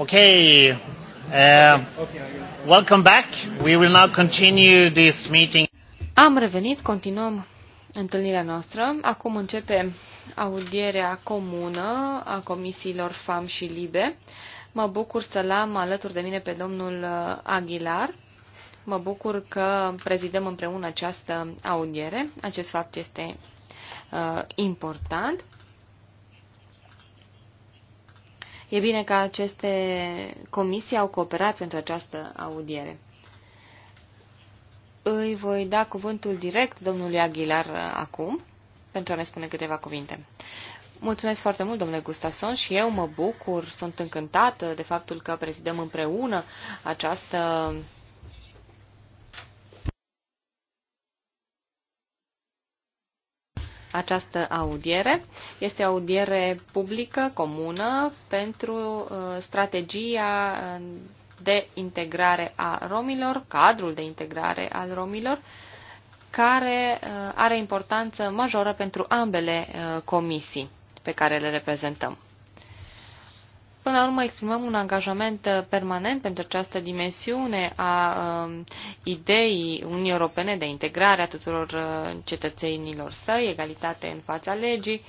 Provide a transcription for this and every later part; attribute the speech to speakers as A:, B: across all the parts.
A: Okay. Uh, welcome back. We will now continue this
B: meeting. Am revenit, continuăm întâlnirea noastră. Acum începe audierea comună a comisiilor FAM și LIBE. Mă bucur să-l am alături de mine pe domnul uh, Aguilar. Mă bucur că prezidăm împreună această audiere. Acest fapt este uh, important. E bine că aceste comisii au cooperat pentru această audiere. Îi voi da cuvântul direct domnului Aguilar acum pentru a ne spune câteva cuvinte. Mulțumesc foarte mult, domnule Gustafson, și eu mă bucur, sunt încântată de faptul că prezidăm împreună această această audiere. Este o audiere publică, comună, pentru uh, strategia uh, de integrare a romilor, cadrul de integrare al romilor, care uh, are importanță majoră pentru ambele comisii pe care le reprezentăm. Până la urmă, exprimăm un angajament uh, permanent pentru această dimensiune a um, ideii Unii Europene de integrare a tuturor uh, cetățenilor săi, egalitate în fața legii.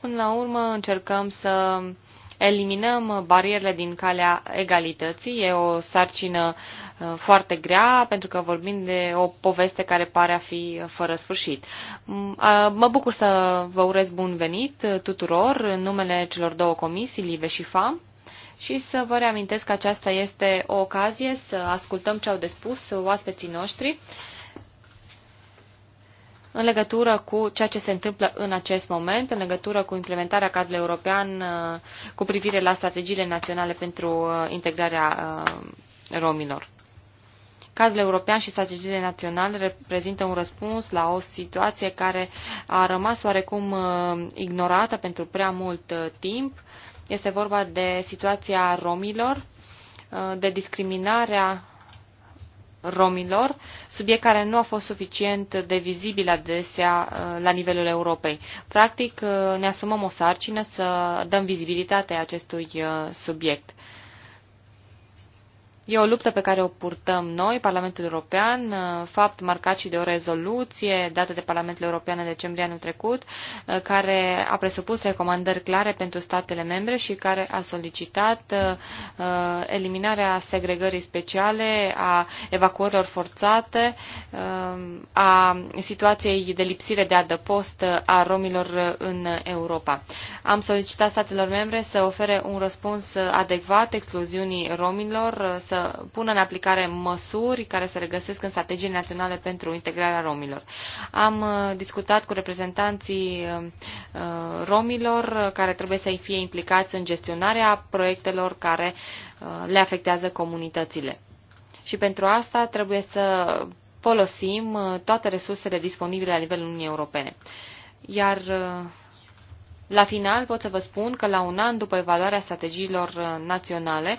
B: Până la urmă, încercăm să eliminăm uh, barierele din calea egalității. E o sarcină uh, foarte grea, pentru că vorbim de o poveste care pare a fi uh, fără sfârșit. Mm, mă bucur să vă urez bun venit tuturor în numele celor două comisii, LIVE și FAM și să vă reamintesc că aceasta este o ocazie să ascultăm ce au de spus oaspeții noștri în legătură cu ceea ce se întâmplă în acest moment, în legătură cu implementarea cadrului european uh, cu privire la strategiile naționale pentru uh, integrarea uh, romilor. Cadrul european și strategiile naționale reprezintă un răspuns la o situație care a rămas oarecum ignorată pentru prea mult timp. Este vorba de situația romilor, de discriminarea romilor, subiect care nu a fost suficient de vizibil adesea uh, la nivelul Europei. Practic, uh, ne asumăm o sarcină să dăm vizibilitate acestui uh, subiect. E o luptă pe care o purtăm noi, Parlamentul European, uh, fapt marcat și de o rezoluție dată de Parlamentul European în decembrie anul trecut, uh, care a presupus recomandări clare pentru statele membre și care a solicitat uh, eliminarea segregării speciale, a evacuărilor forțate, a situației de lipsire de adăpost a romilor în Europa. Am solicitat statelor membre să ofere un răspuns adecvat excluziunii romilor, să pună în aplicare măsuri care se regăsesc în strategiile naționale pentru integrarea romilor. Am uh, discutat cu reprezentanții uh, romilor uh, care trebuie să fie implicați în gestionarea proiectelor care le afectează comunitățile. Și pentru asta trebuie să folosim toate resursele disponibile la nivelul Uniunii Europene. Iar la final pot să vă spun că la un an după evaluarea strategiilor naționale,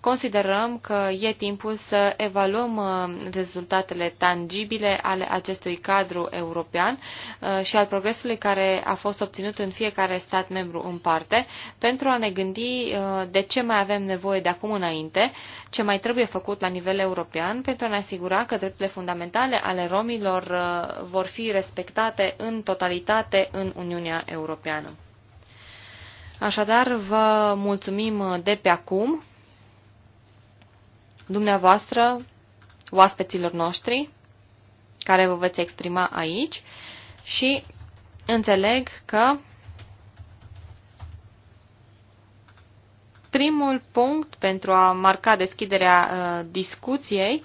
B: considerăm că e timpul să evaluăm uh, rezultatele tangibile ale acestui cadru european uh, și al progresului care a fost obținut în fiecare stat membru în parte, pentru a ne gândi uh, de ce mai avem nevoie de acum înainte, ce mai trebuie făcut la nivel european, pentru a ne asigura că drepturile fundamentale ale romilor vor fi respectate în totalitate în Uniunea Europeană. Așadar, vă mulțumim de pe acum dumneavoastră, oaspeților noștri, care vă veți exprima aici și înțeleg că primul punct pentru a marca deschiderea uh, discuției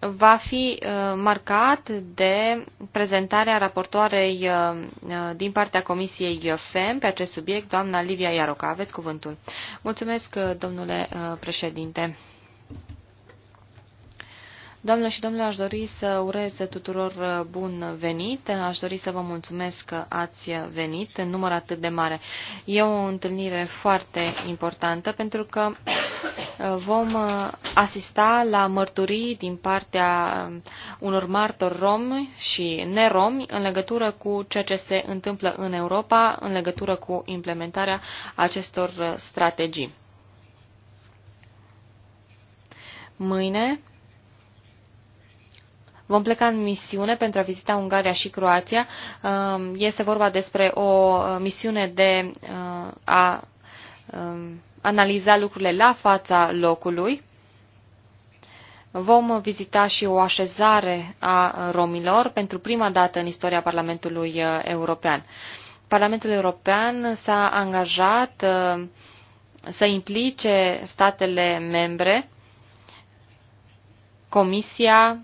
B: va fi uh, marcat de prezentarea raportoarei uh, uh din partea Comisiei FEM pe acest subiect, doamna Livia Iaroca. Aveți cuvântul. Mulțumesc, uh, domnule uh, președinte. Doamne și domnule, aș dori să urez tuturor uh, bun venit. Aș dori să vă mulțumesc că ați venit în număr atât de mare. E o întâlnire foarte importantă pentru că uh, vom uh, asista la mărturii din partea unor martori romi și neromi în legătură cu ceea ce se întâmplă în Europa, în legătură cu implementarea acestor strategii. Mâine Vom pleca în misiune pentru a vizita Ungaria și Croația. Um, este vorba despre o uh, misiune de uh, a um, analiza lucrurile la fața locului. Vom vizita și o așezare a romilor pentru prima dată în istoria Parlamentului uh, European. Parlamentul European s-a angajat să implice statele membre, Comisia,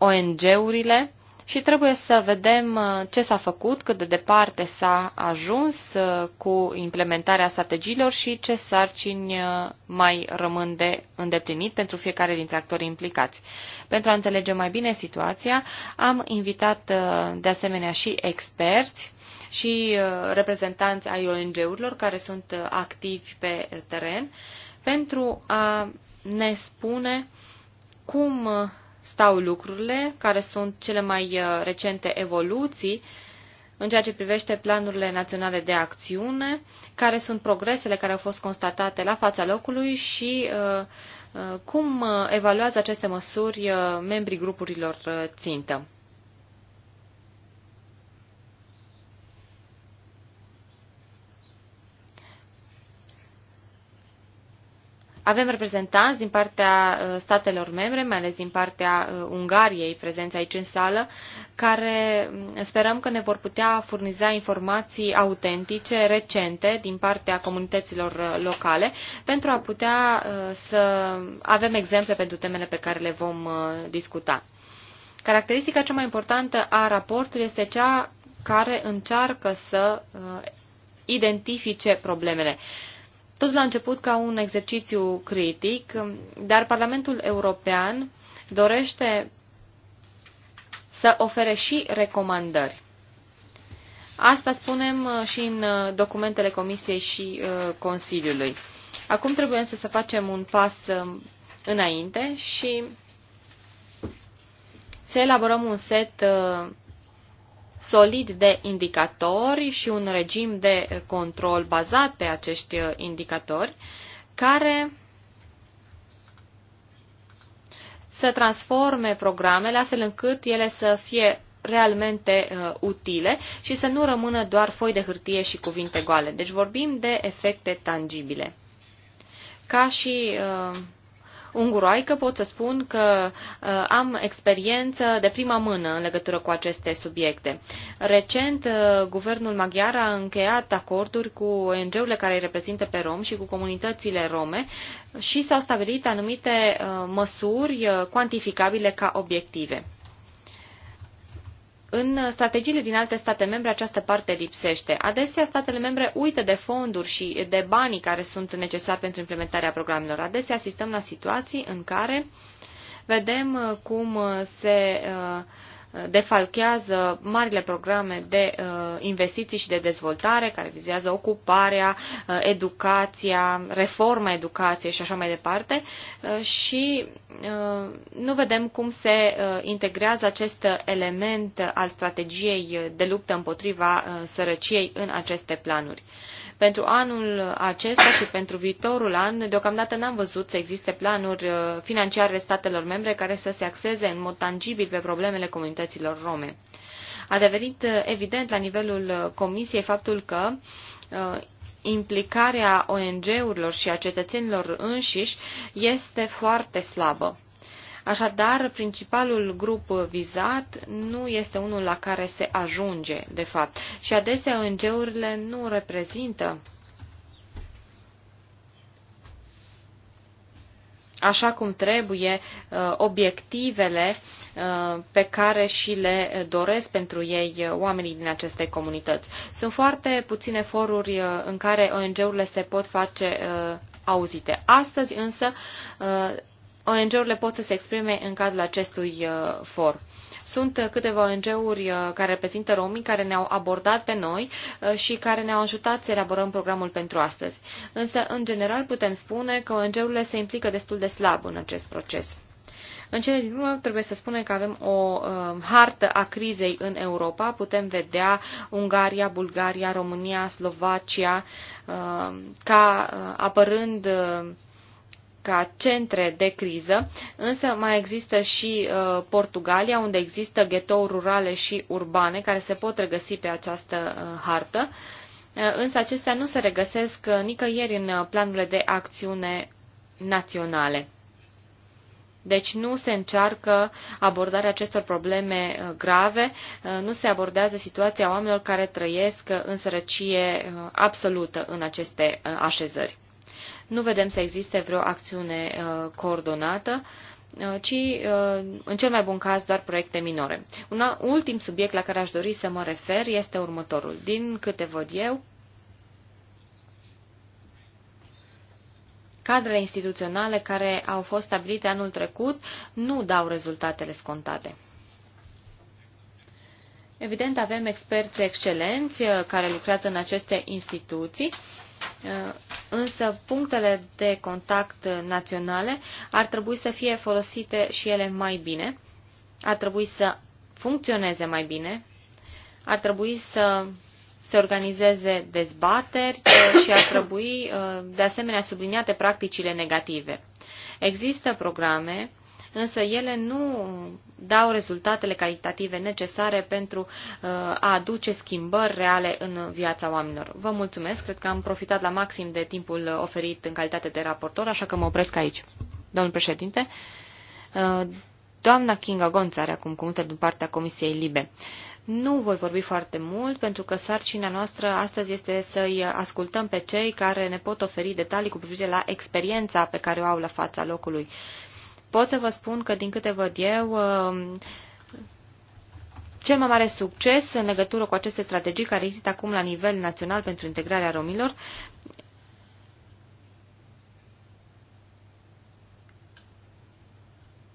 B: ONG-urile și trebuie să vedem uh, ce s-a făcut, cât de departe s-a ajuns uh, cu implementarea strategiilor și ce sarcini uh, mai rămân de îndeplinit pentru fiecare dintre actorii implicați. Pentru a înțelege mai bine situația, am invitat de asemenea și experți și reprezentanți ai ONG-urilor care sunt activi pe teren pentru a ne spune cum stau lucrurile, care sunt cele mai uh, recente evoluții în ceea ce privește planurile naționale de acțiune, care sunt progresele care au fost constatate la fața locului și uh, uh, cum evaluează aceste măsuri membrii grupurilor țintă. Avem reprezentanți din partea uh, statelor membre, mai ales din partea uh, Ungariei prezenți aici în sală, care mm, sperăm că ne vor putea furniza informații autentice, recente, din partea comunităților uh, locale, pentru a putea să avem exemple pentru temele pe care le vom discuta. Caracteristica cea mai importantă a raportului este cea care încearcă să identifice problemele. Uh, Totul a început ca un exercițiu critic, dar Parlamentul European dorește să ofere și recomandări. Asta spunem uh, și în uh, documentele Comisiei și uh, Consiliului. Acum trebuie însă să facem un pas înainte și să elaborăm un set solid de indicatori și un regim de control bazat pe acești uh, indicatori, care să transforme programele astfel încât ele să fie realmente uh, utile și să nu rămână doar foi de hârtie și cuvinte goale. Deci vorbim de efecte tangibile. Ca și uh, unguroaică pot să spun că uh, am experiență de prima mână în legătură cu aceste subiecte. Recent, uh, guvernul maghiar a încheiat acorduri cu ONG-urile care îi reprezintă pe rom și cu comunitățile rome și s-au stabilit anumite uh, măsuri uh, cuantificabile ca obiective. În strategiile din alte state membre această parte lipsește. Adesea statele membre uită de fonduri și de banii care sunt necesari pentru implementarea programelor. Adesea asistăm la situații în care vedem cum se uh, defalchează marile programe de uh, investiții și de dezvoltare care vizează ocuparea, uh, educația, reforma educației și așa mai departe uh, și nu vedem cum se integrează acest element al strategiei de luptă împotriva sărăciei în aceste planuri. Pentru anul acesta și pentru viitorul an, deocamdată n-am văzut să existe planuri uh, financiare statelor membre care să se axeze în mod tangibil pe problemele comunităților rome. A devenit uh, evident la nivelul uh, Comisiei faptul că implicarea ONG-urilor și a cetățenilor înșiși este foarte slabă. Așadar, principalul grup vizat nu este unul la care se ajunge, de fapt. Și adesea ONG-urile nu reprezintă așa cum trebuie uh, obiectivele uh, pe care și le doresc pentru ei uh, oamenii din aceste comunități. Sunt foarte puține foruri în care ONG-urile se pot face auzite. Astăzi însă ONG-urile pot să se exprime în cadrul acestui uh, for. Sunt uh, câteva ONG-uri uh, care reprezintă romii, care ne-au abordat pe noi și care ne-au ajutat să elaborăm programul pentru astăzi. Însă, în general, putem spune că ONG-urile se implică destul de slab în acest proces. În cele din urmă trebuie să spunem că avem o uh, hartă a crizei în Europa. Putem vedea Ungaria, Bulgaria, România, Slovacia uh, ca uh, apărând uh, ca centre de criză, însă mai există și uh, Portugalia, unde există ghetouri rurale și urbane care se pot regăsi pe această uh, hartă, uh, însă acestea nu se regăsesc uh, nicăieri în uh, planurile de acțiune naționale. Deci nu se încearcă abordarea acestor probleme uh, grave, uh, nu se abordează situația oamenilor care trăiesc uh, în sărăcie absolută în aceste așezări. Nu vedem să existe vreo acțiune uh, coordonată, uh, ci, uh, în cel mai bun caz, doar proiecte minore. Un ultim subiect la care aș dori să mă refer este următorul. Din câte văd eu, cadrele instituționale care au fost stabilite anul trecut nu dau rezultatele scontate. Evident, avem experți excelenți care lucrează în aceste instituții, însă punctele de contact naționale ar trebui să fie folosite și ele mai bine, ar trebui să funcționeze mai bine, ar trebui să se organizeze dezbateri și ar trebui uh, de asemenea subliniate practicile negative. Există programe însă ele nu dau rezultatele calitative necesare pentru uh, a aduce schimbări reale în viața oamenilor. Vă mulțumesc, cred că am profitat la maxim de timpul oferit în calitate de raportor, așa că mă opresc aici. Domnul președinte, uh, doamna Kinga Gonț are acum cuvântul din partea Comisiei Libe. Nu voi vorbi foarte mult, pentru că sarcina noastră astăzi este să-i ascultăm pe cei care ne pot oferi detalii cu privire la experiența pe care o au la fața locului pot să vă spun că, din câte văd eu, uh, cel mai mare succes în legătură cu aceste strategii care există acum la nivel național pentru integrarea romilor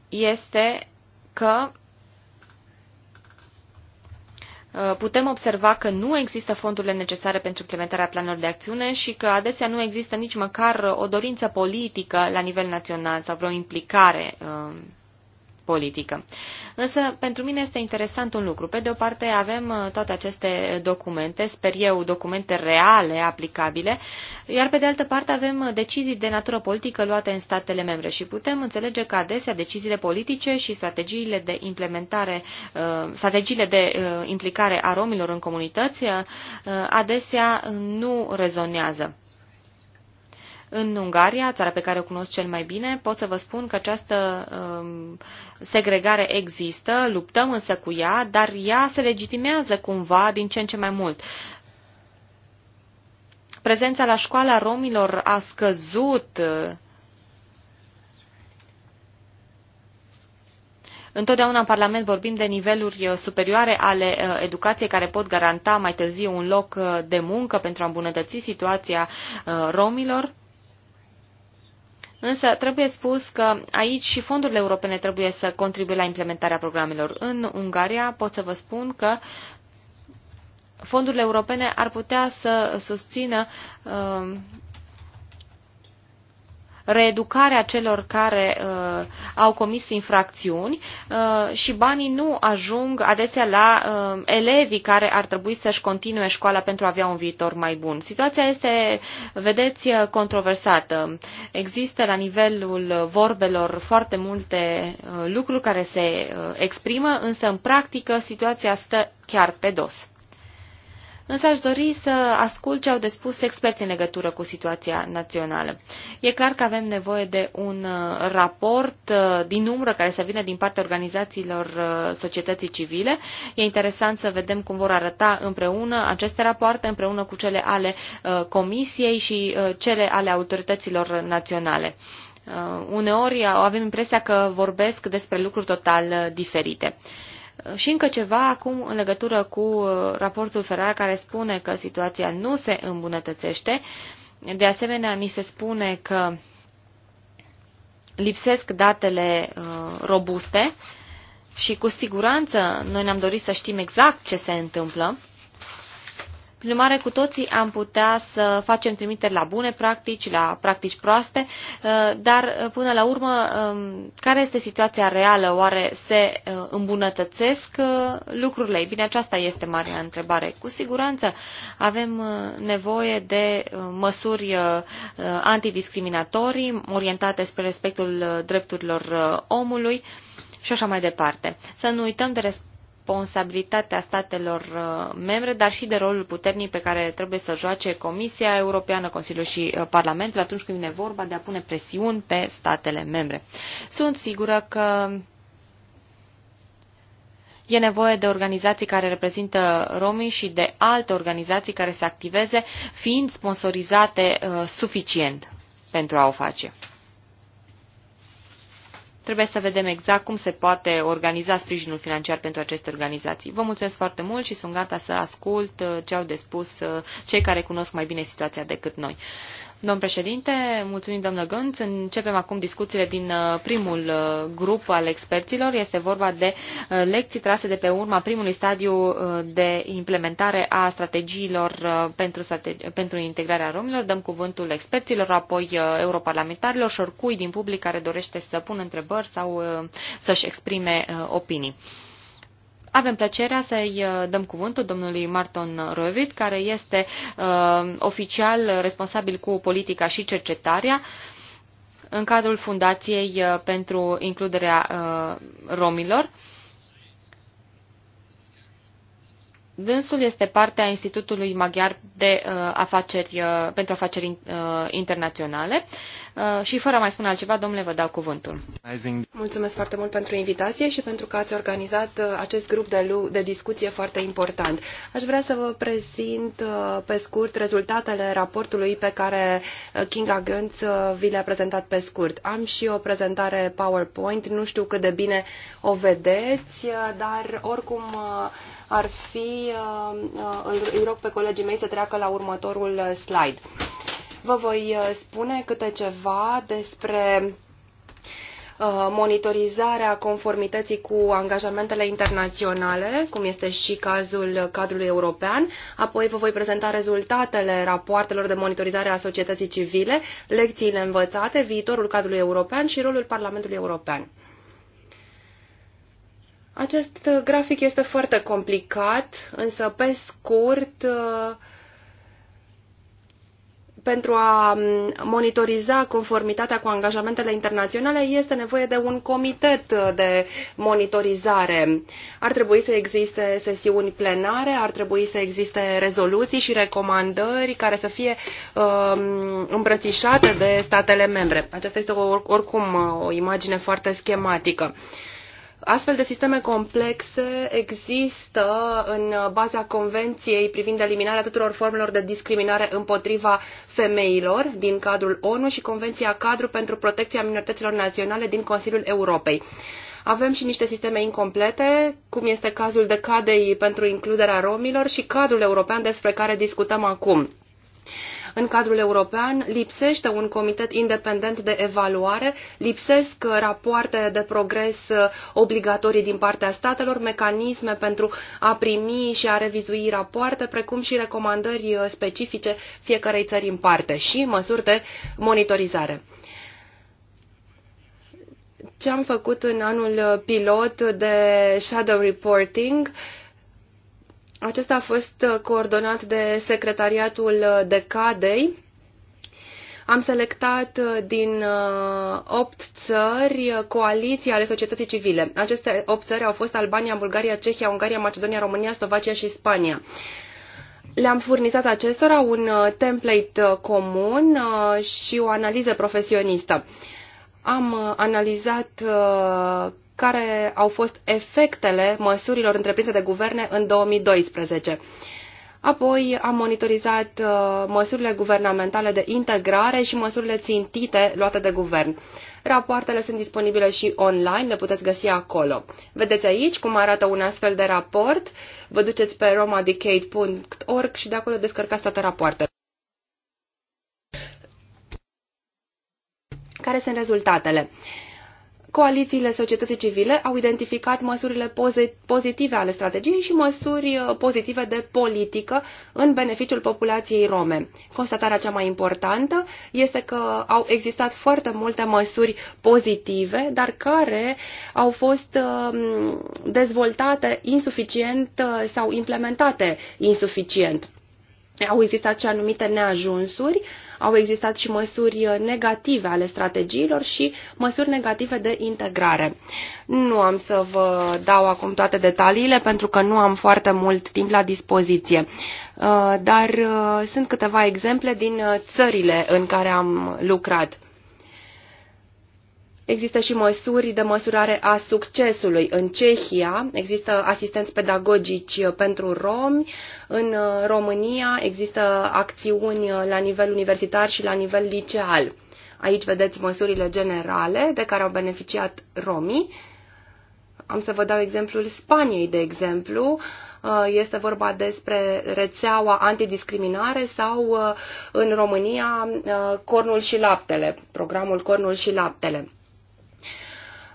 B: este că Uh, putem observa că nu există fondurile necesare pentru implementarea planurilor de acțiune și că adesea nu există nici măcar o dorință politică la nivel național sau vreo implicare um, politică. Însă, pentru mine este interesant un lucru. Pe de o parte, avem uh, toate aceste documente, sper eu, documente reale, aplicabile, iar pe de altă parte avem uh, decizii de natură politică luate în statele membre și putem înțelege că adesea deciziile politice și strategiile de implementare, uh, strategiile de implicare a romilor în comunități adesea nu rezonează. În Ungaria, țara pe care o cunosc cel mai bine, pot să vă spun că această um, segregare există, luptăm însă cu ea, dar ea se legitimează cumva din ce în ce mai mult. Prezența la școala romilor a scăzut. Uh, întotdeauna în Parlament vorbim de niveluri uh, superioare ale uh, educației care pot garanta mai târziu un loc de muncă pentru a îmbunătăți situația romilor. Însă trebuie spus că aici și fondurile europene trebuie să contribuie la implementarea programelor. În Ungaria pot să vă spun că fondurile europene ar putea să susțină uh, reeducarea celor care uh, au comis infracțiuni uh, și banii nu ajung adesea la uh, elevii care ar trebui să-și continue școala pentru a avea un viitor mai bun. Situația este, vedeți, uh, controversată. Există la nivelul vorbelor foarte multe uh, lucruri care se uh, exprimă, însă în practică situația stă chiar pe dos însă aș dori să ascult ce au de spus experți în legătură cu situația națională. E clar că avem nevoie de un uh, raport uh, din umbră care să vină din partea organizațiilor uh, societății civile. E interesant să vedem cum vor arăta împreună aceste rapoarte, împreună cu cele ale Comisiei și cele ale autorităților naționale. Uneori avem impresia că vorbesc despre lucruri total diferite. Și încă ceva acum în legătură cu uh, raportul Ferrar care spune că situația nu se îmbunătățește. De asemenea, ni se spune că lipsesc datele uh, robuste și cu siguranță noi ne-am dorit să știm exact ce se întâmplă. Prin urmare, cu toții am putea să facem trimiteri la bune practici, la practici proaste, uh, dar uh, până la urmă, um, care este situația reală? Oare se uh, îmbunătățesc lucrurile? bine, aceasta este marea întrebare. Cu siguranță avem nevoie de măsuri antidiscriminatorii, orientate spre respectul drepturilor omului și așa mai departe. Să nu uităm de respect responsabilitatea statelor uh, membre, dar și de rolul puternic pe care trebuie să joace Comisia Europeană, Consiliul și uh, Parlamentul atunci când vine vorba de a pune presiuni pe statele membre. Sunt sigură că E nevoie de organizații care reprezintă romii și de alte organizații care se activeze, fiind sponsorizate uh, suficient pentru a o face. Trebuie să vedem exact cum se poate organiza sprijinul financiar pentru aceste organizații. Vă mulțumesc foarte mult și sunt gata să ascult uh, ce au de spus uh, cei care cunosc mai bine situația decât noi. Domn președinte, mulțumim, domnă Gânț. Începem acum discuțiile din uh, primul uh, grup al experților. Este vorba de uh, lecții trase de pe urma primului stadiu de implementare a strategiilor pentru, strategi- pentru integrarea romilor. Dăm cuvântul experților, apoi europarlamentarilor și oricui din public care dorește să pună întrebări sau să-și exprime opinii. Avem plăcerea să-i uh, dăm cuvântul domnului Marton Rovit, care este uh, oficial responsabil cu politica și cercetarea în cadrul Fundației uh, pentru includerea uh, romilor. Uh, Dânsul este parte a Institutului Maghiar de, uh, afaceri, uh, pentru afaceri uh, internaționale
C: uh, și fără a mai spune
B: altceva, domnule, vă dau cuvântul.
C: Mulțumesc foarte mult pentru invitație și pentru că ați organizat uh, acest grup de, de discuție foarte important. Aș vrea să vă prezint uh, pe scurt rezultatele raportului pe care uh, Kinga Gönz uh, vi le-a prezentat pe scurt. Am și o prezentare PowerPoint, nu știu cât de bine o vedeți, uh, dar oricum uh, ar fi Uh, uh, îi rog pe colegii mei să treacă la următorul slide. Vă voi uh, spune câte ceva despre monitorizarea conformității cu angajamentele internaționale, cum este și cazul cadrului european. Apoi vă voi prezenta rezultatele rapoartelor de monitorizare a societății civile, lecțiile învățate, viitorul cadrului european și rolul Parlamentului European. Acest uh, grafic este foarte complicat, însă pe scurt, uh, pentru a mm, monitoriza conformitatea cu angajamentele internaționale este nevoie de un comitet uh, de monitorizare. Ar trebui să existe sesiuni plenare, ar trebui să existe rezoluții și recomandări care să fie mm, îmbrățișate de statele membre. Aceasta este oricum o imagine foarte schematică. Astfel de sisteme complexe există în baza Convenției privind eliminarea tuturor formelor de discriminare împotriva femeilor din cadrul ONU și Convenția Cadru pentru Protecția Minorităților Naționale din Consiliul Europei. Avem și niște sisteme incomplete, cum este cazul de cadei pentru includerea romilor și cadrul european despre care discutăm acum. În cadrul european lipsește un comitet independent de evaluare, lipsesc uh, rapoarte de progres uh, obligatorii din partea statelor, mecanisme pentru a primi și a revizui rapoarte, precum și recomandări uh, specifice fiecarei țări în parte și măsuri de monitorizare ce am făcut în anul pilot de shadow reporting acesta a fost uh, coordonat de secretariatul uh, decadei. Am selectat uh, din opt țări coaliții ale societății civile. Aceste opt țări au fost Albania, Bulgaria, Cehia, Ungaria, Macedonia, România, Slovacia și Spania. Le-am furnizat acestora un template comun și o analiză profesionistă. Am analizat care au fost efectele măsurilor întreprinse de guverne în 2012. Apoi am monitorizat uh, măsurile guvernamentale de integrare și măsurile țintite luate de guvern. Rapoartele sunt disponibile și online, le puteți găsi acolo. Vedeți aici cum arată un astfel de raport, vă duceți pe romadecade.org și de acolo descărcați toate rapoartele. Care sunt rezultatele? Uh, Coalițiile societății civile au identificat măsurile pozitive ale strategiei și măsuri uh, pozitive de politică în beneficiul populației rome. Constatarea cea mai importantă este că au existat foarte multe măsuri pozitive, dar care au fost um, dezvoltate insuficient uh, sau implementate insuficient. Au existat și anumite neajunsuri uh, au existat și măsuri negative ale strategiilor și măsuri negative de integrare. Nu am să vă dau acum toate detaliile pentru că nu am foarte mult timp la dispoziție, uh, dar uh, sunt câteva exemple din uh, țările în care am lucrat. Există și măsuri de măsurare a succesului. În Cehia există asistenți pedagogici pentru romi, în uh, România există acțiuni la nivel universitar și la nivel liceal. Aici vedeți măsurile generale de care au beneficiat romii. Am să vă dau exemplul Spaniei, de exemplu. Uh, este vorba despre rețeaua antidiscriminare sau, uh, în România, cornul și laptele, programul Cornul și laptele.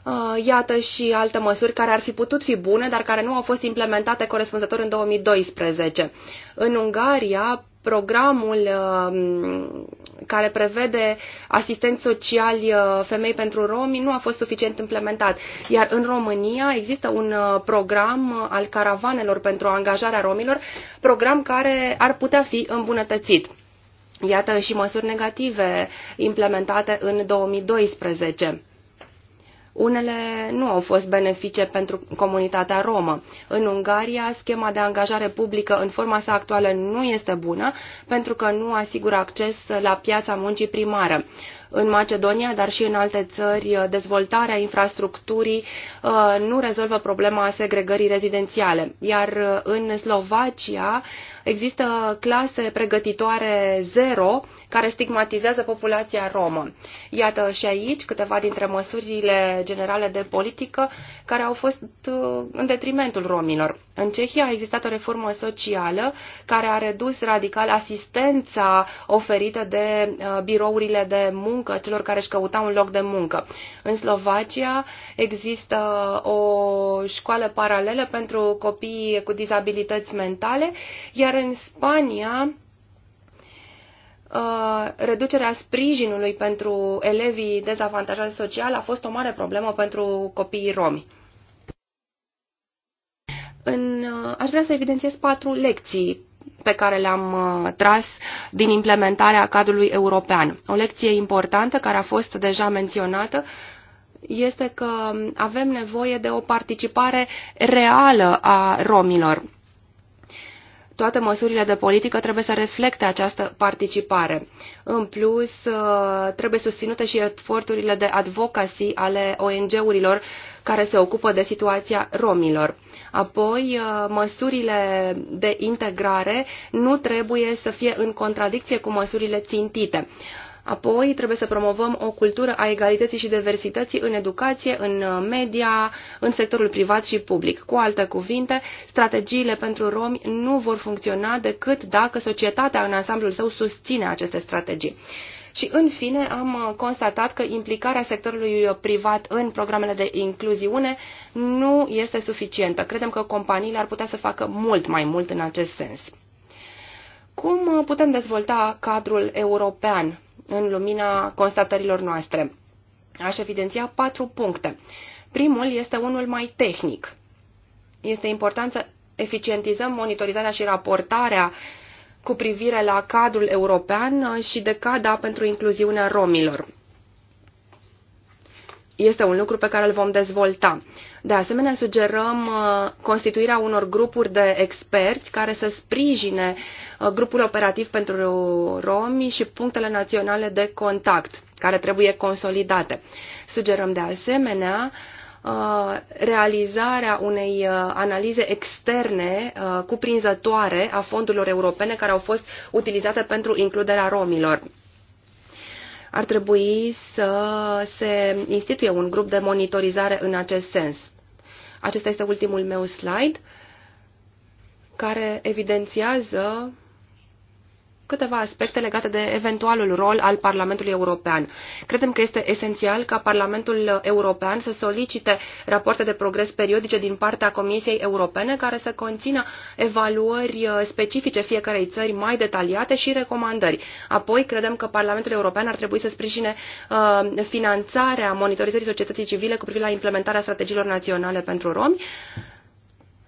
C: Uh, iată și alte măsuri care ar fi putut fi bune, dar care nu au fost implementate corespunzător în 2012. În Ungaria, programul uh, care prevede asistenți sociali uh, femei pentru romi nu a fost suficient implementat. Iar în România există un program al caravanelor pentru angajarea romilor, program care ar putea fi îmbunătățit. Iată și măsuri negative implementate în 2012. Unele nu au fost benefice pentru comunitatea romă. În Ungaria, schema de angajare publică în forma sa actuală nu este bună pentru că nu asigură acces la piața muncii primară. În Macedonia, dar și în alte țări, dezvoltarea infrastructurii uh, nu rezolvă problema segregării rezidențiale. Iar uh, în Slovacia, există clase pregătitoare zero care stigmatizează populația romă. Iată și aici câteva dintre măsurile generale de politică care au fost uh, în detrimentul romilor. În Cehia a existat o reformă socială care a redus radical asistența oferită de uh, birourile de muncă celor care își căutau un loc de muncă. În Slovacia există o școală paralelă pentru copii cu dizabilități mentale, iar iar în Spania, uh, reducerea sprijinului pentru elevii dezavantajați social a fost o mare problemă pentru copiii romi. În, uh, aș vrea să evidențiez patru lecții pe care le-am uh, tras din implementarea cadrului european. O lecție importantă care a fost deja menționată este că avem nevoie de o participare reală a romilor toate măsurile de politică trebuie să reflecte această participare. În plus, uh, trebuie susținute și eforturile de advocacy ale ONG-urilor care se ocupă de situația romilor. Apoi, uh, măsurile de integrare nu trebuie să fie în contradicție cu măsurile țintite. Apoi trebuie să promovăm o cultură a egalității și diversității în educație, în uh, media, în sectorul privat și public. Cu alte cuvinte, strategiile pentru romi nu vor funcționa decât dacă societatea în ansamblul său susține aceste strategii. Și în fine am uh, constatat că implicarea sectorului uh, privat în programele de incluziune nu este suficientă. Credem că companiile ar putea să facă mult mai mult în acest sens. Cum putem dezvolta cadrul european în lumina constatărilor noastre. Aș evidenția patru puncte. Primul este unul mai tehnic. Este important să eficientizăm monitorizarea și raportarea cu privire la cadrul european și decada pentru incluziunea romilor. Este un lucru pe care îl vom dezvolta. De asemenea, sugerăm uh, constituirea unor grupuri de experți care să sprijine uh, Uh, grupul operativ pentru romi și punctele naționale de contact, care trebuie consolidate. Sugerăm de asemenea uh, realizarea unei uh, analize externe cuprinzătoare a fondurilor europene care au fost utilizate pentru includerea romilor ar trebui să se instituie un grup de monitorizare în acest sens. Acesta este ultimul meu slide care evidențiază câteva aspecte legate de eventualul rol al Parlamentului European. Credem că este esențial ca Parlamentul European să solicite rapoarte de progres periodice din partea Comisiei Europene care să conțină evaluări uh, specifice fiecarei țări mai detaliate și recomandări. Apoi, credem că Parlamentul European ar trebui să sprijine uh, finanțarea monitorizării societății civile cu privire la implementarea strategiilor naționale pentru romi.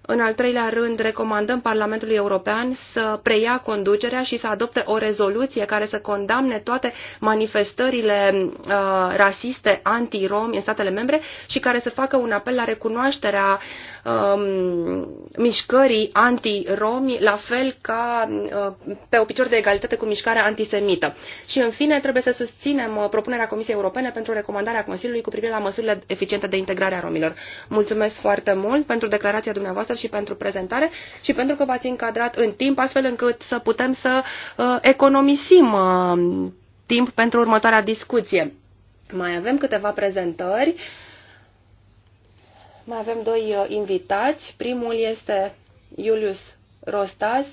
C: În al treilea rând, recomandăm Parlamentului European să preia conducerea și să adopte o rezoluție care să condamne toate manifestările uh, rasiste anti-romi în statele membre și care să facă un apel la recunoașterea uh, um, mișcării anti-romi, la fel ca uh, pe o picior de egalitate cu mișcarea antisemită. Și, în fine, trebuie să susținem uh, propunerea Comisiei Europene pentru recomandarea Consiliului cu privire la măsurile eficiente de integrare a romilor. Mulțumesc foarte mult pentru declarația dumneavoastră și pentru prezentare și pentru că v-ați încadrat în timp, astfel încât să putem să uh, economisim uh, timp pentru următoarea discuție. Mai avem câteva prezentări mai avem doi uh, invitați. Primul este Julius Rostas,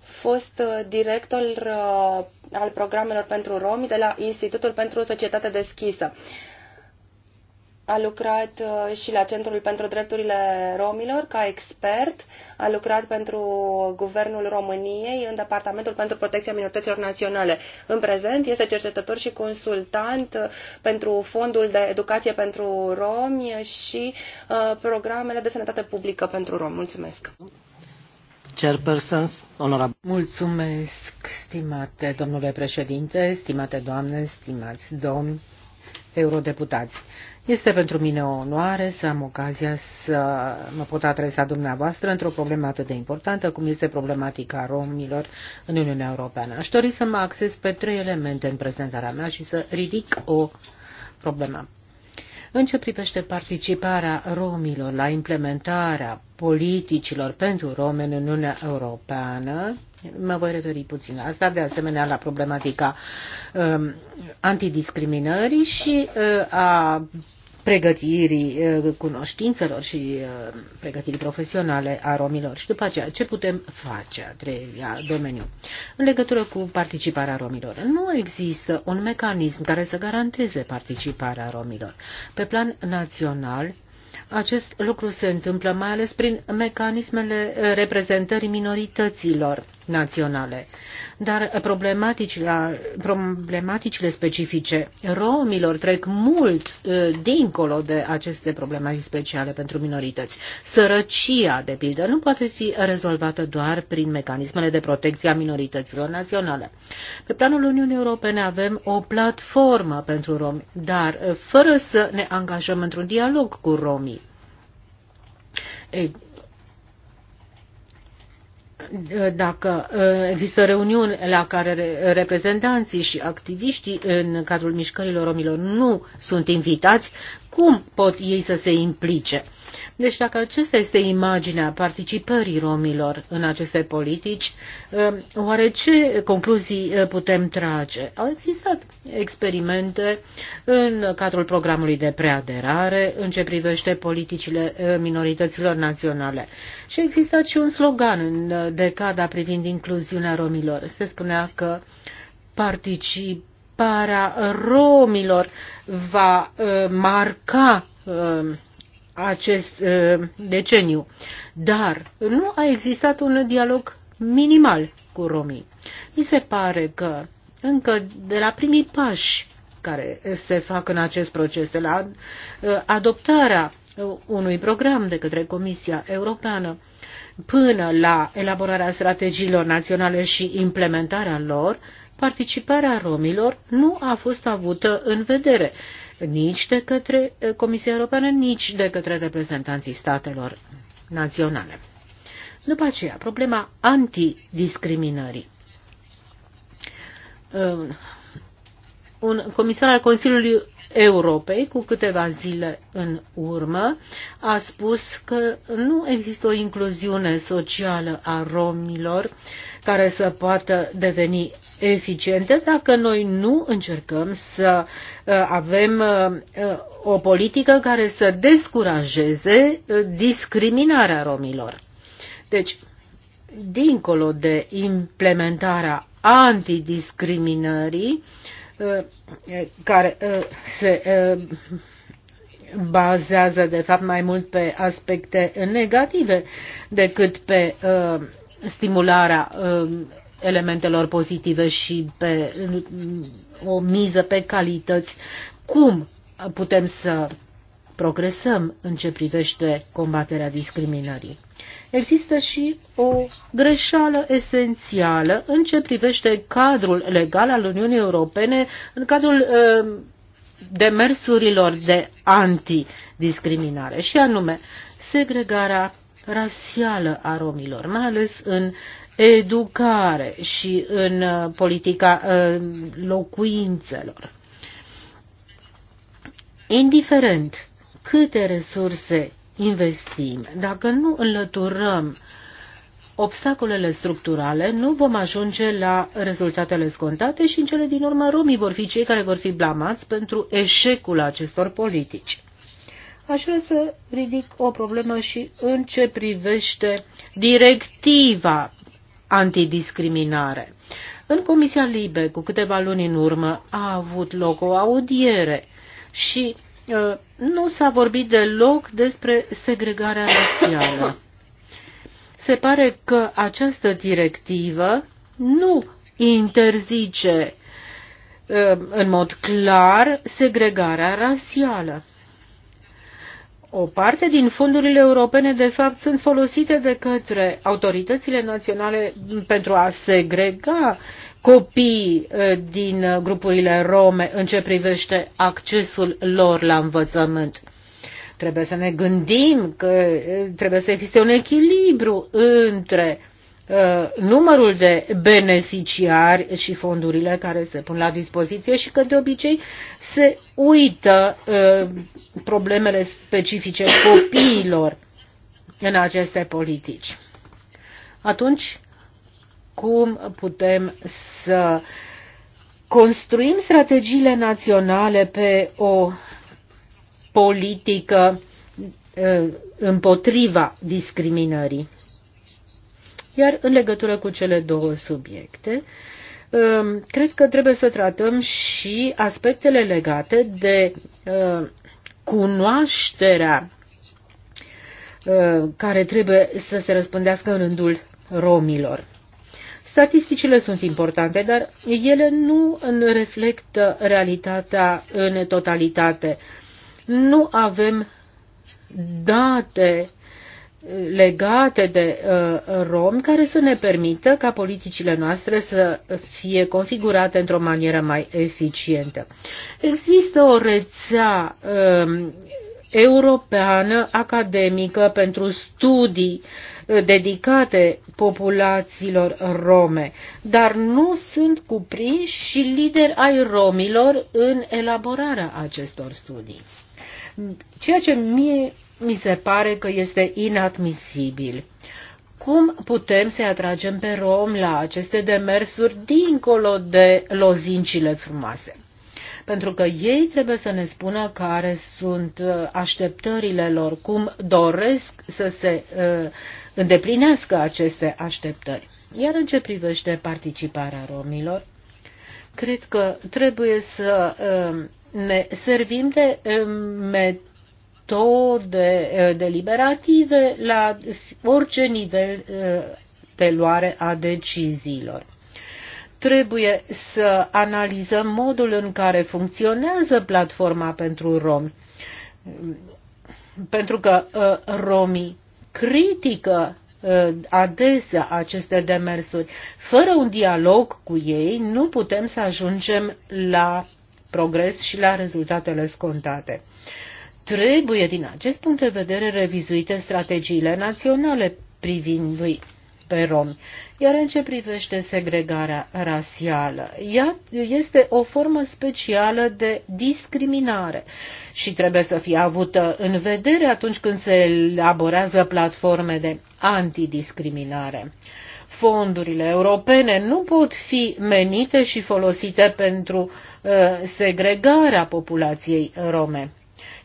C: fost uh, director uh, al programelor pentru romi de la Institutul pentru Societate Deschisă a lucrat uh, și la Centrul pentru Drepturile Romilor ca expert, a lucrat pentru Guvernul României în Departamentul pentru Protecția Minorităților Naționale. În prezent este cercetător și consultant uh, pentru Fondul de Educație pentru Romi și uh, programele de sănătate publică pentru romi. Mulțumesc!
D: Chairpersons, onorabil. Mulțumesc, stimate domnule președinte, stimate doamne, stimați domni eurodeputați. Este pentru mine o onoare să am ocazia să mă pot adresa dumneavoastră într-o problemă atât de importantă cum este problematica romilor în Uniunea Europeană. Aș dori să mă axez pe trei elemente în prezentarea mea și să ridic o problemă. În ce privește participarea romilor la implementarea politicilor pentru romi în Uniunea Europeană, mă voi referi puțin la asta, de asemenea la problematica um, antidiscriminării și uh, a pregătirii uh, cunoștințelor și uh, pregătirii profesionale a romilor. Și după aceea, ce putem face, a treia domeniu, în legătură cu participarea romilor. Nu există un mecanism care să garanteze participarea romilor. Pe plan național, acest lucru se întâmplă mai ales prin mecanismele reprezentării minorităților naționale. Dar problematicile, problematicile specifice romilor trec mult uh, dincolo de aceste probleme speciale pentru minorități. Sărăcia, de pildă, nu poate fi rezolvată doar prin mecanismele de protecție a minorităților naționale. Pe planul Uniunii Europene avem o platformă pentru romi, dar uh, fără să ne angajăm într-un dialog cu romii dacă uh, există reuniuni la care reprezentanții și activiștii în cadrul mișcărilor romilor nu sunt invitați, cum pot ei să se implice? Deci dacă acesta este imaginea participării romilor în aceste politici, um, oare ce concluzii uh, putem trage? Au existat experimente în cadrul programului de preaderare în ce privește politicile uh, minorităților naționale. Și a existat și un slogan în uh, decada privind incluziunea romilor. Se spunea că participarea romilor va marca um, acest uh, deceniu. Dar nu a existat un dialog minimal cu romii. Mi se pare că încă de la primii pași care se fac în acest proces, de la uh, adoptarea uh, unui program de către Comisia Europeană până la elaborarea strategiilor naționale și implementarea lor, participarea romilor nu a fost avută în vedere nici de către eh, Comisia Europeană, nici de către reprezentanții statelor naționale. După aceea, problema antidiscriminării. Eh, un comisar al Consiliului Europei, cu câteva zile în urmă, a spus că nu există o incluziune socială a romilor care să poată deveni eficiente dacă noi nu încercăm să uh, avem uh, uh, o politică care să descurajeze discriminarea romilor. Deci, dincolo de implementarea antidiscriminării, care se bazează de fapt mai mult pe aspecte negative decât pe stimularea elementelor pozitive și pe o miză pe calități, cum putem să progresăm în ce privește combaterea discriminării. Există și o greșeală esențială în ce privește cadrul legal al Uniunii Europene în cadrul uh, demersurilor de antidiscriminare, și anume segregarea rasială a romilor, mai ales în educare și în uh, politica uh, locuințelor. Indiferent câte resurse investim, dacă nu înlăturăm obstacolele structurale, nu vom ajunge la rezultatele scontate și în cele din urmă romii vor fi cei care vor fi blamați pentru eșecul acestor politici. Aș vrea să ridic o problemă și în ce privește directiva antidiscriminare. În Comisia Libe, cu câteva luni în urmă, a avut loc o audiere și uh, nu s-a vorbit deloc despre segregarea rasială. Se pare că această directivă nu interzice uh, în mod clar segregarea rasială. O parte din fondurile europene, de fapt, sunt folosite de către autoritățile naționale pentru a segrega copii eh, din grupurile rome în ce privește accesul lor la învățământ. Trebuie să ne gândim că eh, trebuie să existe un echilibru între uh, Uh, numărul de beneficiari și fondurile care se pun la dispoziție și că de obicei se uită uh, problemele specifice copiilor în aceste politici. Atunci, cum putem să construim strategiile naționale pe o politică uh, împotriva discriminării? Iar în legătură cu cele două subiecte, um, cred că trebuie să tratăm și aspectele legate de uh, cunoașterea uh, care trebuie să se răspândească în rândul romilor. Statisticile sunt importante, dar ele nu reflectă realitatea în totalitate. Nu avem date legate de uh, rom care să ne permită ca politicile noastre să fie configurate într-o manieră mai eficientă. Există o rețea um, europeană academică pentru studii uh, dedicate populațiilor rome, dar nu sunt cuprinși și lideri ai romilor în elaborarea acestor studii. Ceea ce mie mi se pare că este inadmisibil. Cum putem să-i atragem pe rom la aceste demersuri dincolo de lozincile frumoase? Pentru că ei trebuie să ne spună care sunt uh, așteptările lor, cum doresc să se uh, îndeplinească aceste așteptări. Iar în ce privește participarea romilor, cred că trebuie să uh, ne servim de uh, metode metode deliberative la orice nivel de luare a deciziilor. Trebuie să analizăm modul în care funcționează platforma pentru romi, pentru că romii critică adesea aceste demersuri. Fără un dialog cu ei, nu putem să ajungem la progres și la rezultatele scontate. Trebuie, din acest punct de vedere, revizuite strategiile naționale privind pe romi. Iar în ce privește segregarea rasială, ea este o formă specială de discriminare și trebuie să fie avută în vedere atunci când se elaborează platforme de antidiscriminare. Fondurile europene nu pot fi menite și folosite pentru uh, segregarea populației rome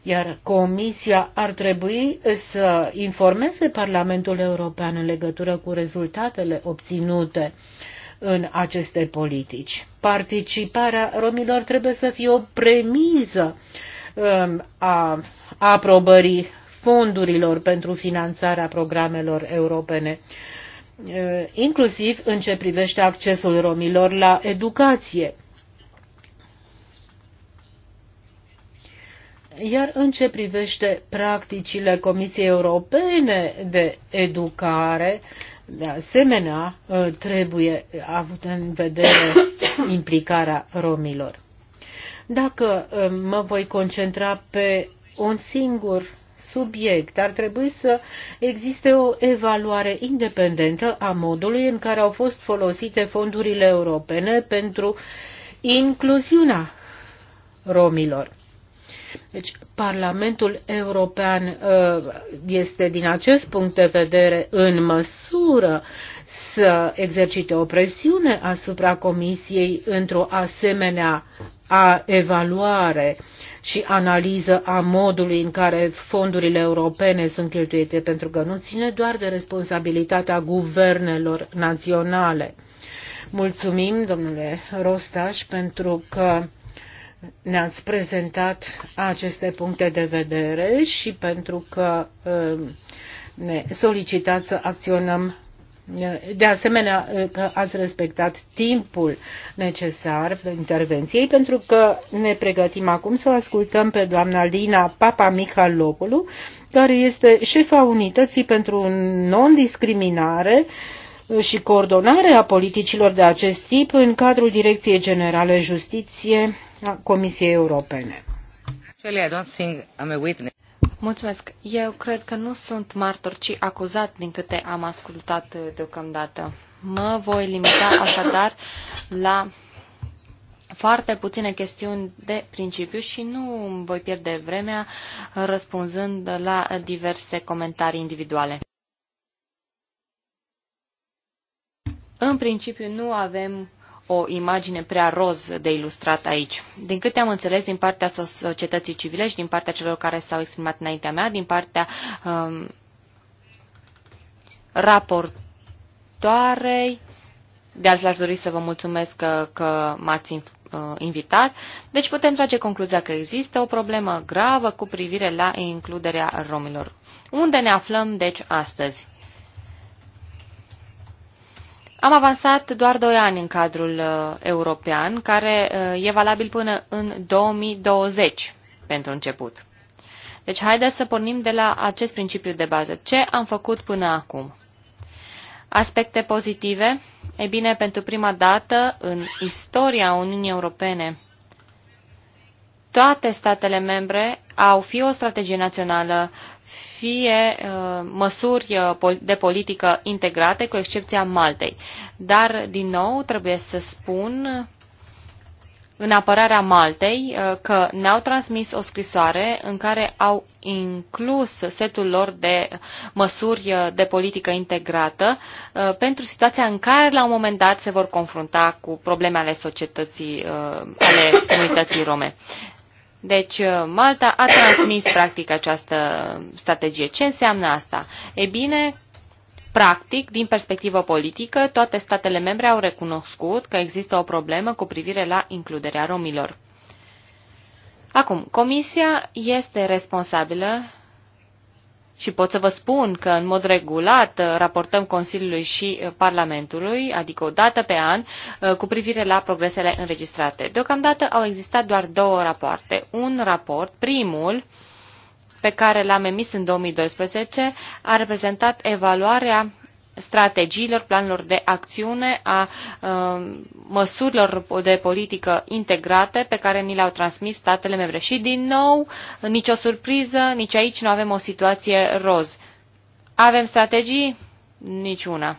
D: iar Comisia ar trebui să informeze Parlamentul European în legătură cu rezultatele obținute în aceste politici. Participarea romilor trebuie să fie o premiză um, a aprobării fondurilor pentru finanțarea programelor europene, uh, inclusiv în ce privește accesul romilor la educație. Iar în ce privește practicile Comisiei Europene de Educare, de asemenea, ă, trebuie avut în vedere implicarea romilor. Dacă ă, mă voi concentra pe un singur subiect, ar trebui să existe o evaluare independentă a modului în care au fost folosite fondurile europene pentru incluziunea romilor deci Parlamentul European uh, este din acest punct de vedere în măsură să exercite o presiune asupra Comisiei într-o asemenea a evaluare și analiză a modului în care fondurile europene sunt cheltuite, pentru că nu ține doar de responsabilitatea guvernelor naționale. Mulțumim, domnule Rostaș, pentru că ne-ați prezentat aceste puncte de vedere și pentru că um, ne solicitați să acționăm de asemenea uh, că ați respectat timpul necesar intervenției, pentru că ne pregătim acum să o ascultăm pe doamna Lina Papa Mihalopoulou, care este șefa unității pentru non-discriminare și coordonare a politicilor de acest tip în cadrul Direcției Generale Justiție a Comisiei Europene.
B: Mulțumesc. Eu cred că nu sunt martor, ci acuzat din câte am ascultat uh, deocamdată. Mă voi limita așadar la foarte puține chestiuni de principiu și nu voi pierde vremea uh, răspunzând la diverse comentarii individuale. În principiu nu avem o imagine prea roz de ilustrat aici. Din câte am înțeles din partea societății civile și din partea celor care s-au exprimat înaintea mea, din partea um, raportoarei, de altfel aș dori să vă mulțumesc că, că m-ați uh, invitat. Deci putem trage concluzia că există o problemă gravă cu privire la includerea romilor. Unde ne aflăm, deci, astăzi? Am avansat doar 2 ani în cadrul uh, european, care uh, e valabil până în 2020 pentru început. Deci haideți să pornim de la acest principiu de bază. Ce am făcut până acum? Aspecte pozitive? E bine, pentru prima dată în istoria Uniunii Europene, toate statele membre au fie o strategie națională fie uh, măsuri uh, de politică integrate, cu excepția Maltei. Dar, din nou, trebuie să spun în apărarea Maltei uh, că ne-au transmis o scrisoare în care au inclus setul lor de măsuri de politică integrată pentru situația în care la un moment dat se vor confrunta cu probleme ale societății, ale comunității rome. Deci uh, Malta a transmis practic această strategie. Ce înseamnă asta? E bine, practic, din perspectivă politică, toate statele membre au recunoscut că există o problemă cu privire la includerea romilor. Acum, Comisia este responsabilă și pot să vă spun că în mod regulat raportăm Consiliului și uh, Parlamentului, adică o dată pe an, uh, cu privire la progresele înregistrate. Deocamdată au existat doar două rapoarte. Un raport, primul, pe care l-am emis în 2012, a reprezentat evaluarea strategiilor, planurilor de acțiune, a um, măsurilor de politică integrate pe care ni le-au transmis statele membre. Și din nou, nicio surpriză, nici aici nu avem o situație roz. Avem strategii? Niciuna.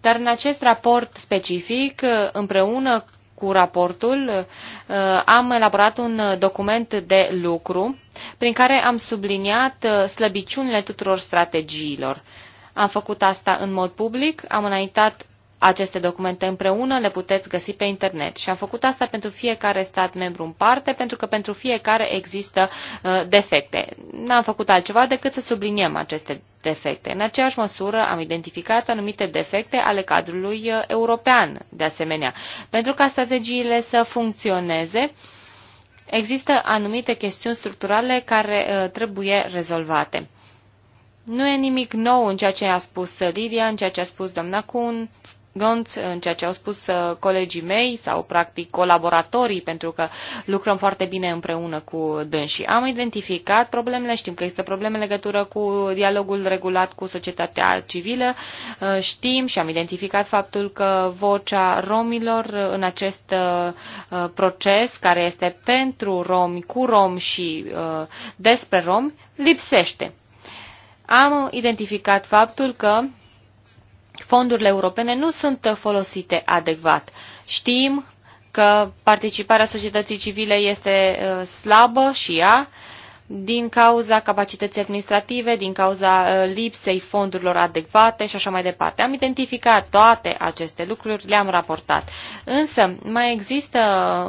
B: Dar în acest raport specific, împreună cu raportul uh, am elaborat un document de lucru prin care am subliniat uh, slăbiciunile tuturor strategiilor. Am făcut asta în mod public, am înaintat aceste documente împreună, le puteți găsi pe internet. Și am făcut asta pentru fiecare stat membru în parte, pentru că pentru fiecare există uh, defecte. N-am făcut altceva decât să subliniem aceste defecte. În aceeași măsură am identificat anumite defecte ale cadrului uh, european, de asemenea. Pentru ca strategiile să funcționeze, există anumite chestiuni structurale care uh, trebuie rezolvate. Nu e nimic nou în ceea ce a spus Lidia, în ceea ce a spus doamna Kunz, Gonț în ceea ce au spus uh, colegii mei sau practic colaboratorii, pentru că lucrăm foarte bine împreună cu dânsii. Am identificat problemele, știm că există probleme în legătură cu dialogul regulat cu societatea civilă, uh, știm și am identificat faptul că vocea romilor uh, în acest proces care este pentru romi, cu romi și despre romi, lipsește. Am identificat faptul că fondurile europene nu sunt folosite adecvat. Știm că participarea societății civile este uh, slabă și ea din cauza capacității administrative, din cauza uh, lipsei fondurilor adecvate și așa mai departe. Am identificat toate aceste lucruri, le-am raportat. Însă mai există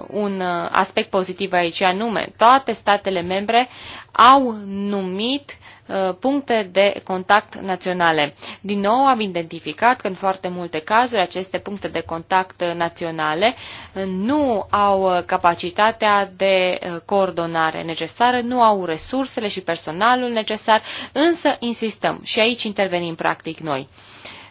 B: un uh, aspect pozitiv aici, anume toate statele membre au numit Uh, puncte de contact naționale. Din nou am identificat că în foarte multe cazuri aceste puncte de contact naționale uh, nu au uh, capacitatea de coordonare necesară, nu au resursele și personalul necesar, însă insistăm și aici intervenim practic noi.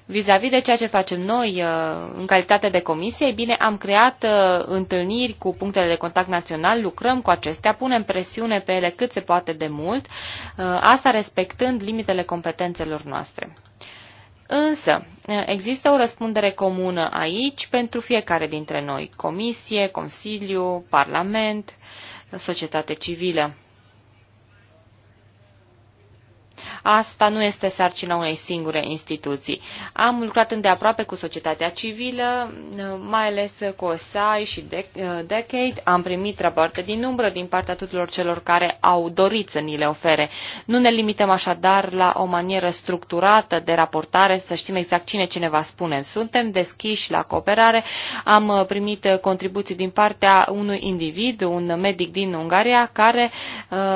B: Vis-a-vis -vis de ceea ce facem noi uh, în calitate de comisie, bine, am creat uh, întâlniri cu punctele de contact național, lucrăm cu acestea, punem presiune pe ele cât se poate de mult, uh, asta respectând limitele competențelor noastre. Însă, există o răspundere comună aici pentru fiecare dintre noi, Comisie, Consiliu, Parlament, societate civilă. Asta nu este sarcina unei singure instituții. Am lucrat îndeaproape cu societatea civilă, mai ales cu OSAI și Decade. Am primit rapoarte din umbră din partea tuturor celor care au dorit să ni le ofere. Nu ne limităm așadar la o manieră structurată de raportare, să știm exact cine ne va spune. Suntem deschiși la cooperare. Am primit contribuții din partea unui individ, un medic din Ungaria, care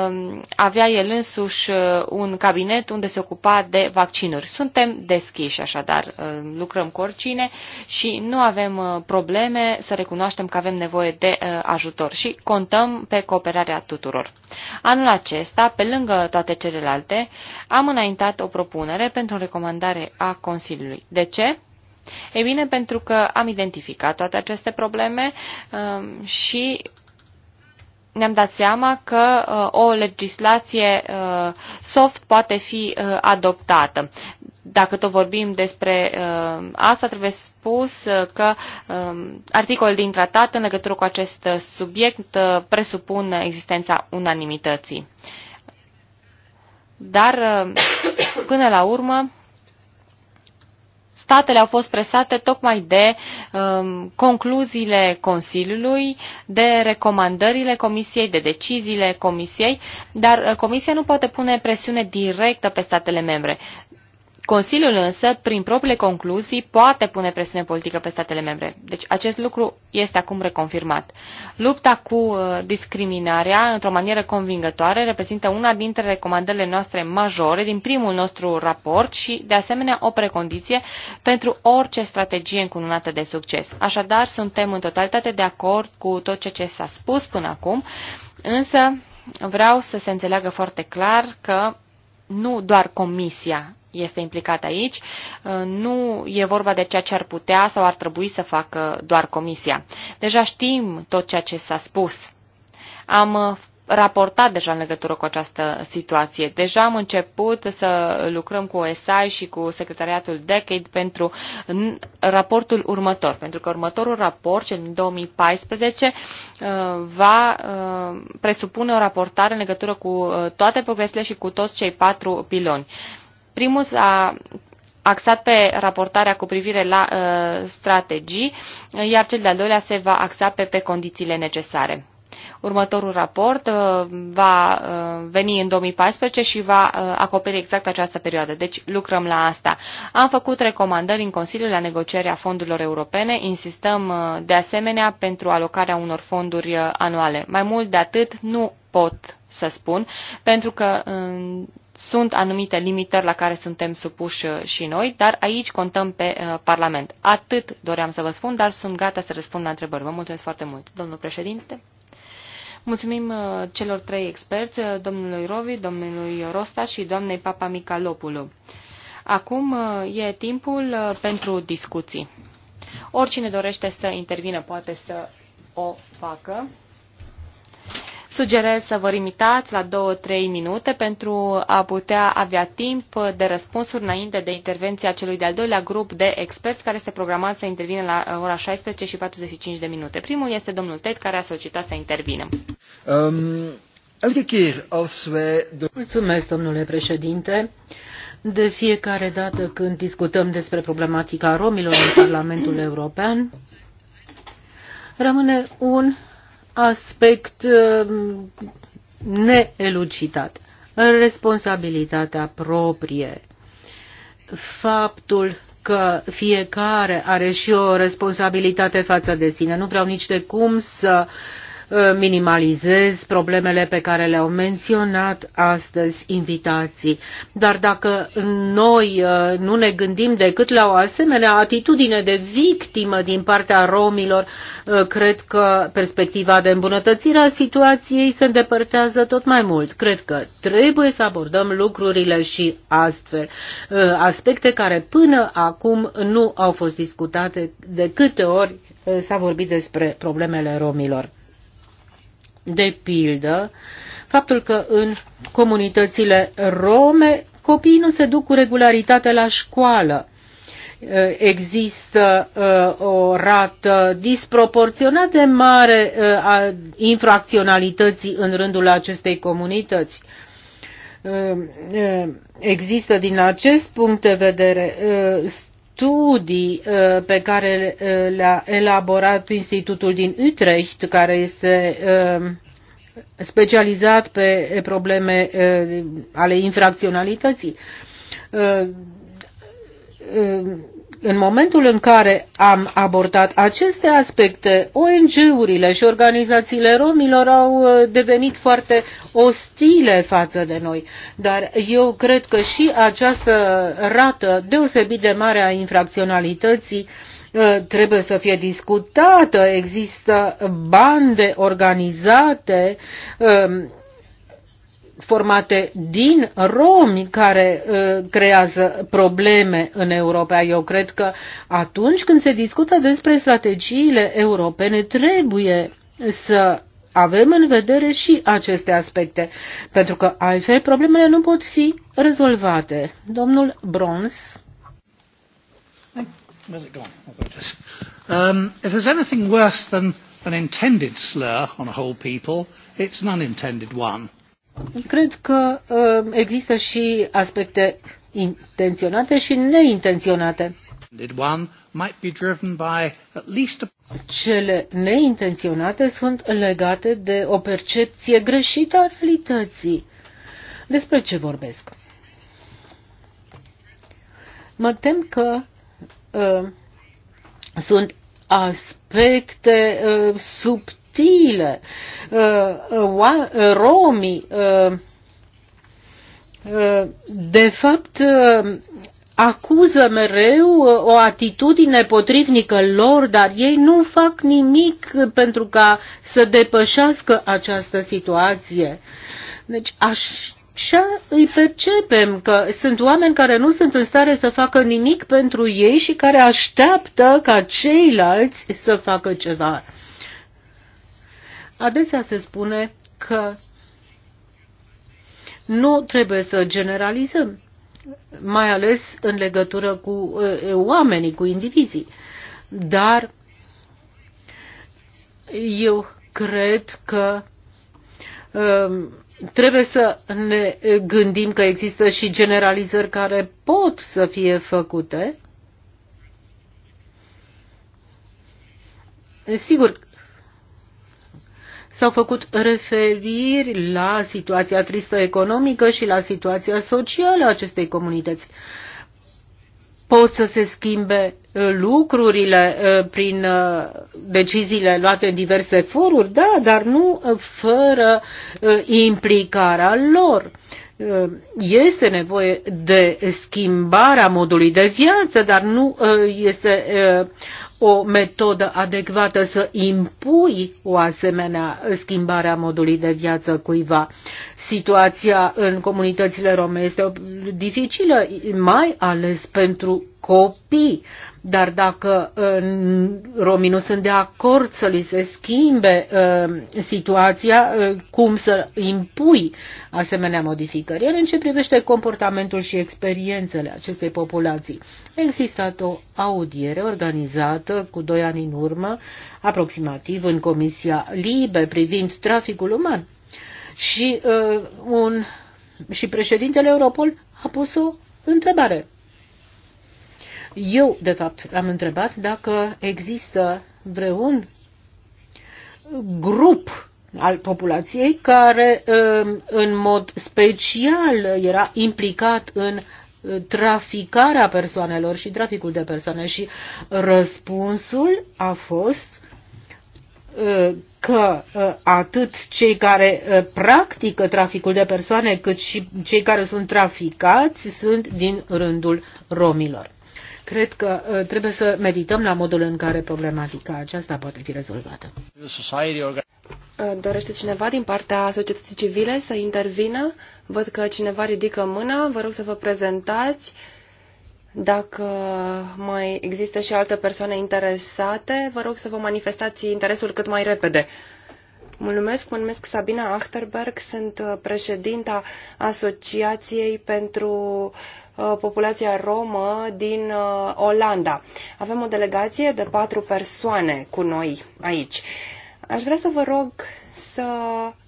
B: um, avea el însuși un cabinet cabinet unde se ocupa de vaccinuri. Suntem deschiși, așadar, uh, lucrăm cu oricine și nu avem uh, probleme să recunoaștem că avem nevoie de uh, ajutor și contăm pe cooperarea tuturor. Anul acesta, pe lângă toate celelalte, am înaintat o propunere pentru recomandare a Consiliului. De ce? Ei bine, pentru că am identificat toate aceste probleme și ne-am dat seama că uh, o legislație uh, soft poate fi uh, adoptată. Dacă tot vorbim despre asta, trebuie spus că um, articolul din tratat în legătură cu acest subiect presupune existența unanimității. Dar, până la urmă, statele au fost presate tocmai de um, concluziile Consiliului, de recomandările Comisiei, de deciziile Comisiei, dar uh, Comisia nu poate pune presiune directă pe statele membre. Consiliul însă, prin propriile concluzii, poate pune presiune politică pe statele membre. Deci acest lucru este acum reconfirmat. Lupta cu uh, discriminarea, într-o manieră convingătoare, reprezintă una dintre recomandările noastre majore din primul nostru raport și, de asemenea, o precondiție pentru orice strategie încununată de succes. Așadar, suntem în totalitate de acord cu tot ceea ce s-a spus până acum, însă vreau să se înțeleagă foarte clar că nu doar Comisia este implicat aici. Uh, nu e vorba de ceea ce ar putea sau ar trebui să facă doar Comisia. Deja știm tot ceea ce s-a spus. Am uh, raportat deja în legătură cu această situație. Deja am început să lucrăm cu OSI și cu secretariatul DECADE pentru raportul următor, pentru că următorul raport, cel din 2014, uh, va presupune o raportare în legătură cu toate progresele și cu toți cei patru piloni. Primul s-a axat pe raportarea cu privire la uh, strategii, iar cel de-al doilea se va axa pe, pe condițiile necesare. Următorul raport uh, va uh, veni în 2014 și va uh, acoperi exact această perioadă. Deci lucrăm la asta. Am făcut recomandări în Consiliul la negocierea fondurilor europene. Insistăm uh, de asemenea pentru alocarea unor fonduri uh, anuale. Mai mult de atât nu pot să spun, pentru că uh, sunt anumite limitări la care suntem supuși uh, și noi, dar aici contăm pe uh, Parlament. Atât doream să vă spun, dar sunt gata să răspund la întrebări. Vă mulțumesc foarte mult, domnul președinte. Mulțumim uh, celor trei experți, uh, domnului Rovi, domnului Rosta și doamnei Papa Micalopulu. Acum uh, e timpul uh, pentru discuții. Oricine dorește să intervină poate să o facă. Sugerez să vă limitați la 2-3 minute pentru a putea avea timp de răspunsuri înainte de intervenția celui de-al doilea grup de experți care este programat să intervină la uh, ora 16 și 45 de minute. Primul este domnul Ted care a solicitat să intervină.
D: Um... Mulțumesc, domnule președinte. De fiecare dată când discutăm despre problematica romilor în Parlamentul European, rămâne un aspect um, neelucidat. Responsabilitatea proprie. Faptul că fiecare are și o responsabilitate față de sine. Nu vreau nici de cum să uh, Uh, minimalizez problemele pe care le-au menționat astăzi invitații. Dar dacă noi uh, nu ne gândim decât la o asemenea atitudine de victimă din partea romilor, uh, cred că perspectiva de îmbunătățire a situației se îndepărtează tot mai mult. Cred că trebuie să abordăm lucrurile și astfel. Aspecte care până acum nu au fost discutate de câte ori s-a vorbit despre problemele romilor de pildă, faptul că în comunitățile rome copiii nu se duc cu regularitate la școală. Eh, există eh, o rată disproporționat de mare eh, a infracționalității în rândul acestei comunități. Există din acest punct de vedere studii uh, pe care uh, le-a elaborat Institutul din Utrecht, care este uh, specializat pe probleme ale infracționalității în momentul în care am abordat aceste aspecte, ONG-urile și organizațiile romilor au uh, devenit foarte ostile față de noi. Dar eu cred că și această rată deosebit de mare a infracționalității uh, trebuie să fie discutată. Există bande organizate um, formate din romi care uh, creează probleme în Europa. Eu cred că atunci când se discută despre strategiile europene, trebuie să avem în vedere și aceste aspecte, pentru că altfel problemele nu pot fi rezolvate.
A: Domnul Brons. Oh, um, if there's anything worse than an intended slur on a whole people, it's an unintended one.
D: Cred că uh, există și aspecte intenționate și neintenționate. Cele neintenționate sunt legate de o percepție greșită a realității. Despre ce vorbesc? Mă tem că uh, sunt aspecte uh, sub ostile. Uh, uh, uh, Romii, de fapt, acuză mereu o atitudine potrivnică lor, dar ei nu fac nimic pentru ca să depășească această situație. Deci așa îi percepem că sunt oameni care nu sunt în stare să facă nimic pentru ei și care așteaptă ca ceilalți să facă ceva. Adesea se spune că nu trebuie să generalizăm, mai ales în legătură cu oamenii, cu indivizii. Dar eu cred că trebuie să ne gândim că există și generalizări care pot să fie făcute. Sigur, S-au făcut referiri la situația tristă economică și la situația socială a acestei comunități. Pot să se schimbe uh, lucrurile uh, prin uh, deciziile luate în diverse foruri, da, dar nu fără implicarea lor este nevoie de schimbarea modului de viață, dar nu este o metodă adecvată să impui o asemenea schimbare a modului de viață cuiva. Situația în comunitățile rome este dificilă, mai ales pentru copii. Dar dacă uh, romii nu sunt de acord să li se schimbe uh, situația, uh, cum să impui asemenea modificări? Iar în ce privește comportamentul și experiențele acestei populații, a existat o audiere organizată cu doi ani în urmă, aproximativ în Comisia Libe, privind traficul uman. Și, un, și președintele Europol a pus o întrebare eu, de fapt, am întrebat dacă există vreun grup al populației care um, în mod special era implicat în uh, traficarea persoanelor și traficul de persoane și răspunsul a fost uh, că uh, atât cei care practică traficul de persoane cât și cei care sunt traficați sunt din rândul romilor. Cred că uh, trebuie să medităm la modul în care problematica aceasta poate fi rezolvată. Uh,
C: dorește cineva din partea societății civile să intervină? Văd că cineva ridică mâna. Vă rog să vă prezentați. Dacă mai există și alte persoane interesate, vă rog să vă manifestați interesul cât mai repede. Mulțumesc, mă numesc Sabina Achterberg, sunt uh, președinta Asociației pentru uh, Uh, populația romă din uh, Olanda. Avem o delegație de patru persoane cu noi aici. Aș vrea să vă rog să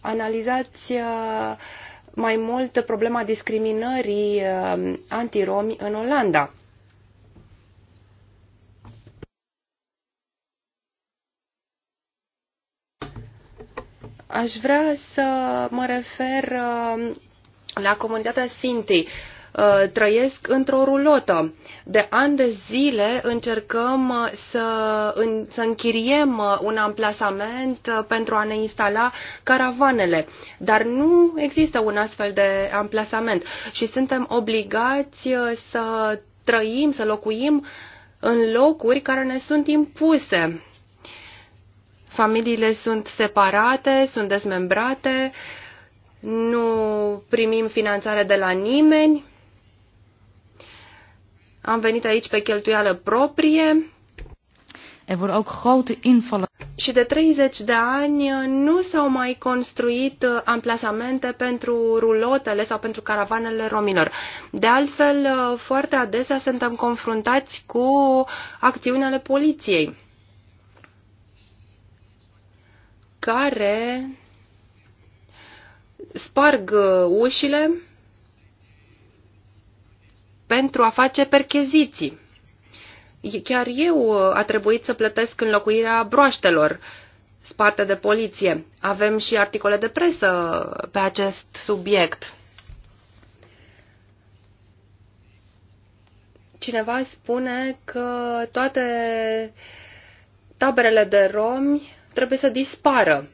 C: analizați uh, mai mult problema discriminării antiromi în Olanda. Aș vrea să mă refer la comunitatea Sinti. Uh, trăiesc într-o rulotă. De ani de zile încercăm uh, să, în, să închiriem uh, un amplasament pentru a ne instala caravanele, dar nu există un astfel de amplasament și suntem obligați să trăim, să locuim în locuri care ne sunt impuse. Familiile sunt separate, sunt dezmembrate, nu primim finanțare de la nimeni am venit aici pe cheltuială proprie. Er worden auch grote invallen. Și de 30 de ani nu s-au mai construit uh, amplasamente pentru rulotele sau pentru caravanele romilor. De altfel, uh, foarte adesea suntem confruntați cu acțiunile poliției, care sparg uh, ușile pentru a face percheziții. Chiar eu uh, a trebuit să plătesc înlocuirea broaștelor sparte de poliție. Avem și articole de presă pe acest subiect. Cineva spune că toate taberele de romi trebuie să dispară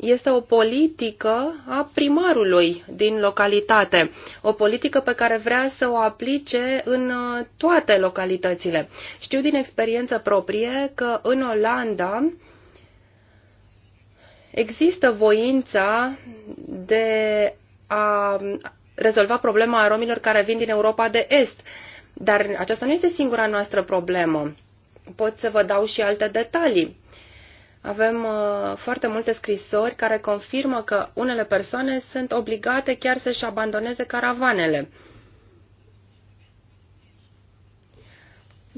C: este o politică a primarului din localitate, o politică pe care vrea să o aplice în uh, toate localitățile. Știu din experiență proprie că în Olanda există voința de a um, rezolva problema a romilor care vin din Europa de Est, dar aceasta nu este singura noastră problemă. Pot să vă dau și alte detalii. Avem uh, foarte multe scrisori care confirmă că unele persoane sunt obligate chiar să-și abandoneze caravanele.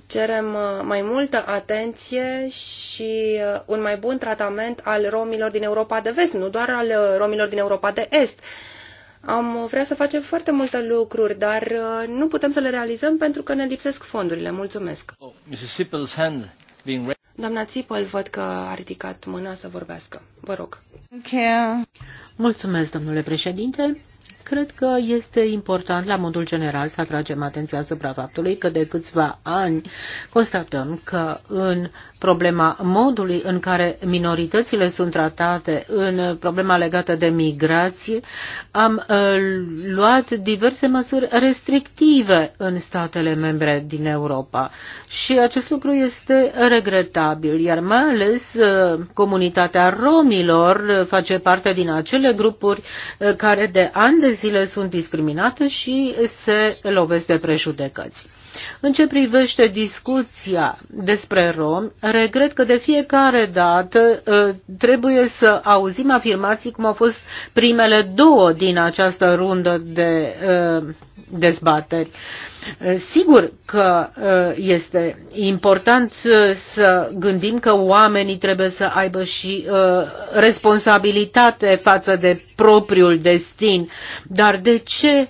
C: Cerem uh, mai multă atenție și uh, un mai bun tratament al romilor din Europa de Vest, nu doar al romilor din Europa de Est. Am vrea să facem foarte multe lucruri, dar nu putem să le realizăm pentru că ne lipsesc fondurile. Mulțumesc. Oh, Doamna Țipăl, văd că a ridicat mâna să vorbească. Vă rog.
D: Okay. Mulțumesc, domnule președinte. Cred că este important, la modul general, să atragem atenția asupra faptului că de câțiva ani constatăm că în problema modului în care minoritățile sunt tratate, în problema legată de migrație, am uh, luat diverse măsuri restrictive în statele membre din Europa. Și acest lucru este regretabil, iar mai ales uh, comunitatea romilor face parte din acele grupuri uh, care de ani de dovezile sunt discriminate și se lovesc de prejudecăți. În ce privește discuția despre romi, regret că de fiecare dată ă, trebuie să auzim afirmații cum au fost primele două din această rundă de uh, dezbateri. Eh, sigur că eh, este important eh, să gândim că oamenii trebuie să aibă și responsabilitate față de propriul destin. Dar de ce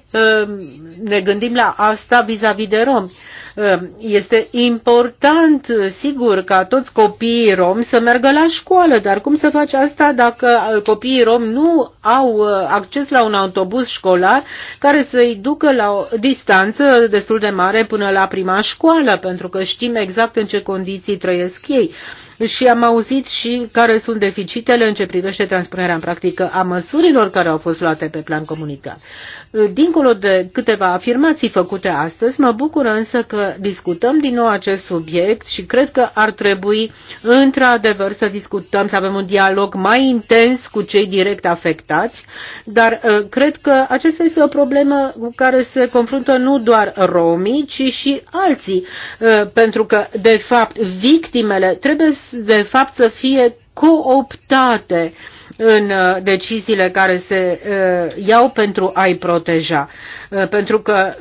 D: ne gândim la asta vis-a-vis -vis de romi? Ehm, este important, sigur, ca toți copiii romi să meargă la școală, dar cum să faci asta dacă copiii romi nu au uh, acces la un autobuz școlar care să-i ducă la o distanță destul de mare până la prima școală, pentru că știm exact în ce condiții trăiesc ei și am auzit și care sunt deficitele în ce privește transpunerea în practică a măsurilor care au fost luate pe plan comunitar. Dincolo de câteva afirmații făcute astăzi, mă bucur însă că discutăm din nou acest subiect și cred că ar trebui într-adevăr să discutăm, să avem un dialog mai intens cu cei direct afectați, dar uh, cred că acesta este o problemă cu care se confruntă nu doar romii, ci și alții, uh, pentru că, de fapt, victimele trebuie de fapt să fie cooptate în uh, deciziile care se uh, iau pentru a-i proteja. Uh, pentru că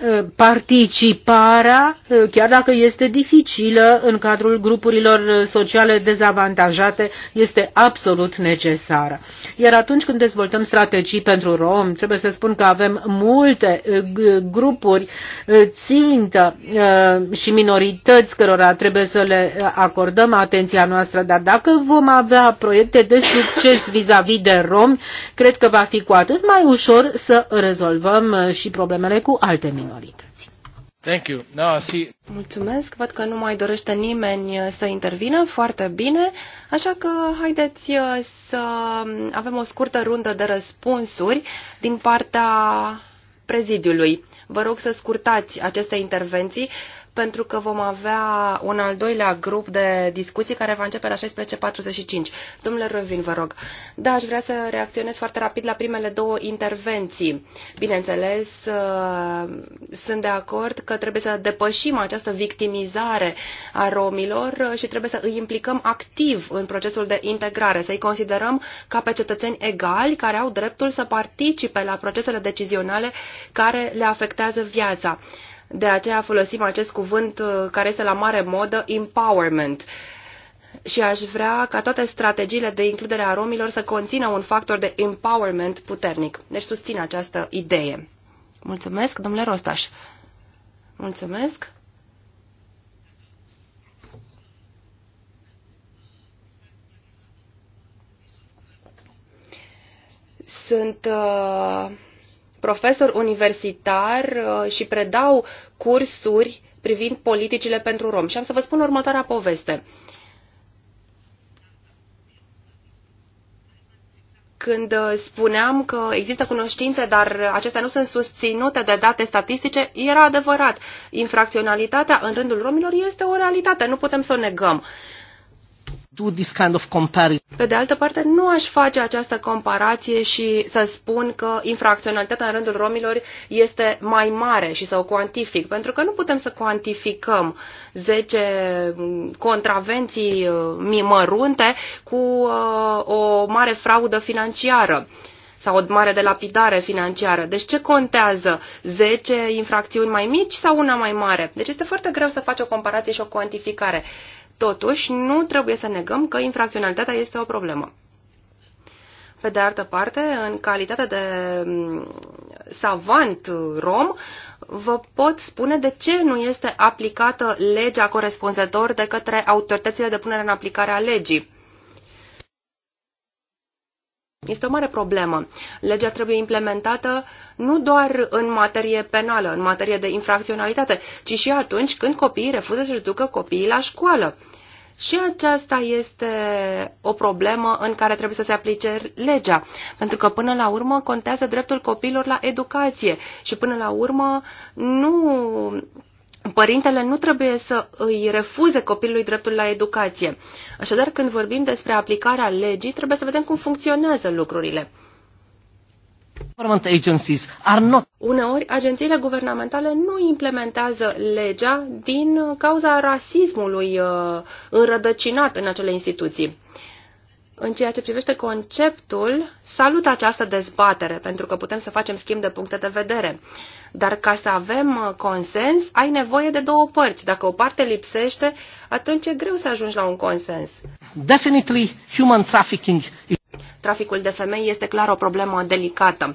D: Uh, participarea, uh, chiar dacă este dificilă, în cadrul grupurilor uh, sociale dezavantajate, este absolut necesară. Iar atunci când dezvoltăm strategii pentru rom, trebuie să spun că avem multe grupuri țintă și minorități cărora trebuie să le acordăm atenția noastră, dar dacă vom avea proiecte de succes vis-a-vis -vis de romi, cred că va fi cu atât mai ușor să rezolvăm și problemele cu alte minorități minorități. Thank you. No, see...
C: Mulțumesc. Văd că nu mai dorește nimeni uh, să intervină. Foarte bine. Așa că haideți uh, să avem o scurtă rundă de răspunsuri din partea prezidiului. Vă rog să scurtați aceste intervenții pentru că vom avea un al doilea grup de discuții care va începe la 16.45. Domnule Răvin, vă rog. Da, aș vrea să reacționez foarte rapid la primele două intervenții. Bineînțeles, uh, sunt de acord că trebuie să depășim această victimizare a romilor și trebuie să îi implicăm activ în procesul de integrare, să-i considerăm ca pe cetățeni egali care au dreptul să participe la procesele decizionale care le afectează viața. De aceea folosim acest cuvânt uh, care este la mare modă, empowerment. Și aș vrea ca toate strategiile de includere a romilor să conțină un factor de empowerment puternic. Deci susțin această idee. Mulțumesc, domnule Rostaș. Mulțumesc. Sunt uh, profesor universitar uh, și predau cursuri privind politicile pentru rom. Și am să vă spun următoarea poveste. Când uh, spuneam că există cunoștințe, dar acestea nu sunt susținute de date statistice, era adevărat. Infracționalitatea în rândul romilor este o realitate, nu putem să o negăm.
D: Do this kind of
C: Pe de altă parte, nu aș face această comparație și să spun că infracționalitatea în rândul romilor este mai mare și să o cuantific, pentru că nu putem să cuantificăm 10 contravenții uh, mimărunte cu uh, o mare fraudă financiară sau o mare de lapidare financiară. Deci ce contează? 10 infracțiuni mai mici sau una mai mare? Deci este foarte greu să faci o comparație și o cuantificare. Totuși, nu trebuie să negăm că infracționalitatea este o problemă. Pe de altă parte, în calitate de mm, savant rom, vă pot spune de ce nu este aplicată legea corespunzător de către autoritățile de punere în aplicare a legii. Este o mare problemă. Legea trebuie implementată nu doar în materie penală, în materie de infracționalitate, ci și atunci când copiii refuză să-și ducă copiii la școală. Și aceasta este o problemă în care trebuie să se aplice legea, pentru că până la urmă contează dreptul copiilor la educație și până la urmă nu Părintele nu trebuie să îi refuze copilului dreptul la educație. Așadar, când vorbim despre aplicarea legii, trebuie să vedem cum funcționează lucrurile. Uneori, agențiile guvernamentale nu implementează legea din cauza rasismului uh, înrădăcinat în acele instituții. În ceea ce privește conceptul, salut această dezbatere, pentru că putem să facem schimb de puncte de vedere. Dar ca să avem uh, consens, ai nevoie de două părți. Dacă o parte lipsește, atunci e greu să ajungi la un consens.
D: Definitely human trafficking.
C: Traficul de femei este clar o problemă delicată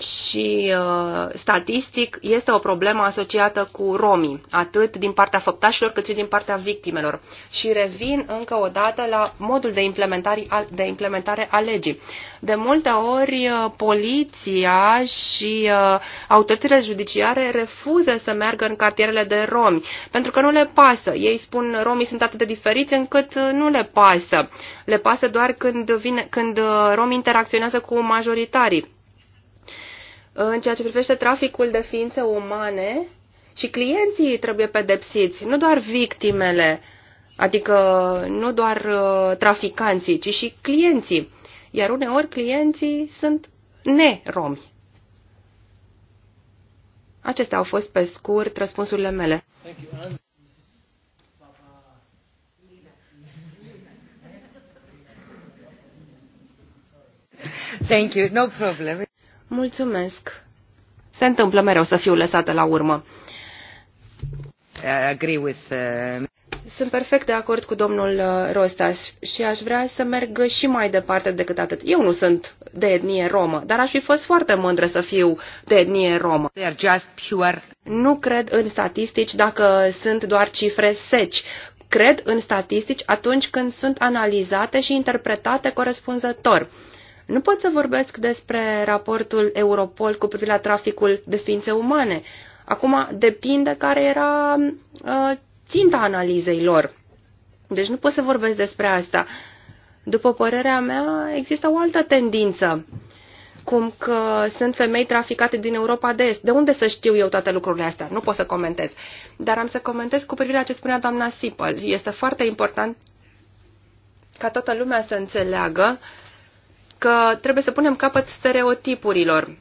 C: și uh, statistic este o problemă asociată cu romii, atât din partea făptașilor cât și din partea victimelor. Și revin încă o dată la modul de implementare, de implementare a legii. De multe ori, uh, poliția și uh, autoritățile judiciare refuză să meargă în cartierele de romi, pentru că nu le pasă. Ei spun romii sunt atât de diferiți încât uh, nu le pasă. Le pasă doar când, vine, când uh, romii interacționează cu majoritarii în ceea ce privește traficul de ființe umane și clienții trebuie pedepsiți, nu doar victimele, adică nu doar uh, traficanții, ci și clienții. Iar uneori clienții sunt neromi. Acestea au fost pe scurt răspunsurile mele.
D: Thank you. No problem.
C: Mulțumesc. Se întâmplă mereu să fiu lăsată la urmă. I agree with, uh... Sunt perfect de acord cu domnul uh, Rostas și aș vrea să merg și mai departe decât atât. Eu nu sunt de etnie romă, dar aș fi fost foarte mândră să fiu de etnie romă. They are just pure. Nu cred în statistici dacă sunt doar cifre seci. Cred în statistici atunci când sunt analizate și interpretate corespunzător. Nu pot să vorbesc despre raportul Europol cu privire la traficul de ființe umane. Acum depinde care era uh, ținta analizei lor. Deci nu pot să vorbesc despre asta. După părerea mea, există o altă tendință, cum că sunt femei traficate din Europa de Est. De unde să știu eu toate lucrurile astea? Nu pot să comentez. Dar am să comentez cu privire la ce spunea doamna Sipăl. Este foarte important ca toată lumea să înțeleagă uh, că trebuie să punem capăt stereotipurilor.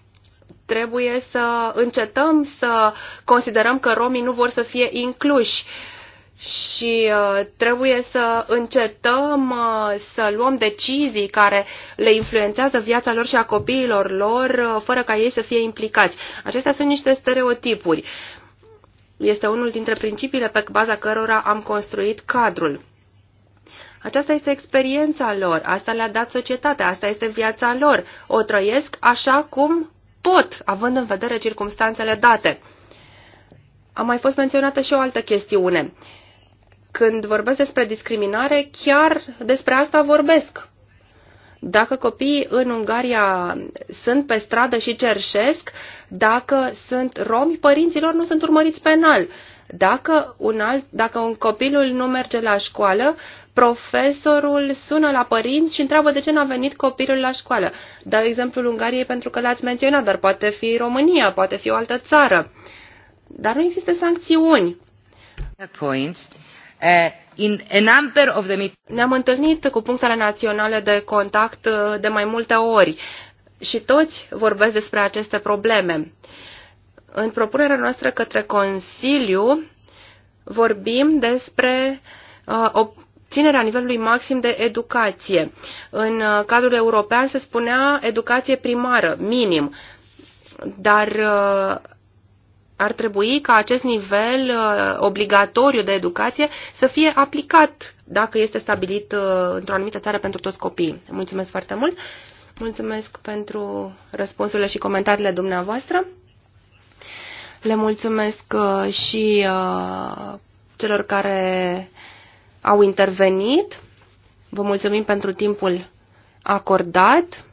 C: Trebuie să încetăm să considerăm că romii nu vor să fie incluși și uh, trebuie să încetăm uh, să luăm decizii care le influențează viața lor și a copiilor lor uh, fără ca ei să fie implicați. Acestea sunt niște stereotipuri. Este unul dintre principiile pe baza cărora am construit cadrul. Aceasta este experiența lor, asta le-a dat societatea, asta este viața lor. O trăiesc așa cum pot, având în vedere circumstanțele date. A mai fost menționată și o altă chestiune. Când vorbesc despre discriminare, chiar despre asta vorbesc. Dacă copiii în Ungaria sunt pe stradă și cerșesc, dacă sunt romi, părinților nu sunt urmăriți penal. Dacă un, alt, dacă un copilul nu merge la școală, profesorul sună la părinți și întreabă de ce nu a venit copilul la școală. Dau exemplul Ungariei pentru că l-ați menționat, dar poate fi România, poate fi o altă țară. Dar nu există sancțiuni. Eh, Ne-am întâlnit cu punctele naționale de contact eh, de mai multe ori și toți vorbesc despre aceste probleme. Uh, în propunerea noastră către Consiliu vorbim despre uh, obținerea nivelului maxim de educație. În uh, cadrul european se spunea educație primară, minim, dar uh, ar trebui ca acest nivel uh, obligatoriu de educație să fie aplicat dacă este stabilit uh, într-o anumită țară pentru toți copiii. Mulțumesc foarte mult! Mulțumesc pentru răspunsurile și comentariile dumneavoastră. Le mulțumesc uh, și uh, celor care au intervenit. Vă mulțumim pentru timpul acordat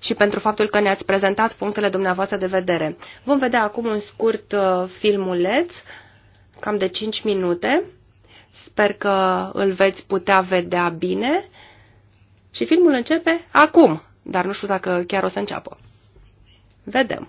C: și pentru faptul că ne-ați prezentat punctele dumneavoastră de vedere. Vom vedea acum un scurt uh, filmuleț, cam de 5 minute. Sper că îl veți putea vedea bine. Și filmul începe acum, dar nu știu dacă chiar o să înceapă. Vedem!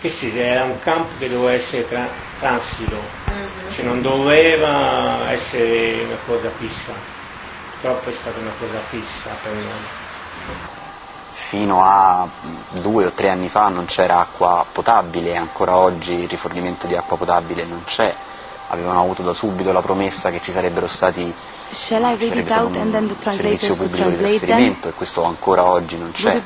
A: questi era un campo che doveva essere tra- transito, uh-huh. Mhm. cioè non doveva essere una cosa fissa, purtroppo è stata una cosa fissa per me.
E: Fino a due o tre anni fa non c'era acqua potabile, ancora oggi il rifornimento di acqua potabile non c'è, avevano avuto da subito la promessa che ci sarebbero stati Shall I read it out and then the translator will translate them? e questo ancora oggi non c'è.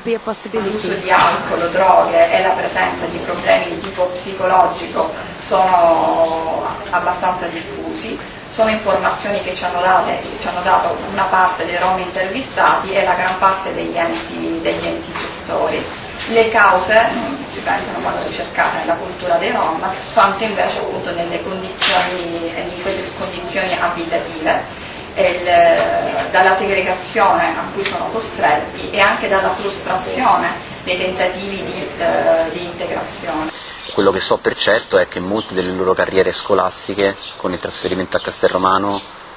C: L'uso di
F: alcol, droghe e la presenza di problemi di tipo psicologico sono abbastanza diffusi. Sono informazioni che ci hanno, date, ci hanno dato una parte dei rom intervistati e la gran parte degli enti, degli enti gestori. Le cause diventano vanno ricercate nella cultura dei rom, quanto invece appunto nelle condizioni, in queste condizioni abitative il, eh, dalla segregazione a cui sono costretti e anche dalla frustrazione dei tentativi di, uh, di integrazione.
E: Quello che so per certo è che molte delle loro carriere scolastiche con il trasferimento a Castelromano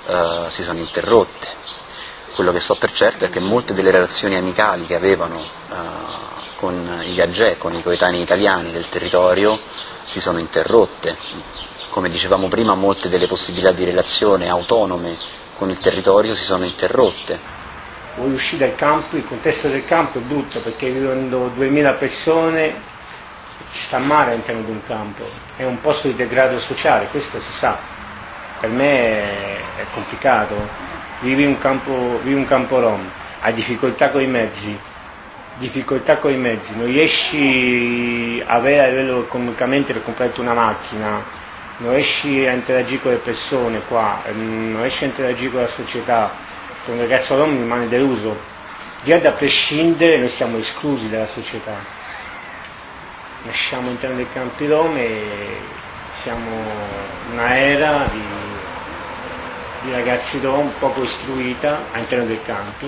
E: uh, si sono interrotte. Quello che so per certo è che molte delle relazioni amicali che avevano uh, con i gaggè, con i coetanei italiani del territorio, si sono interrotte. Come dicevamo prima, molte delle possibilità di relazione autonome con il territorio si sono interrotte.
A: Voi uscire dal campo, il contesto del campo è brutto perché vivendo 2000 persone ci sta male all'interno di un campo, è un posto di degrado sociale, questo si sa, per me è complicato, vivi un campo, vivi un campo rom, hai difficoltà con i mezzi, difficoltà con i mezzi, non riesci a avere a livello economicamente per comprare una macchina, non riesci a interagire con le persone qua, non riesci a interagire con la società, con un ragazzo rom rimane deluso. Già da prescindere noi siamo esclusi dalla società. Lasciamo entrare dei campi rom e siamo una era di, di ragazzi rom poco istruita all'interno dei campi,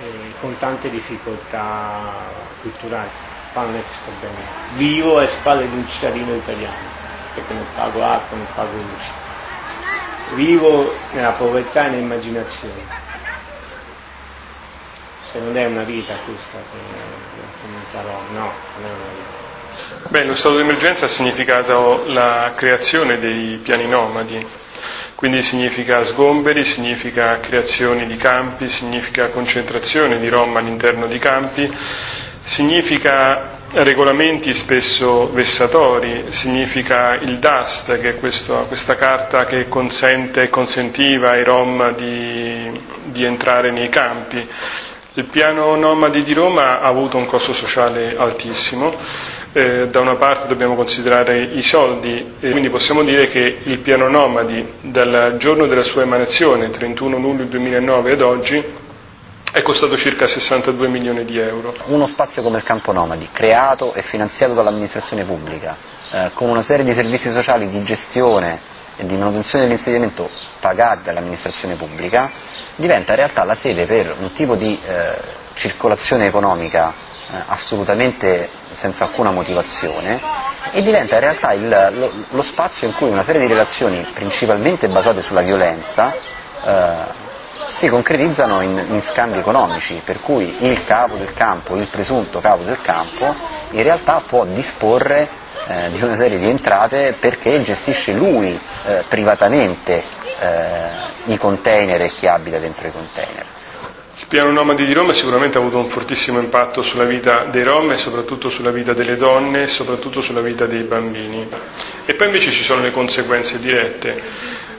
A: e con tante difficoltà culturali. Parlo sto bene. Vivo alle spalle di un cittadino italiano que nos pagó água, que nos pagó luz. Vivo nell'aprovechare nell'immaginazione. Se non è una vita questa che affronterò, no, non è una vita.
G: Beh, lo stato d'emergenza ha significato da la creazione dei piani nomadi quindi significa sgomberi, significa creazioni di campi, significa concentrazione di Rom all'interno di campi, significa regolamenti spesso vessatori, significa il DAST, che è questo, questa carta che consente e consentiva ai Rom di, di entrare nei campi. Il piano Nomadi di Roma ha avuto un costo sociale altissimo, eh, da una parte dobbiamo considerare i soldi, e quindi possiamo dire che il piano Nomadi dal giorno della sua emanazione, 31 luglio 2009 ad oggi, è costato circa 62 milioni di euro. Uno spazio
E: come il Campo Nomadi, creato e finanziato dall'amministrazione pubblica, eh, con una serie di servizi sociali di gestione e di manutenzione dell'insediamento pagati dall'amministrazione pubblica, diventa in realtà la sede per un tipo di eh, circolazione economica eh, assolutamente senza alcuna motivazione e diventa in realtà il, lo, lo, spazio in cui una serie di relazioni principalmente basate sulla violenza eh, si concretizzano in, in scambi economici, per cui il capo del campo, il presunto capo del campo, in realtà può disporre eh, di una serie di entrate perché gestisce lui eh, privatamente eh, i container e chi abita dentro i container.
G: Il piano Nomadi di Roma sicuramente ha avuto un fortissimo impatto sulla vita dei Rom e soprattutto sulla vita delle donne e soprattutto sulla vita dei bambini. E poi invece ci sono le conseguenze dirette.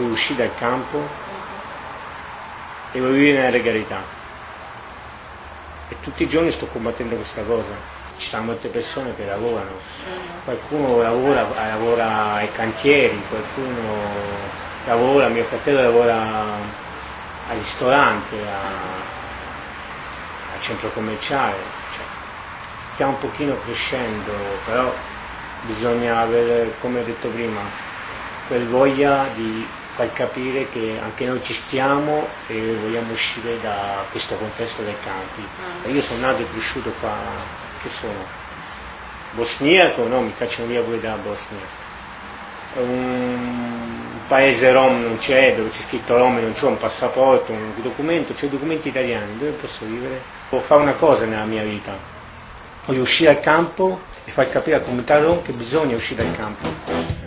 A: voi uscì dal campo e voglio vivere nella legalità. E tutti i giorni sto combattendo questa cosa. Ci sono molte persone che lavorano, qualcuno lavora, lavora ai cantieri, qualcuno lavora, mio fratello lavora al ristorante, a, al centro commerciale. Cioè, stiamo un pochino crescendo, però bisogna avere, come ho detto prima, quel voglia di far capire che anche noi ci stiamo e vogliamo uscire da questo contesto dei campi. Mm. Io sono nato e cresciuto qua, che sono? Bosniaco? No, mi facciano via pure da Bosnia. Un paese rom non c'è, dove c'è scritto rom non c'è un passaporto, un documento, c'è documenti italiani, dove posso vivere? Può fare una cosa nella mia vita, voglio uscire al campo e far capire al comunità rom che bisogna uscire dal campo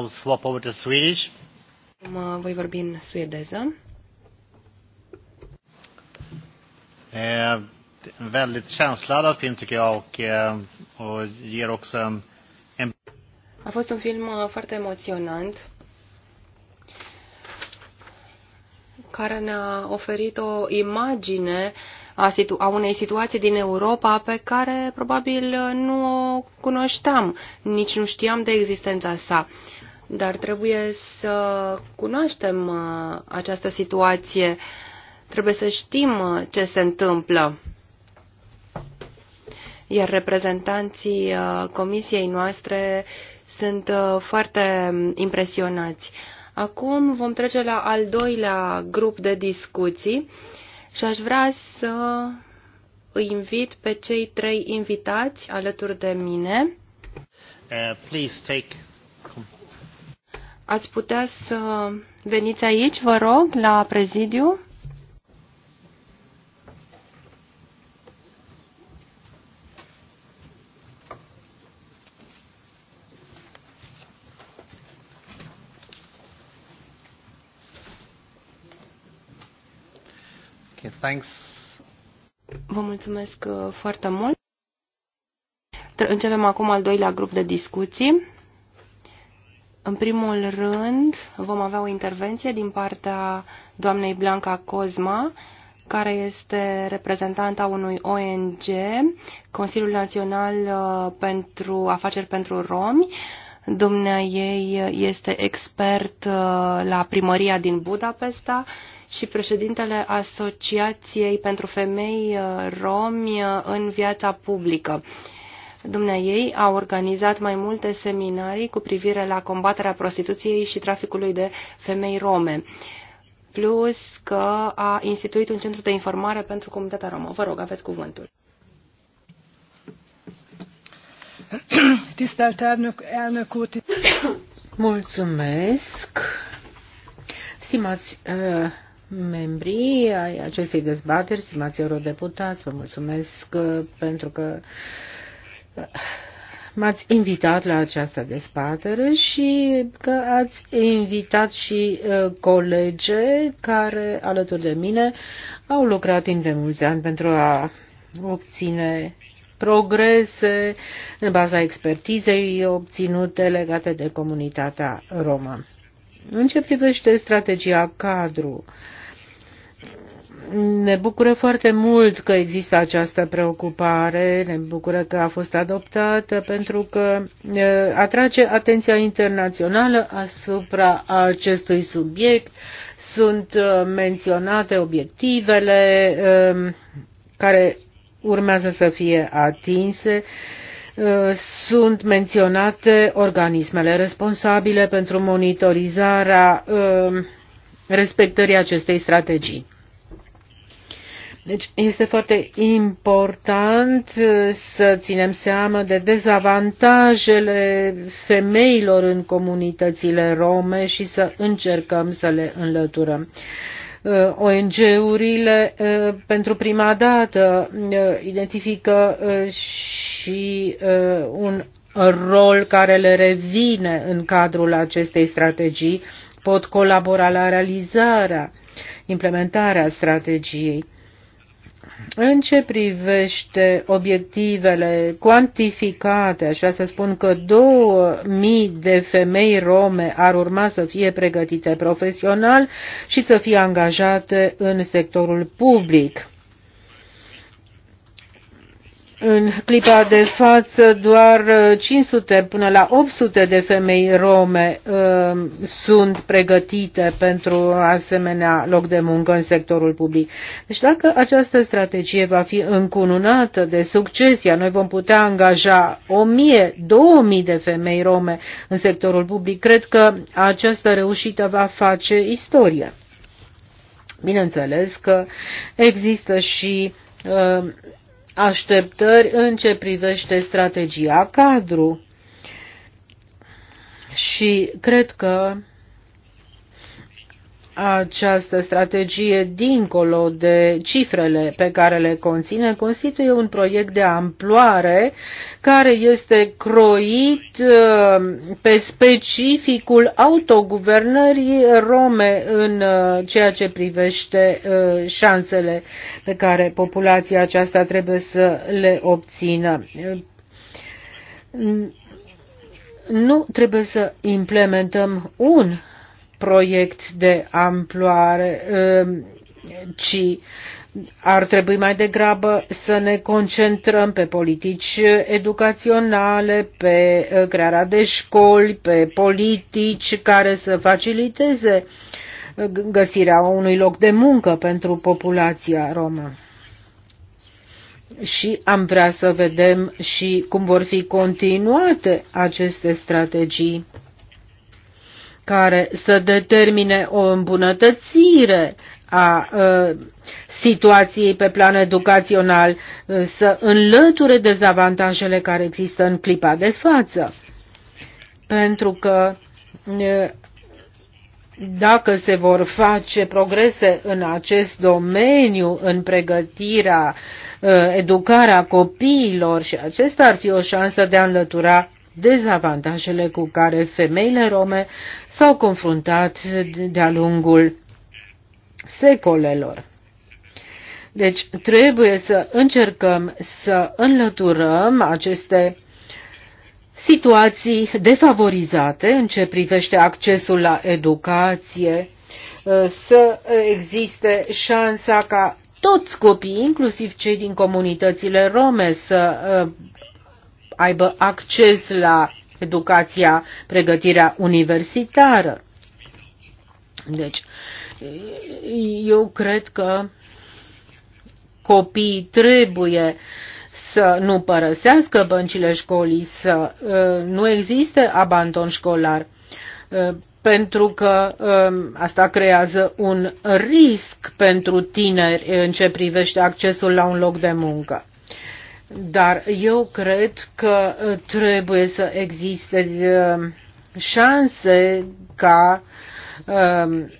A: now swap over to Swedish.
C: Acum voi vorbi în suedeză.
A: Eh, väldigt känsloladdad film tycker jag och, eh, och ger också en, en...
C: A fost un film eh, foarte emoționant care ne-a oferit o imagine a, situ- a unei situații din Europa pe care probabil eh, nu o cunoșteam, nici nu știam de existența sa. Uh, dar trebuie să cunoaștem uh, această situație, trebuie să știm uh, ce se întâmplă. Iar reprezentanții uh, comisiei noastre sunt foarte impresionați. Acum vom trece la al doilea grup de discuții și aș vrea să îi invit pe cei trei invitați alături de mine.
A: Uh, please take
C: Ați putea să veniți aici, vă rog, la prezidiu? Thanks. Vă mulțumesc uh, foarte mult. Începem acum al doilea grup de discuții. În primul rând, vom avea o intervenție din partea doamnei Blanca Cozma, care este reprezentanta unui ONG, Consiliul Național uh, pentru Afaceri pentru Romi. Dumnea ei uh, este expert uh, la primăria din Budapesta și președintele Asociației pentru Femei Romi în viața publică ei a organizat mai multe seminarii cu privire la combaterea prostituției și traficului de femei rome, plus că a instituit un centru de informare pentru comunitatea romă. Vă rog, aveți cuvântul.
D: Mulțumesc! Stimați uh, membrii ai acestei dezbateri, stimați eurodeputați, vă mulțumesc uh, pentru că uh, m-ați invitat la această dezbatere și că ați invitat și uh, colege care, alături de mine, au lucrat timp de mulți ani pentru a obține progrese în baza expertizei obținute legate de comunitatea romă. În ce privește strategia cadru, uh, ne bucură foarte mult că există această preocupare, ne bucură că a fost adoptată pentru că atrage atenția internațională asupra acestui subiect. Sunt menționate obiectivele care urmează să fie atinse sunt menționate organismele responsabile pentru monitorizarea respectării acestei strategii. Deci este foarte important uh, să ținem seama de dezavantajele femeilor în comunitățile rome și să încercăm să le înlăturăm. Uh, ONG-urile uh, pentru prima dată identifică și un rol care le revine în cadrul acestei strategii, pot colabora la realizarea, implementarea strategiei. În ce privește obiectivele cuantificate, așa să spun că 2000 de femei rome ar urma să fie pregătite profesional și să fie angajate în sectorul public. În clipa de față, doar 500 uh, până la 800 de femei rome uh, sunt pregătite pentru asemenea loc de muncă în sectorul public. Deci dacă această strategie va fi încununată de succes, iar noi vom putea angaja 1000-2000 de femei rome în sectorul public, cred că această reușită va face istorie. Bineînțeles că există și uh, așteptări în ce privește strategia cadru și cred că această strategie dincolo de cifrele pe care le conține constituie un proiect de amploare care este croit uh, pe specificul autoguvernării rome în uh, ceea ce privește uh, șansele pe care populația aceasta trebuie să le obțină nu trebuie să implementăm un proiect de amploare, um, ci ar trebui mai degrabă să ne concentrăm pe politici educaționale, pe uh, crearea de școli, pe politici care să faciliteze uh, găsirea unui loc de muncă pentru populația romă. Și am vrea să vedem și cum vor fi continuate aceste strategii care să determine o îmbunătățire a uh, situației pe plan educațional, uh, să înlăture dezavantajele care există în clipa de față. Pentru că uh, dacă se vor face progrese în acest domeniu, în pregătirea, educarea copiilor și acesta ar fi o șansă de a înlătura dezavantajele cu care femeile rome s-au confruntat de-a lungul secolelor. Deci trebuie să încercăm să înlăturăm aceste situații defavorizate în ce privește accesul la educație, să existe șansa ca toți copiii, inclusiv cei din comunitățile rome, să aibă acces la educația, pregătirea universitară. Deci, eu cred că copiii trebuie să nu părăsească băncile școlii, să uh, nu existe abandon școlar, uh, pentru că um, asta creează un risc pentru tineri în ce privește accesul la un loc de muncă. Dar eu cred că uh, trebuie să existe uh, șanse ca um,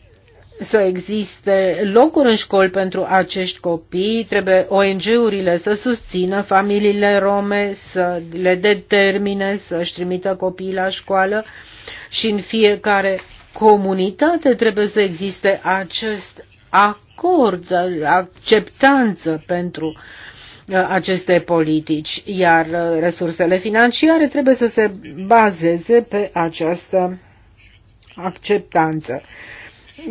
D: să existe locuri în școli pentru acești copii, trebuie ONG-urile să susțină familiile rome, să le determine să-și trimită copiii la școală și în fiecare comunitate trebuie să existe acest acord, acceptanță pentru aceste politici, iar uh, resursele financiare trebuie să se bazeze pe această acceptanță.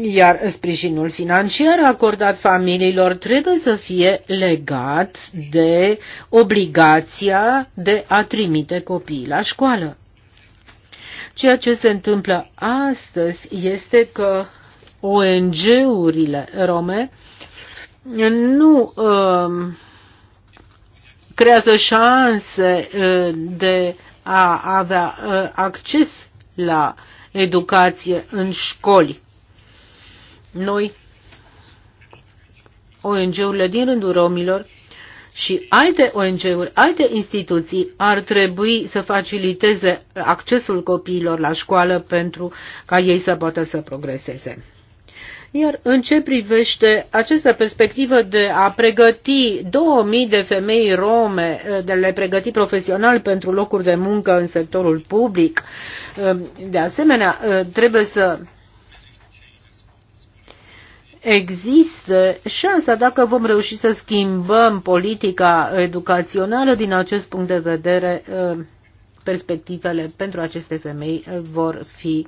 D: Iar sprijinul financiar acordat familiilor trebuie să fie legat de obligația de a trimite copiii la școală. Ceea ce se întâmplă astăzi este că ONG-urile rome nu uh, creează șanse uh, de a avea uh, acces la educație în școli. Noi, ONG-urile din rândul romilor și alte ONG-uri, alte instituții ar trebui să faciliteze accesul copiilor la școală pentru ca ei să poată să progreseze. Iar în ce privește această perspectivă de a pregăti 2000 de femei rome, de a le pregăti profesional pentru locuri de muncă în sectorul public, um, de asemenea, uh, trebuie să există șansa dacă vom reuși să schimbăm politica educațională din acest punct de vedere um, perspectivele pentru aceste femei vor fi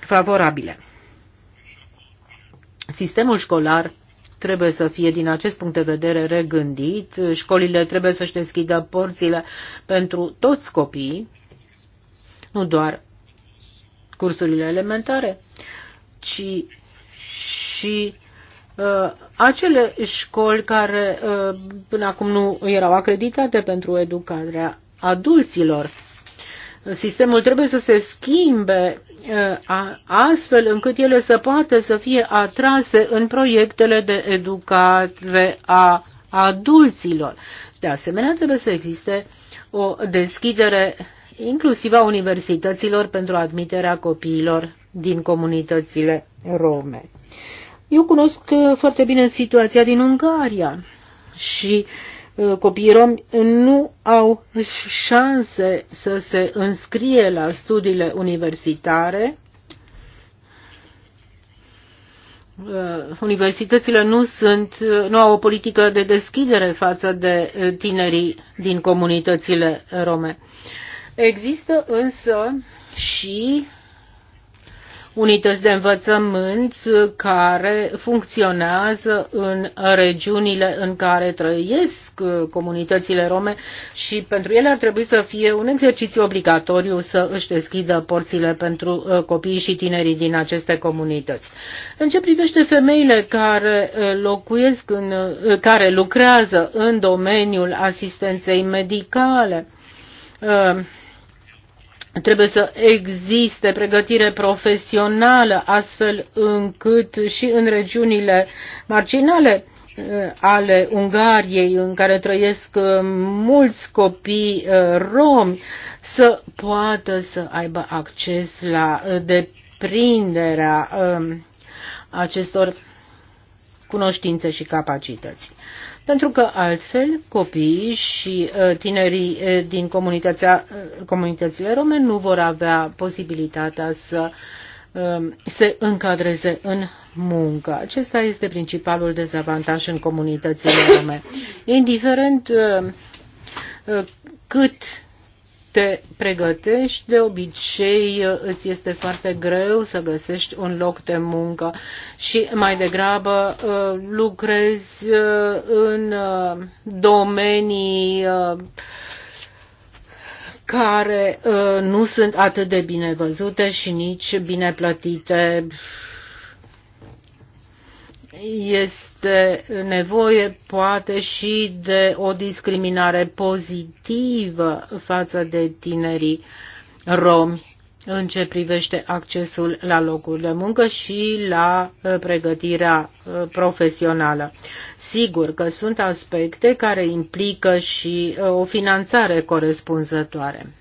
D: favorabile. Sistemul școlar trebuie să fie din acest punct de vedere regândit, școlile trebuie să-și deschidă porțile pentru toți copiii, nu doar cursurile elementare, ci și uh, acele școli care uh, până acum nu erau acreditate pentru educarea adulților. Sistemul trebuie să se schimbe uh, astfel încât ele să poată să fie atrase în proiectele de educare a adulților. De asemenea, trebuie să existe o deschidere inclusiv a universităților pentru admiterea copiilor din comunitățile rome. Eu cunosc foarte bine situația din Ungaria și uh, Uh, copiii romi nu au șanse să se înscrie la studiile universitare. Uh, universitățile nu, sunt, nu au o politică de deschidere față de uh, tinerii din comunitățile rome. Există însă și unități de învățământ care funcționează în regiunile în care trăiesc uh, comunitățile rome și pentru ele ar trebui să fie un exercițiu obligatoriu să își deschidă porțile pentru uh, copiii și tinerii din aceste comunități. În ce privește femeile care uh, locuiesc în, care lucrează în domeniul asistenței medicale, Trebuie să existe pregătire profesională astfel încât și în regiunile marginale uh, ale Ungariei, în care trăiesc uh, mulți copii uh, romi, să poată să aibă acces la deprinderea um, acestor cunoștințe și capacități pentru că altfel copiii și uh, tinerii uh, din uh, comunitățile rome nu vor avea posibilitatea să um, se încadreze în muncă. Acesta este principalul dezavantaj în comunitățile rome. Indiferent cât te pregătești, de obicei uh, îți este foarte greu să găsești un loc de muncă și mai degrabă uh, lucrezi uh, în domenii care nu sunt atât de bine văzute și nici bine plătite este nevoie poate și de o discriminare pozitivă față de tinerii romi în ce privește accesul la locuri de muncă și la uh, pregătirea uh, profesională. Sigur că sunt aspecte care implică și uh, o finanțare corespunzătoare.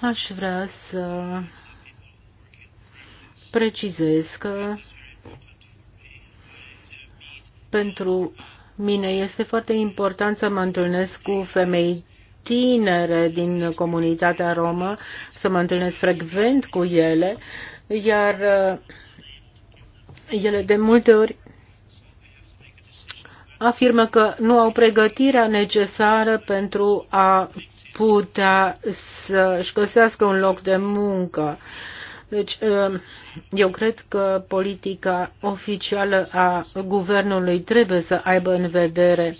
D: Aș vrea să precizez că pentru mine este foarte important să mă întâlnesc cu femei tinere din comunitatea romă, să mă întâlnesc frecvent cu ele, iar uh, ele de multe ori afirmă că nu au pregătirea necesară pentru a putea să-și găsească un loc de muncă. Deci, um, eu cred că politica oficială a guvernului trebuie să aibă în vedere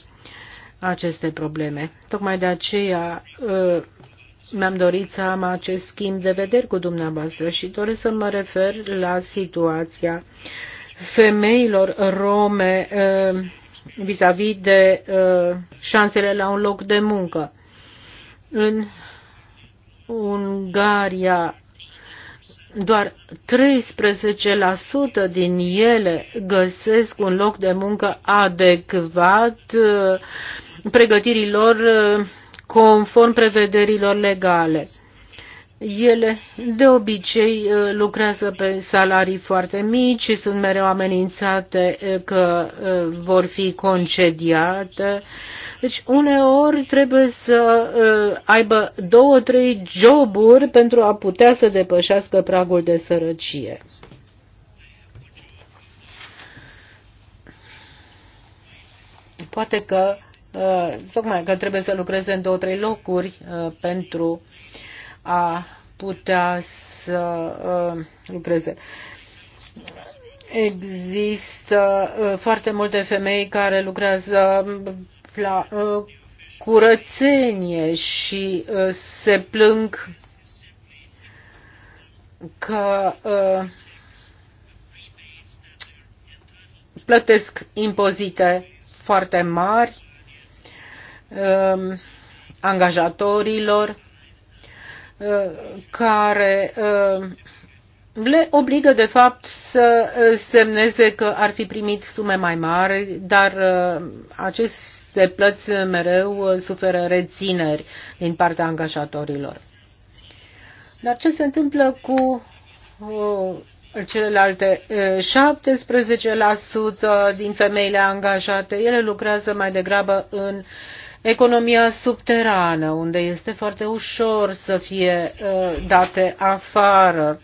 D: aceste probleme. Tocmai de aceea uh, mi-am dorit să am acest schimb de vederi cu dumneavoastră și doresc să mă refer la situația femeilor rome uh, vis-a-vis -vis de uh, șansele la un loc de muncă. În Ungaria doar 13% din ele găsesc un loc de muncă adecvat uh, pregătirilor uh, conform prevederilor legale. Ele de obicei uh, lucrează pe salarii foarte mici și sunt mereu amenințate uh, că uh, vor fi concediate. Deci uneori trebuie să aibă două, trei joburi pentru a putea să depășească pragul de sărăcie. Poate că tocmai că trebuie să lucreze în două, trei locuri pentru a putea să uh, lucreze. Există uh, foarte multe femei care lucrează la uh, curățenie și se plâng că plătesc impozite foarte mari angajatorilor Uh, care uh, le obligă de fapt să uh, semneze că ar fi primit sume mai mari, dar aceste plăți mereu suferă rețineri din partea angajatorilor. Dar ce se întâmplă cu celelalte 17% din femeile angajate? Ele lucrează mai degrabă în uh, economia subterană, unde este foarte ușor să fie uh, date afară.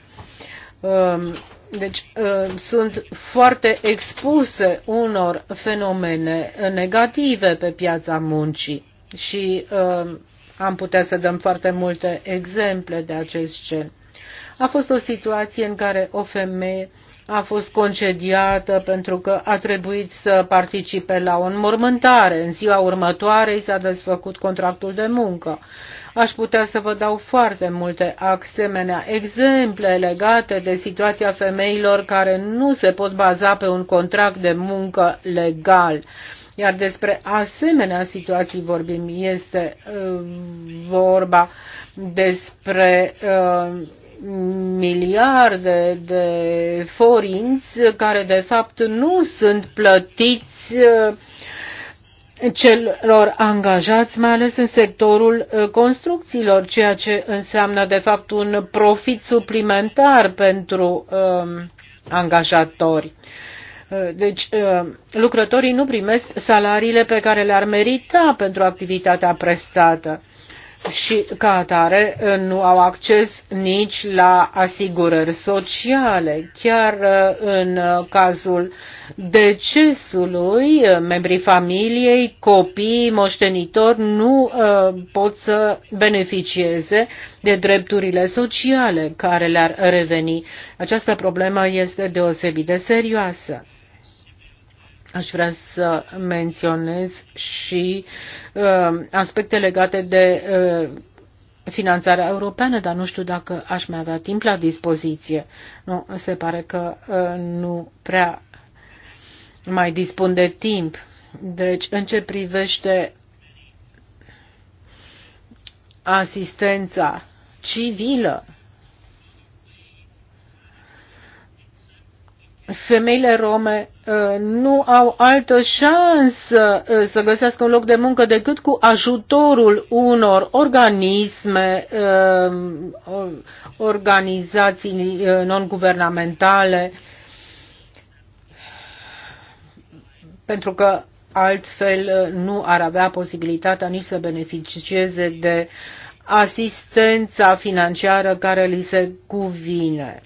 D: Um, deci uh, sunt foarte expuse unor fenomene negative pe piața muncii și um, am putea să dăm foarte multe exemple de acest gen. A fost o situație în care o femeie a fost concediată pentru că a trebuit să participe la o înmormântare. În ziua următoare i s-a desfăcut contractul de muncă. Aș putea să vă dau foarte multe asemenea exemple legate de situația femeilor care nu se pot baza pe un contract de muncă legal. Iar despre asemenea situații vorbim, este uh, vorba despre uh, miliarde de forinți care de fapt nu sunt plătiți uh, celor angajați, mai ales în sectorul uh, construcțiilor, ceea ce înseamnă de fapt un profit suplimentar pentru um, angajatori. Uh, deci, lucrătorii nu primesc salariile pe care le-ar merita pentru activitatea prestată și ca atare uh, nu au acces nici la asigurări sociale. Chiar uh, în uh, cazul decesului, membrii familiei, copiii, moștenitori nu pot să beneficieze de drepturile sociale care le-ar reveni. Această problemă este deosebit de serioasă. Aș vrea să menționez și uh, aspecte legate de uh, finanțarea europeană, dar nu știu dacă aș mai avea timp la dispoziție. Nu, se pare că uh, nu prea mai dispun de timp. Deci, în ce privește asistența civilă femeile rome uh, nu au altă șansă uh, să găsească un loc de muncă decât cu ajutorul unor organisme, uh, organizații non-guvernamentale, pentru că altfel nu ar avea posibilitatea nici să beneficieze de asistența financiară care li se cuvine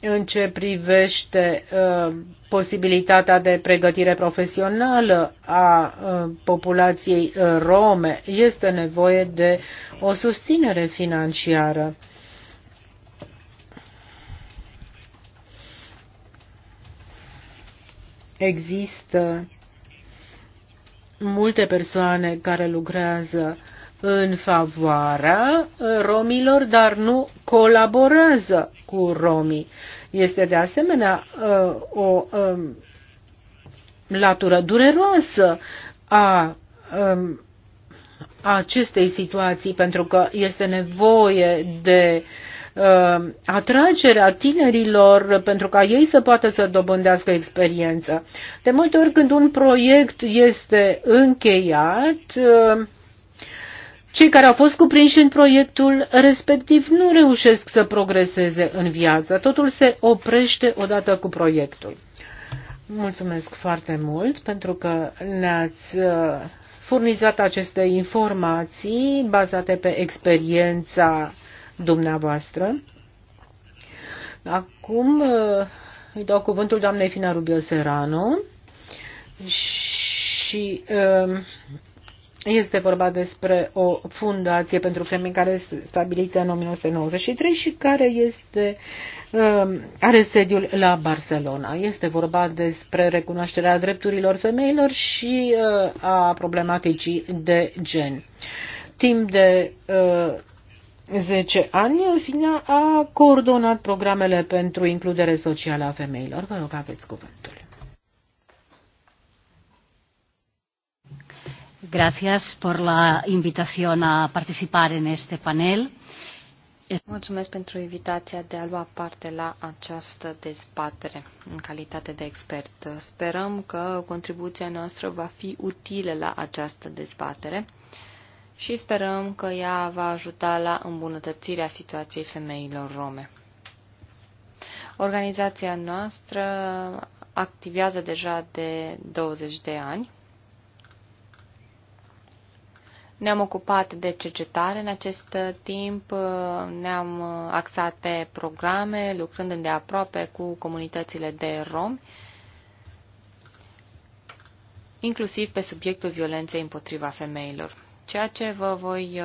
D: în ce privește uh, posibilitatea de pregătire profesională a uh, populației uh, rome, este nevoie de o susținere financiară. Există multe persoane care lucrează uh, în favoarea uh, romilor, dar nu colaborează cu romii. Este de asemenea uh, o um, latură dureroasă a um, acestei situații, pentru că este nevoie de um, atragerea tinerilor pentru ca ei să poată să dobândească experiență. De multe ori când un proiect este încheiat, uh, cei care au fost cuprinși în proiectul respectiv nu reușesc să progreseze în viață. Totul se oprește odată cu proiectul. Mulțumesc foarte mult pentru că ne-ați uh, furnizat aceste informații bazate pe experiența dumneavoastră. Acum uh, îi dau cuvântul doamnei Fina Rubio Serrano și uh, este vorba despre o fundație pentru femei care este stabilită în 1993 și care este, um, are sediul la Barcelona. Este vorba despre recunoașterea drepturilor femeilor și uh, a problematicii de gen. Timp de 10 uh, ani, Fina a coordonat programele pentru includere socială a femeilor. Vă rog, aveți cuvântul.
B: Gracias por la invitación a participar en este panel. Mulțumesc pentru invitația de a lua parte la această dezbatere în calitate de expert. Sperăm că contribuția noastră va fi utilă la această dezbatere și sperăm că ea va ajuta la îmbunătățirea situației femeilor rome. Organizația noastră activează deja de 20 de ani ne-am ocupat de cercetare în acest uh, timp, uh, ne-am uh, axat pe programe, lucrând îndeaproape cu comunitățile de romi, inclusiv pe subiectul violenței împotriva femeilor. Ceea ce vă voi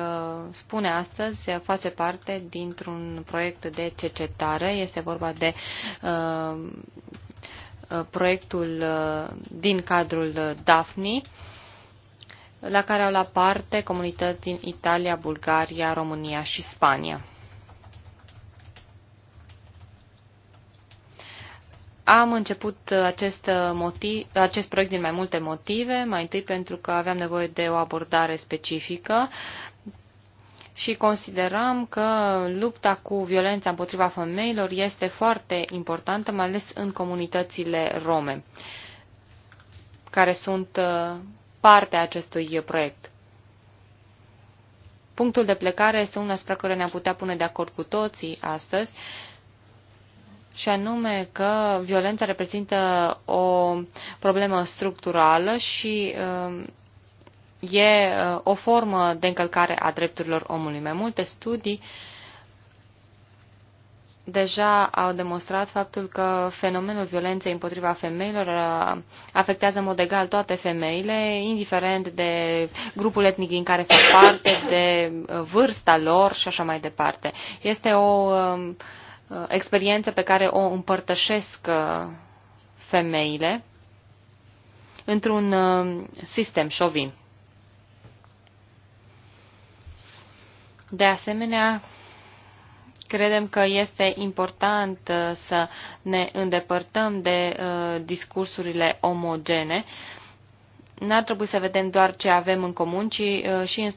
B: spune astăzi face parte dintr-un proiect de cercetare. Este vorba de uh, proiectul din cadrul DAFNI la care au la parte comunități din Italia, Bulgaria, România și Spania. Am început acest, motiv, acest proiect din mai multe motive. Mai întâi pentru că aveam nevoie de o abordare specifică și consideram că lupta cu violența împotriva femeilor este foarte importantă, mai ales în comunitățile rome, care sunt parte a acestui proiect. Punctul de plecare este unul spre care ne-am putea pune de acord cu toții astăzi, și anume că violența reprezintă o problemă structurală și um, e uh, o formă de încălcare a drepturilor omului. Mai multe studii uh, deja au demonstrat faptul că fenomenul violenței împotriva femeilor uh, afectează în mod egal toate femeile, indiferent de grupul etnic din care fac parte, de uh, vârsta lor și așa mai departe. Este o um, uh, experiență pe care o împărtășesc femeile într-un um, sistem șovin. De asemenea, Credem că este important uh, să ne îndepărtăm de uh, discursurile omogene. N-ar trebui să vedem doar ce avem în comun, ci uh, și în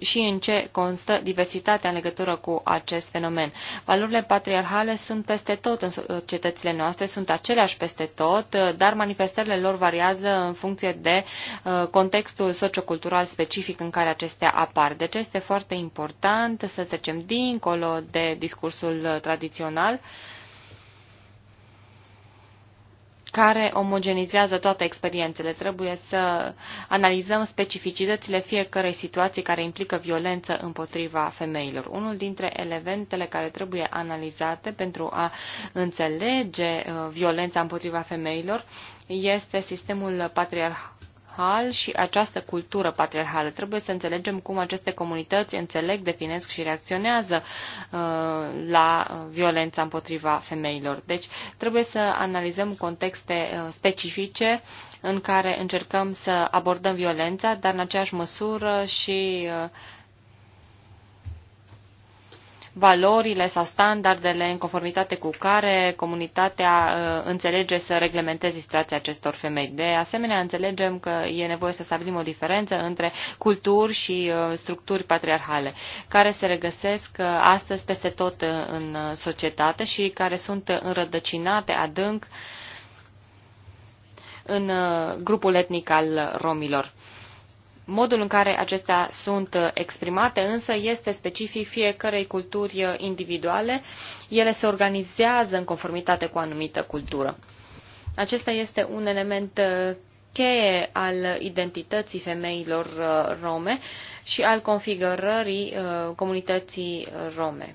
B: și în ce constă diversitatea în legătură cu acest fenomen. Valorile patriarhale sunt peste tot în societățile noastre, sunt aceleași peste tot, dar manifestările lor variază în funcție de uh, contextul sociocultural specific în care acestea apar. Deci este foarte important să trecem dincolo de discursul uh, tradițional, care omogenizează toate experiențele. Trebuie să analizăm specificitățile fiecărei situații care implică violență împotriva femeilor. Unul dintre elementele care trebuie analizate pentru a înțelege uh, violența împotriva femeilor este sistemul patriarhal patriarhal și această cultură patriarhală. Trebuie să înțelegem cum aceste comunități înțeleg, definesc și reacționează uh, la uh, violența împotriva femeilor. Deci trebuie să analizăm contexte uh, specifice în care încercăm să abordăm violența, dar în aceeași măsură și uh, valorile sau standardele în conformitate cu care comunitatea uh, înțelege să reglementeze situația acestor femei. De asemenea, înțelegem că e nevoie să stabilim o diferență între culturi și uh, structuri patriarhale, care se regăsesc uh, astăzi peste tot în societate și care sunt înrădăcinate adânc în grupul etnic al romilor. Modul în care acestea sunt uh, exprimate însă este specific fiecărei culturi uh, individuale. Ele se organizează în conformitate cu o anumită cultură. Acesta este un element uh, cheie al identității femeilor rome și al configurării comunității rome.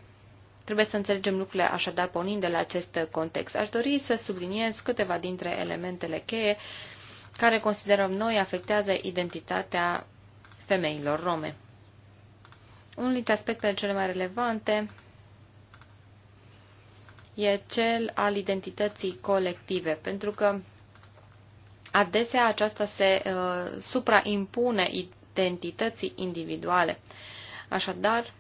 B: Trebuie să înțelegem lucrurile așadar pornind de la acest context. Aș dori să subliniez câteva dintre elementele cheie uh, care considerăm noi afectează identitatea femeilor rome. Unul dintre aspectele cele mai relevante e cel al identității colective, pentru că adesea aceasta se uh, supraimpune identității individuale. Așadar,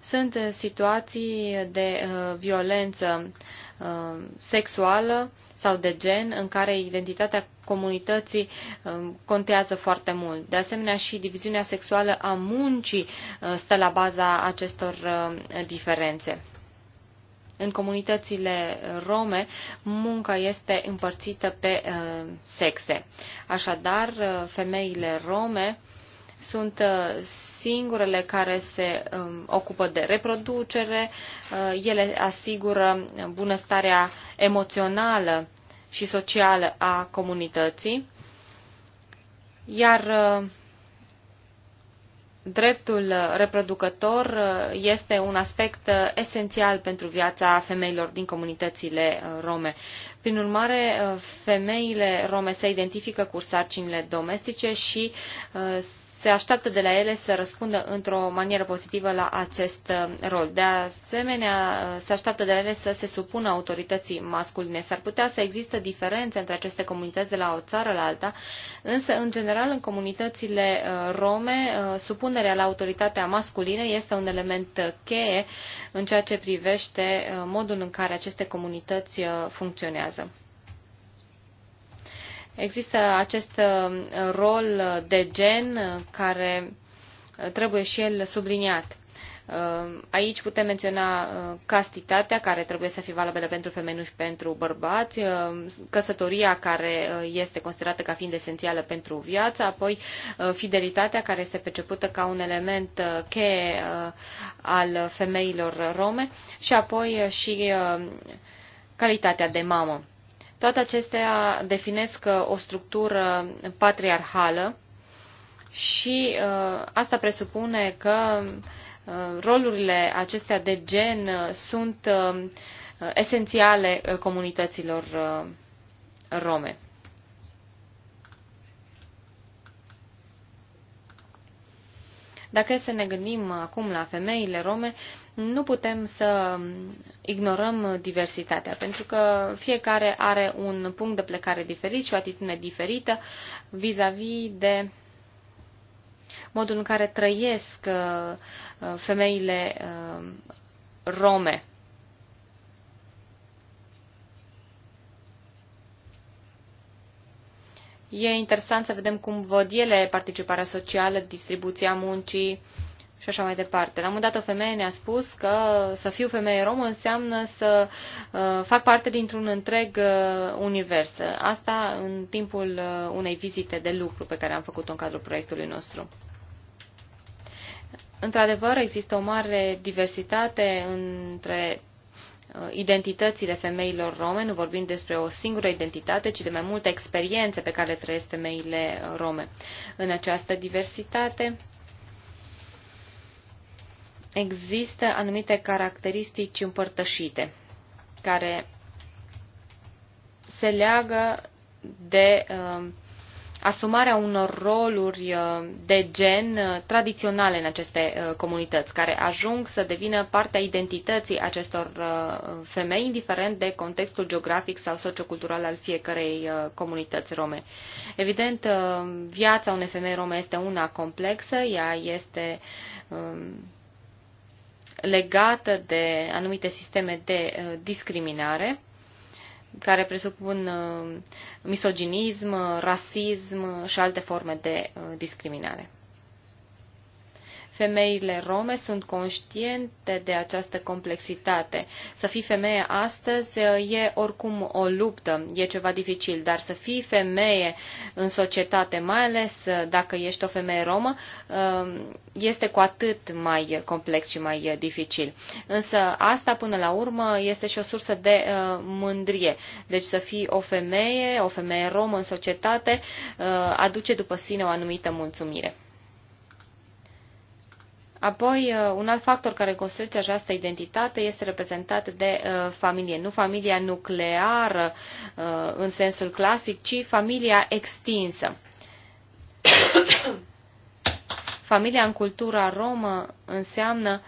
B: sunt situații de uh, violență uh, sexuală sau de gen, în care identitatea comunității um, contează foarte mult. De asemenea, și diviziunea sexuală a muncii uh, stă la baza acestor um, diferențe. În comunitățile rome, munca este împărțită pe uh, sexe. Așadar, uh, femeile rome sunt uh, singurele care se um, ocupă de reproducere, uh, ele asigură um, bunăstarea emoțională și socială a comunității, iar uh, dreptul reproducător este un aspect esențial pentru viața femeilor din comunitățile rome. Prin urmare, femeile rome se identifică cu sarcinile domestice și se așteaptă de la ele să răspundă într-o manieră pozitivă la acest uh, rol. De asemenea, uh, se așteaptă de la ele să se supună autorității masculine. S-ar putea să există diferențe între aceste comunități de la o țară la alta, însă, în general, în comunitățile uh, rome, supunerea la autoritatea masculină este un element cheie în ceea ce privește modul în care aceste comunități funcționează. Există acest uh, rol de gen uh, care uh, trebuie și el subliniat. Aici putem menționa castitatea, care trebuie să fie valabilă pentru femei, nu și pentru bărbați, căsătoria, care este considerată ca fiind esențială pentru viață, apoi fidelitatea, care este percepută ca un element cheie al femeilor rome, și apoi și calitatea de mamă. Toate acestea definesc uh, o structură patriarhală și uh, asta presupune că uh, rolurile acestea de gen sunt esențiale comunităților rome. Dacă să ne gândim acum la femeile rome, nu putem să ignorăm diversitatea, pentru că fiecare are un punct de plecare diferit și o atitudine diferită vis-a-vis -vis de modul în care trăiesc uh, femeile uh, rome. E interesant să vedem cum văd ele participarea socială, distribuția muncii și așa mai departe. La un moment dat o femeie ne-a spus că să fiu femeie romă înseamnă să uh, fac parte dintr-un întreg uh, univers. Asta în timpul uh, unei vizite de lucru pe care am făcut-o în cadrul proiectului nostru. Într-adevăr, există o mare diversitate între Uh, identitățile femeilor rome, nu vorbim despre o singură identitate, ci de mai multe experiențe pe care le trăiesc femeile rome. În această diversitate există anumite caracteristici împărtășite, care se leagă de uh, asumarea unor roluri uh, de gen uh, tradiționale în aceste uh, comunități, care ajung să devină partea identității acestor femei, indiferent de contextul geografic sau sociocultural al fiecarei comunități rome. Evident, viața unei femei rome este una complexă, ea este um, legată de anumite sisteme de discriminare, care presupun uh, misoginism, rasism și alte forme de uh, discriminare. Femeile rome sunt conștiente de această complexitate. Să fii femeie astăzi e oricum o luptă, e ceva dificil, dar să fii femeie în societate, mai ales dacă ești o femeie romă, um, este cu atât mai complex și mai dificil. Însă asta, până la urmă, este și o sursă de uh, mândrie. Deci să fii o femeie, o femeie romă în societate, uh, aduce după sine o anumită mulțumire. Apoi, uh, un alt factor care construiește această identitate este reprezentat de uh, familie. Nu familia nucleară uh, în sensul clasic, ci familia extinsă. familia în cultura romă înseamnă,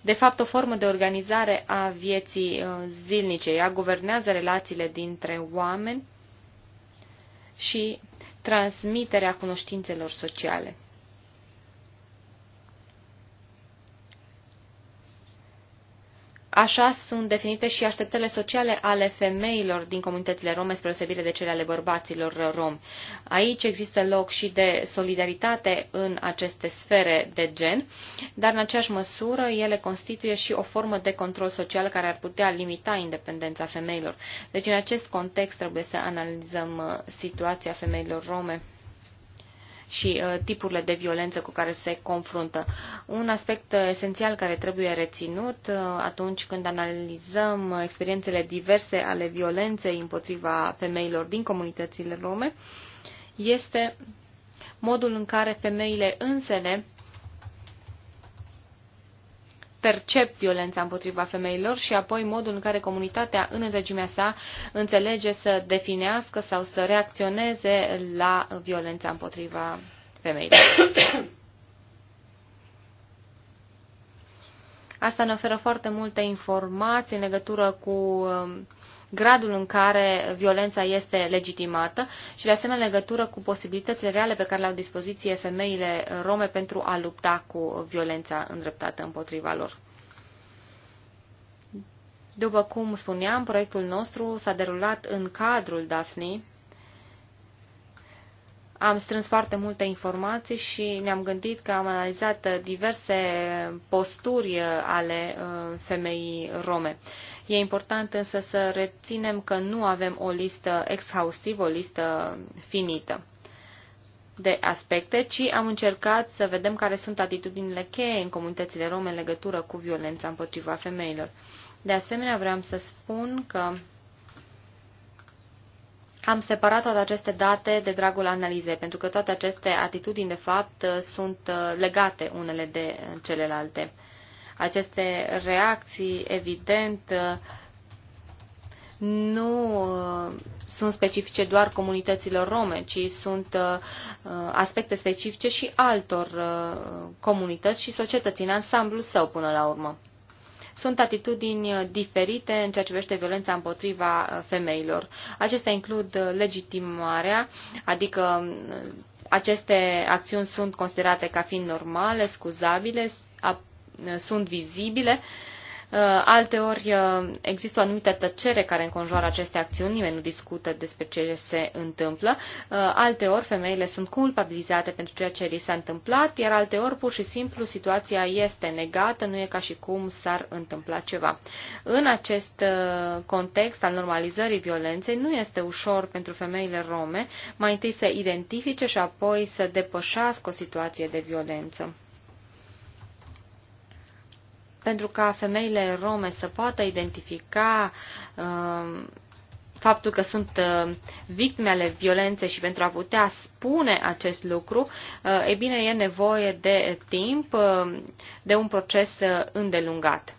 B: de fapt, o formă de organizare a vieții uh, zilnice. Ea guvernează relațiile dintre oameni și transmiterea cunoștințelor sociale. Așa sunt definite și așteptările sociale ale femeilor din comunitățile rome, spre osebire de cele ale bărbaților romi. Aici există loc și de solidaritate în aceste sfere de gen, dar în aceeași măsură ele constituie și o formă de control social care ar putea limita independența femeilor. Deci în acest context trebuie să analizăm uh, situația femeilor rome și uh, tipurile de violență cu care se confruntă. Un aspect esențial care trebuie reținut uh, atunci când analizăm experiențele diverse ale violenței împotriva femeilor din comunitățile rome este modul în care femeile însele percep violența împotriva femeilor și apoi modul în care comunitatea în întregimea sa înțelege să definească sau să reacționeze la violența împotriva femeilor. Asta ne oferă foarte multe informații în legătură cu um, gradul în care violența este legitimată și de asemenea legătură cu posibilitățile reale pe care le au dispoziție femeile rome pentru a lupta cu violența îndreptată împotriva lor. După cum spuneam, proiectul nostru s-a derulat în cadrul Daphne. Am strâns foarte multe informații și ne-am gândit că am analizat diverse posturi ale uh, femeii rome. E important însă să reținem că nu avem o listă exhaustivă, o listă finită de aspecte, ci am încercat să vedem care sunt atitudinile cheie în comunitățile rome în legătură cu violența împotriva femeilor. De asemenea, vreau să spun că am separat toate aceste date de dragul analizei, pentru că toate aceste atitudini, de fapt, sunt legate unele de celelalte. Aceste reacții, evident, nu uh, sunt specifice doar comunităților rome, ci sunt uh, uh, aspecte specifice și altor comunități și societăți în ansamblu său până la urmă. Sunt atitudini diferite în ceea ce privește violența împotriva femeilor. Acestea includ legitimarea, adică aceste acțiuni sunt considerate ca fiind normale, scuzabile, Uh, sunt vizibile, uh, alteori uh, există o anumită tăcere care înconjoară aceste acțiuni, nimeni nu discută despre ce se întâmplă, alteori femeile sunt culpabilizate pentru ceea ce li s-a întâmplat, iar alteori pur și simplu situația este negată, nu e ca și cum s-ar întâmpla ceva. În acest context al normalizării violenței nu este ușor pentru femeile rome mai întâi să identifice și apoi să depășească o situație de violență pentru ca femeile rome să poată identifica uh, faptul că sunt um, victime ale violenței și pentru a putea spune acest lucru, uh, e bine, e nevoie de timp, um, de un proces uh, îndelungat.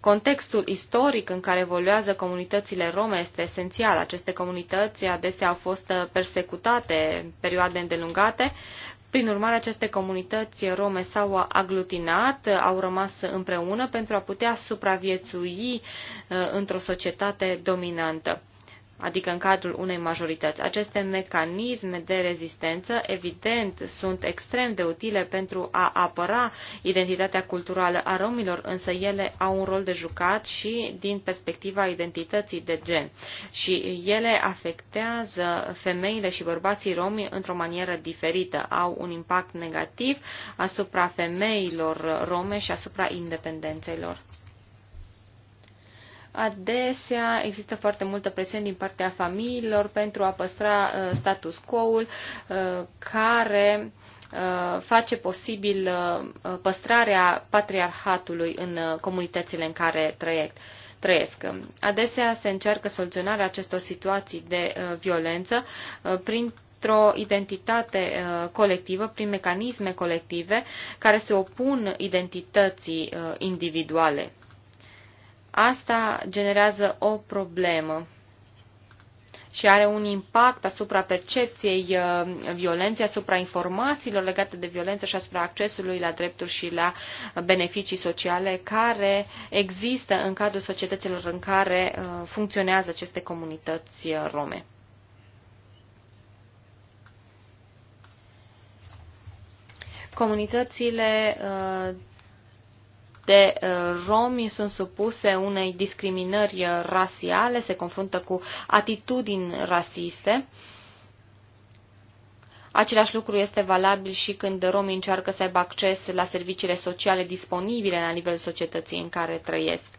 B: Contextul istoric în care evoluează comunitățile rome este esențial. Aceste comunități adesea au fost uh, persecutate în perioade îndelungate prin urmare, aceste comunități rome s-au aglutinat, au rămas împreună pentru a putea supraviețui uh, într-o societate dominantă adică în cadrul unei majorități. Aceste mecanisme de rezistență, evident, sunt extrem de utile pentru a apăra identitatea culturală a romilor, însă ele au un rol de jucat și din perspectiva identității de gen. Și ele afectează femeile și bărbații romi într-o manieră diferită. Au un impact negativ asupra femeilor rome și asupra independenței lor. Adesea există foarte multă presiune din partea familiilor pentru a păstra uh, status quo-ul uh, care uh, face posibil păstrarea patriarhatului în comunitățile în care trăiesc trăiesc. Adesea se încearcă soluționarea acestor situații de uh, violență uh, printr o identitate uh, colectivă, prin mecanisme colective care se opun identității uh, individuale. Asta generează o problemă și are un impact asupra percepției uh, violenței, asupra informațiilor legate de violență și asupra accesului la drepturi și la beneficii sociale care există în cadrul societăților în care uh, funcționează aceste comunități uh, rome. Comunitățile de uh, romi sunt supuse unei discriminări rasiale, se confruntă cu atitudini rasiste. Același lucru este valabil și când romii încearcă să aibă acces la serviciile sociale disponibile la nivelul societății în care trăiesc.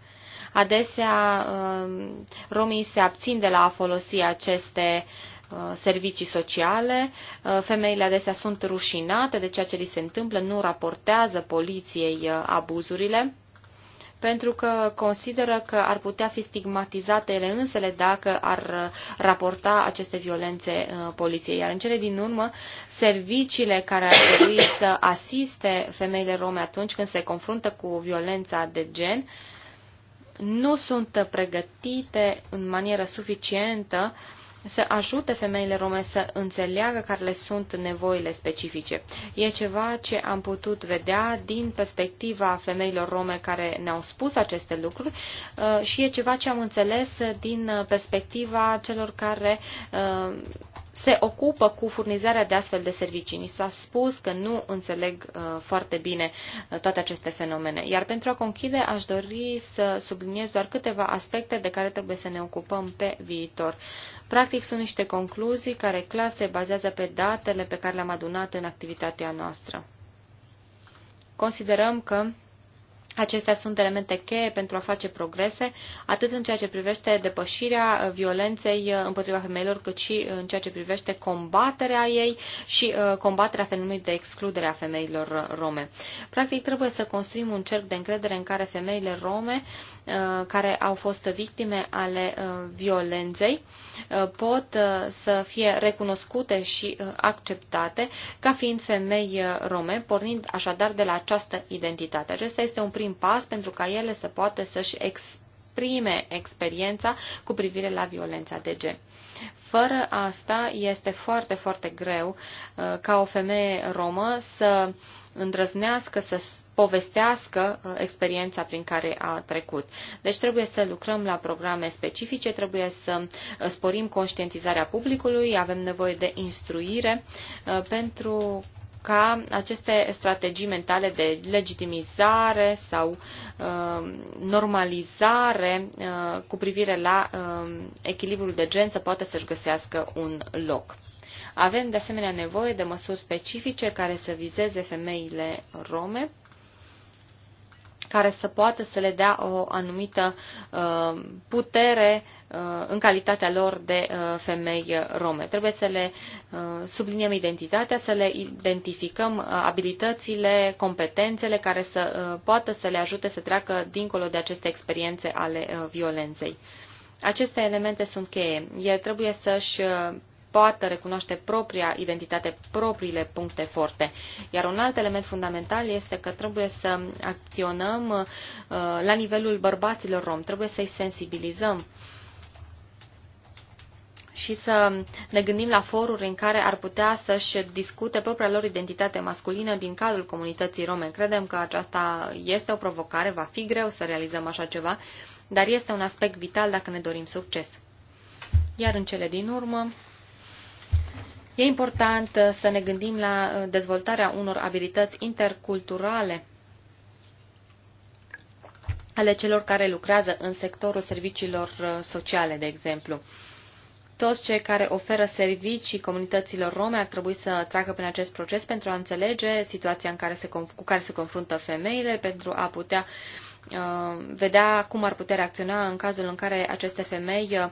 B: Adesea, uh, romii se abțin de la a folosi aceste Uh, servicii sociale, uh, femeile adesea sunt rușinate de ceea ce li se întâmplă, nu raportează poliției uh, abuzurile, pentru că consideră că ar putea fi stigmatizate ele însele dacă ar raporta aceste violențe poliției. Iar în cele din urmă, serviciile care ar trebui să asiste femeile rome atunci când se confruntă cu violența de gen, nu sunt pregătite în manieră suficientă uh, să ajute femeile rome să înțeleagă care le sunt nevoile specifice. E ceva ce am putut vedea din perspectiva femeilor rome care ne-au spus aceste lucruri uh, și e ceva ce am înțeles din perspectiva celor care uh, se ocupă cu furnizarea de astfel de servicii. Ni s-a spus că nu înțeleg uh, foarte bine uh, toate aceste fenomene. Iar pentru a conchide, aș dori să subliniez doar câteva aspecte de care trebuie să ne ocupăm pe viitor. Practic, sunt niște concluzii care clar se bazează pe datele pe care le-am adunat în activitatea noastră. Considerăm că Acestea sunt elemente cheie pentru a face progrese, atât în ceea ce privește depășirea uh, violenței uh, împotriva femeilor, cât și uh, în ceea ce privește combaterea ei și combaterea fenomenului de excludere a femeilor rome. Practic, trebuie să construim un cerc de încredere în care femeile rome, care au fost victime ale violenței, pot să fie recunoscute și acceptate ca fiind femei rome, pornind așadar de la această identitate. Acesta este un prim prim pas pentru ca ele să poată să-și exprime experiența cu privire la violența de gen. Fără asta este foarte, foarte greu uh, ca o femeie romă să îndrăznească să povestească uh, experiența prin care a trecut. Deci trebuie să lucrăm la programe specifice, trebuie să uh, sporim conștientizarea publicului, avem nevoie de instruire pentru ca aceste strategii mentale de legitimizare sau uh, normalizare uh, cu privire la uh, echilibrul de gen să poată să-și găsească un loc. Avem de asemenea nevoie de măsuri specifice care să vizeze femeile rome care să poată să le dea o anumită uh, putere uh, în calitatea lor de uh, femei rome. Trebuie să le subliniem identitatea, să le identificăm abilitățile, competențele care să poată să le ajute să treacă dincolo de aceste experiențe ale violenței. Aceste elemente sunt cheie. El trebuie să-și poată recunoaște propria identitate, propriile puncte forte. Iar un alt element fundamental este că trebuie să acționăm uh, la nivelul bărbaților rom, trebuie să-i sensibilizăm și să ne gândim la foruri în care ar putea să-și discute propria lor identitate masculină din cadrul comunității rome. Credem că aceasta este o provocare, va fi greu să realizăm așa ceva, dar este un aspect vital dacă ne dorim succes. Iar în cele din urmă, E important uh, să ne gândim la uh, dezvoltarea unor abilități interculturale ale celor care lucrează în sectorul serviciilor uh, sociale, de exemplu. Toți cei care oferă servicii comunităților rome ar trebui să treacă prin acest proces pentru a înțelege situația în care se, cu care se confruntă femeile, pentru a putea uh, Uh, vedea cum ar putea reacționa în cazul în care aceste femei uh,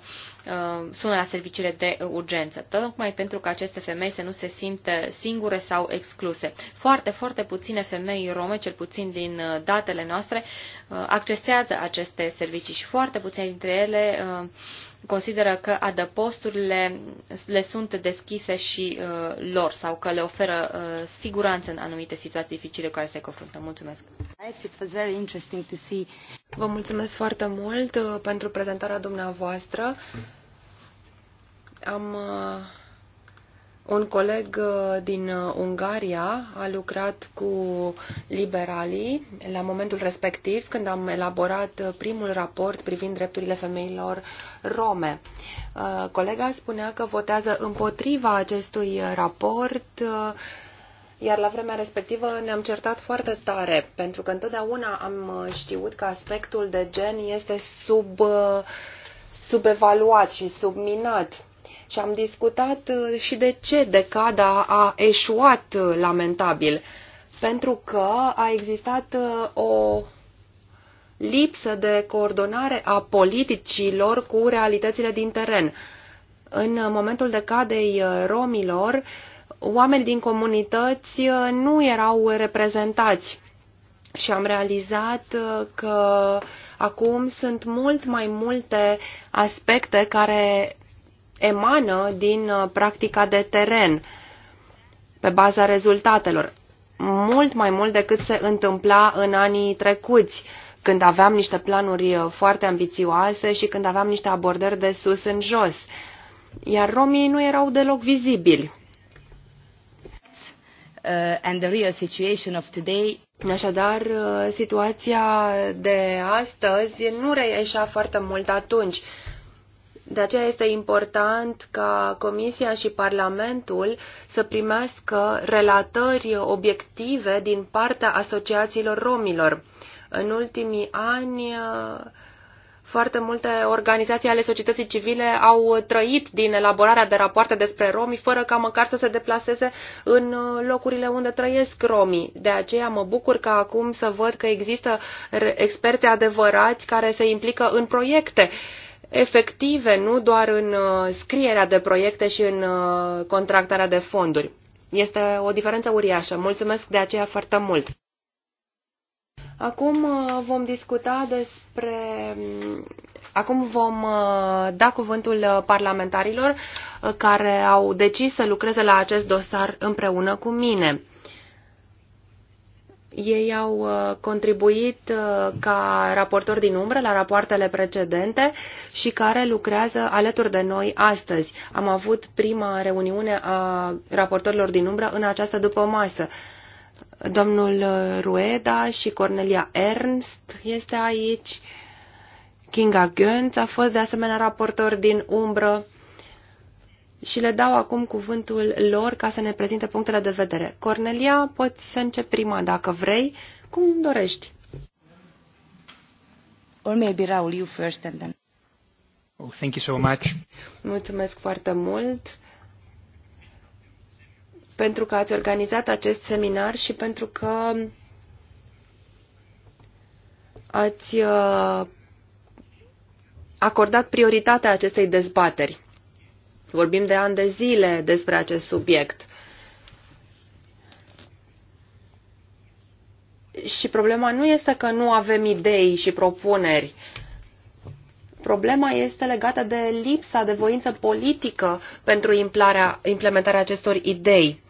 B: uh, sună la serviciile de urgență, tocmai pentru că aceste femei să nu se simt singure sau excluse. Foarte, foarte puține femei rome, cel puțin din datele noastre, accesează aceste servicii și foarte puține dintre ele consideră că adăposturile le sunt deschise și uh, lor sau că le oferă uh, siguranță în anumite situații dificile cu care se confruntă. Mulțumesc!
C: Vă mulțumesc foarte mult uh, pentru prezentarea dumneavoastră. Am uh, un coleg uh, din uh, Ungaria a lucrat cu liberalii la momentul respectiv când am elaborat uh, primul raport privind drepturile femeilor rome. Colega spunea că votează împotriva acestui raport iar la vremea respectivă ne-am certat foarte tare, pentru că întotdeauna am știut că aspectul de gen este sub, subevaluat și subminat și am discutat uh, și de ce decada a eșuat uh, lamentabil. Pentru că a existat uh, o lipsă de coordonare a politicilor cu realitățile din teren. În momentul decadei romilor, oameni din comunități nu erau reprezentați și am realizat că acum sunt mult mai multe aspecte care emană din uh, practica de teren, pe baza rezultatelor, mult mai mult decât se întâmpla în anii trecuți, când aveam niște planuri uh, foarte ambițioase și când aveam niște abordări de sus în jos. Iar romii nu erau deloc vizibili. Uh, and the real situation of today Așadar, uh, situația de astăzi nu reieșea foarte mult atunci. De aceea este important ca Comisia și Parlamentul să primească relatări obiective din partea asociațiilor romilor. În ultimii ani, foarte multe organizații ale societății civile au trăit din elaborarea de rapoarte despre romi, fără ca măcar să se deplaseze în locurile unde trăiesc romii. De aceea mă bucur că acum să văd că există experți adevărați care se implică în proiecte efective, nu doar în uh, scrierea de proiecte și în uh, contractarea de fonduri. Este o diferență uriașă. Mulțumesc de aceea foarte mult. Acum uh, vom discuta despre... Mm, acum vom da cuvântul parlamentarilor care au decis să lucreze la acest dosar împreună cu mine. Ei au uh, contribuit uh, ca raportori din umbră la rapoartele precedente și care lucrează alături de noi astăzi. Am avut prima reuniune a raportorilor din umbră în această după masă. Domnul uh, Rueda și Cornelia Ernst este aici. Kinga Gönz a fost de asemenea raportor din umbră și le dau acum cuvântul lor ca să ne prezinte punctele de vedere. Cornelia, poți să începi prima dacă vrei, cum dorești. Or maybe Raul, you first and then.
A: Oh, thank you so much.
C: Mulțumesc foarte mult pentru că ați organizat acest seminar și pentru că ați uh, acordat prioritatea acestei dezbateri. Vorbim de ani de zile despre acest subiect. Și problema nu este că nu avem idei și propuneri. Problema este legată de lipsa de voință politică pentru implementarea acestor idei.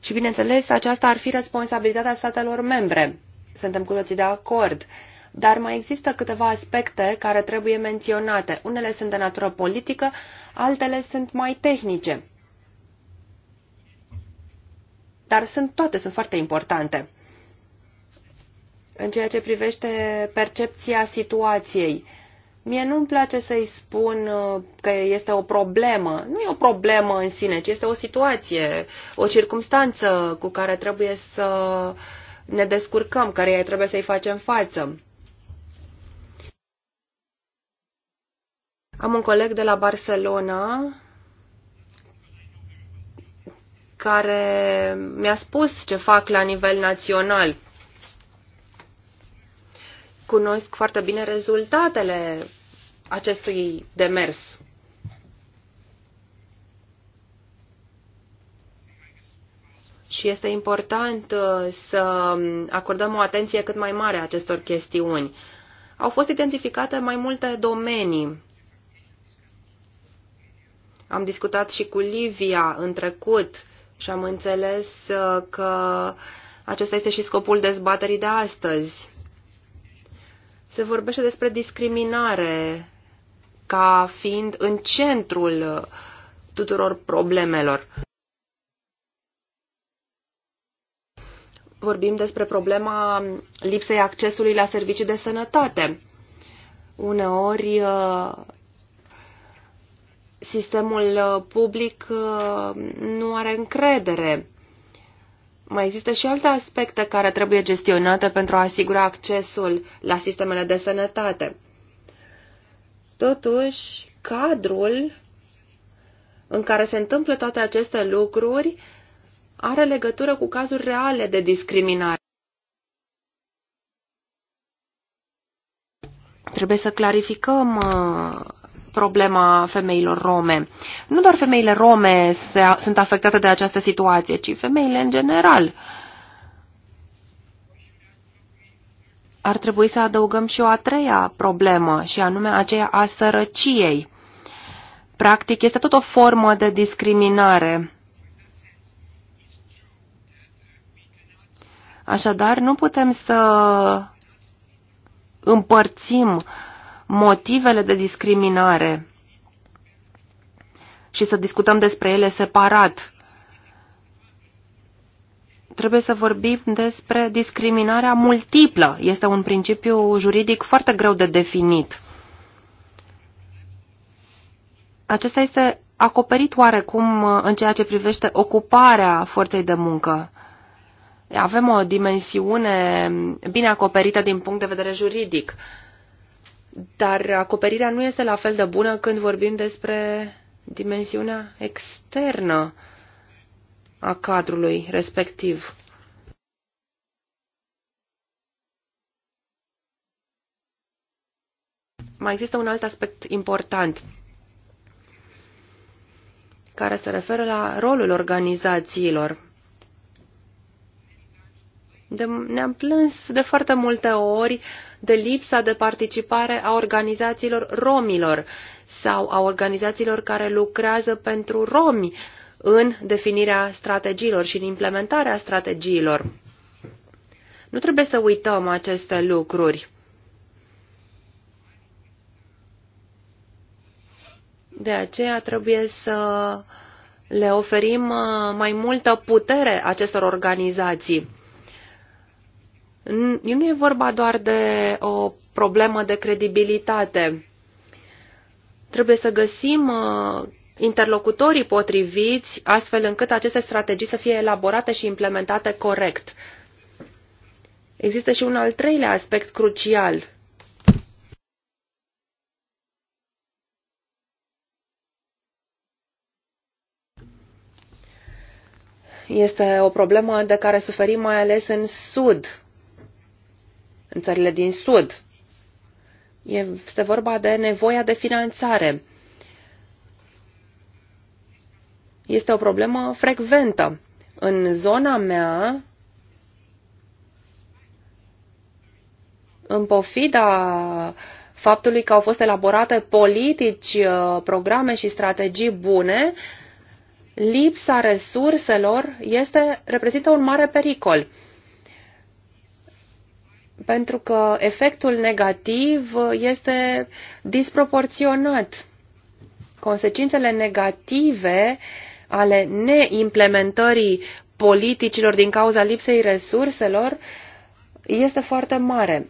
C: Și, bineînțeles, aceasta ar fi responsabilitatea statelor membre. Suntem cu toții de acord. Uh, dar mai există câteva aspecte care trebuie menționate. Unele sunt de natură politică, altele sunt mai tehnice. Dar sunt toate sunt foarte importante. În ceea ce privește percepția situației, Mie nu-mi place să-i spun uh, că este o problemă. Nu e o problemă în sine, ci este o situație, o circumstanță cu care trebuie să ne descurcăm, care trebuie să-i facem față. Am un coleg de la Barcelona care mi-a spus ce fac la nivel național. Cunosc foarte bine rezultatele acestui demers. și este important uh, să acordăm o atenție cât mai mare acestor chestiuni. Au fost identificate mai multe domenii am discutat și cu Livia în trecut și am înțeles uh, că acesta este și scopul dezbaterii de astăzi. Se vorbește despre discriminare ca fiind în centrul tuturor problemelor. Vorbim despre problema lipsei accesului la servicii de sănătate. Uneori uh, sistemul uh, public uh, nu are încredere. Mai există și alte aspecte care trebuie gestionate pentru a asigura accesul la sistemele de sănătate. Totuși, cadrul în care se întâmplă toate aceste lucruri are legătură cu cazuri reale de discriminare. Trebuie să clarificăm uh, problema femeilor rome. Nu doar femeile rome se, sunt afectate de această situație, ci femeile în general. Ar trebui să adăugăm și o a treia problemă, și anume aceea a sărăciei. Practic, este tot o formă de discriminare. Așadar, nu putem să împărțim motivele de discriminare și să discutăm despre ele separat. Trebuie să vorbim despre discriminarea multiplă. Este un principiu juridic foarte greu de definit. Acesta este acoperit oarecum uh, în ceea ce privește ocuparea forței de muncă. Avem o dimensiune bine acoperită din punct de vedere juridic. Dar acoperirea nu este la fel de bună când vorbim despre dimensiunea externă a cadrului respectiv. Mai există un alt aspect important care se referă la rolul organizațiilor ne-am plâns de foarte multe ori de lipsa de participare a organizațiilor romilor sau a organizațiilor care lucrează pentru romi în definirea strategiilor și în implementarea strategiilor. Nu trebuie să uităm aceste lucruri. De aceea trebuie să le oferim uh, mai multă putere acestor organizații nu e vorba doar de o problemă de credibilitate. Trebuie să găsim uh, interlocutorii potriviți astfel încât aceste strategii să fie elaborate și implementate corect. Există și un al treilea aspect crucial. Este o problemă de care suferim mai ales în Sud, în țările din Sud. Este vorba de nevoia de finanțare. Este o problemă frecventă. În zona mea, în pofida faptului că au fost elaborate politici, uh, programe și strategii bune, lipsa resurselor este, reprezintă un mare pericol pentru că efectul negativ este disproporționat. Consecințele negative ale neimplementării politicilor din cauza lipsei resurselor este foarte mare.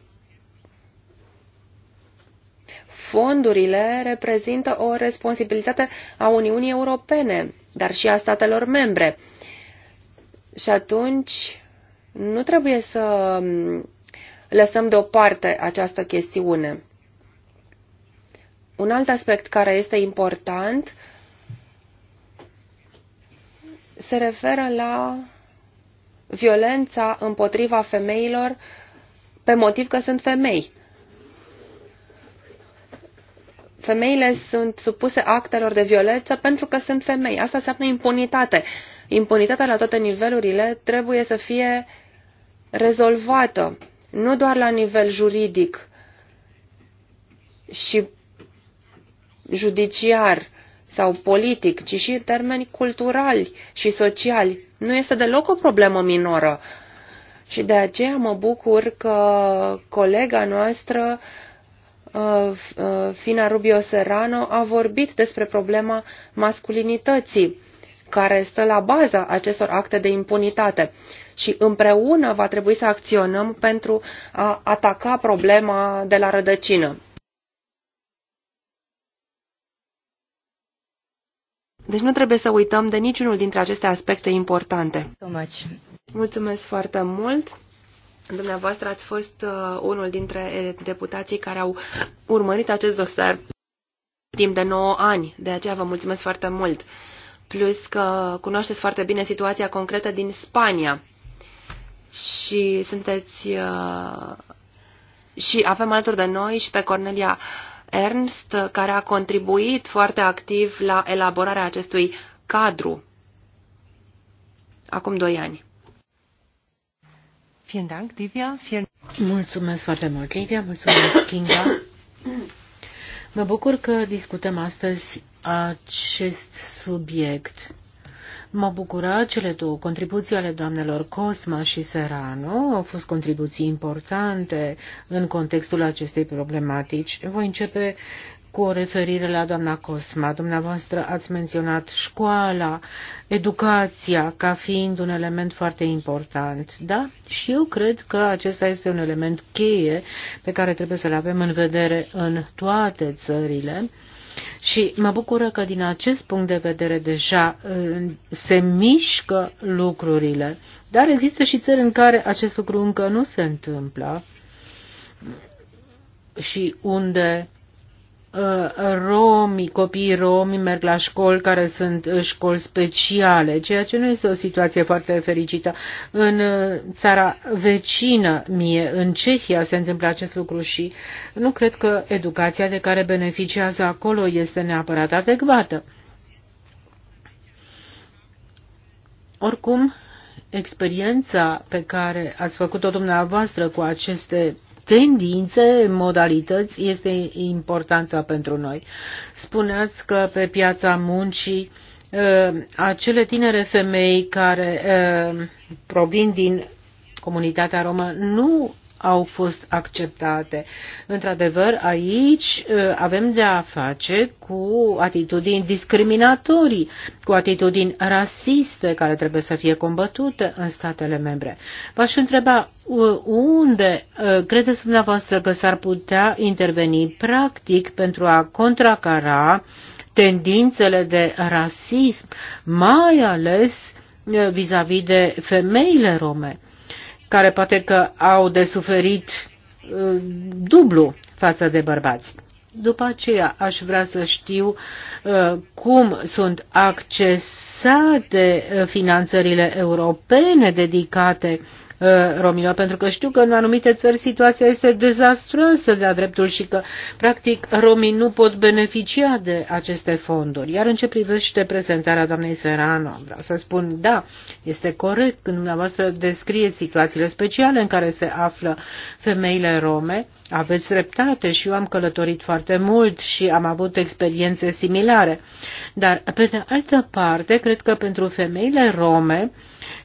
C: Fondurile reprezintă o responsabilitate a Uniunii Europene, dar și a statelor membre. Și atunci nu trebuie să lăsăm deoparte această chestiune. Un alt aspect care este important se referă la violența împotriva femeilor pe motiv că sunt femei. Femeile sunt supuse actelor de violență pentru că sunt femei. Asta înseamnă impunitate. Impunitatea la toate nivelurile trebuie să fie rezolvată nu doar la nivel juridic și judiciar sau politic, ci și în termeni culturali și sociali. Nu este deloc o problemă minoră. Și de aceea mă bucur că colega noastră, uh, uh, Fina Rubio Serrano, a vorbit despre problema masculinității care stă la baza acestor acte de impunitate și împreună va trebui să acționăm pentru a ataca problema de la rădăcină. Deci nu trebuie să uităm de niciunul dintre aceste aspecte importante. Mulțumesc foarte mult! Dumneavoastră ați fost uh, unul dintre eh, deputații care au urmărit acest dosar timp de 9 ani, de aceea vă mulțumesc foarte mult. Plus că cunoașteți foarte bine situația concretă din Spania și sunteți uh, și avem alături de noi și pe Cornelia Ernst, care a contribuit foarte activ la elaborarea acestui cadru acum doi ani.
D: Mulțumesc foarte mult, Livia. Mulțumesc, Kinga. Mă bucur că discutăm astăzi acest subiect. M-au bucurat cele două contribuții ale doamnelor Cosma și Serano. Au fost contribuții importante în contextul acestei problematici. Voi începe cu o referire la doamna Cosma. Dumneavoastră ați menționat școala, educația ca fiind un element foarte important, da? Și eu cred că acesta este un element cheie pe care trebuie să-l avem în vedere în toate țările și mă bucură că din acest punct de vedere deja uh, se mișcă lucrurile, dar există și țări în care acest lucru încă nu se întâmplă și unde Uh, romi, copiii romi merg la școli care sunt uh, școli speciale, ceea ce nu este o situație foarte fericită. În uh, țara vecină mie, în Cehia, se întâmplă acest lucru și nu cred că educația de care beneficiază acolo este neapărat adecvată. Oricum, experiența pe care ați făcut-o dumneavoastră cu aceste tendințe, modalități este importantă pentru noi. Spuneați că pe piața muncii uh, acele tinere femei care uh, provin din comunitatea romă nu au fost acceptate. Într-adevăr, aici uh, avem de a face cu atitudini discriminatorii, cu atitudini rasiste care trebuie să fie combătute în statele membre. V-aș întreba uh, unde uh, credeți dumneavoastră că s-ar putea interveni practic pentru a contracara tendințele de rasism, mai ales vis-a-vis -vis de femeile rome care poate că au de suferit uh, dublu față de bărbați. După aceea aș vrea să știu uh, cum sunt accesate uh, finanțările europene dedicate Uh, romilor, pentru că știu că în anumite țări situația este dezastruoasă de-a dreptul și că, practic, romii nu pot beneficia de aceste fonduri. Iar în ce privește prezentarea doamnei Serano, vreau să spun, da, este corect când dumneavoastră descrieți situațiile speciale în care se află femeile rome, aveți dreptate și eu am călătorit foarte mult și am avut experiențe similare. Dar, pe de altă parte, cred că pentru femeile rome,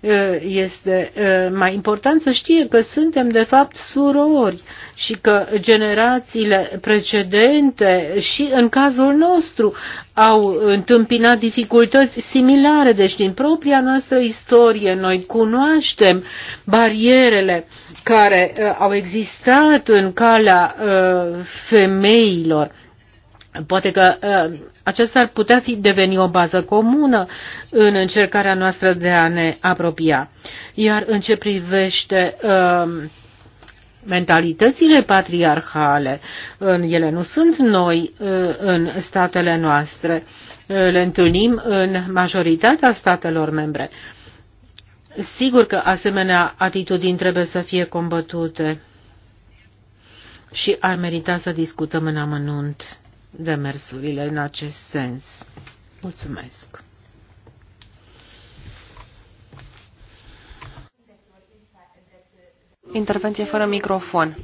D: Uh, este uh, mai important să știe că suntem de fapt surori și că generațiile precedente și în cazul nostru au întâmpinat dificultăți similare. Deci din propria noastră istorie noi cunoaștem barierele care uh, au existat în calea femeilor Poate că ă, acesta ar putea fi deveni o bază comună în încercarea noastră de a ne apropia. Iar în ce privește ă, mentalitățile patriarhale, ă, ele nu sunt noi în statele noastre, le întâlnim în majoritatea statelor membre. Sigur că asemenea atitudini trebuie să fie combătute și ar merita să discutăm în amănunt demersurile în acest sens. Mulțumesc!
C: Intervenție fără microfon.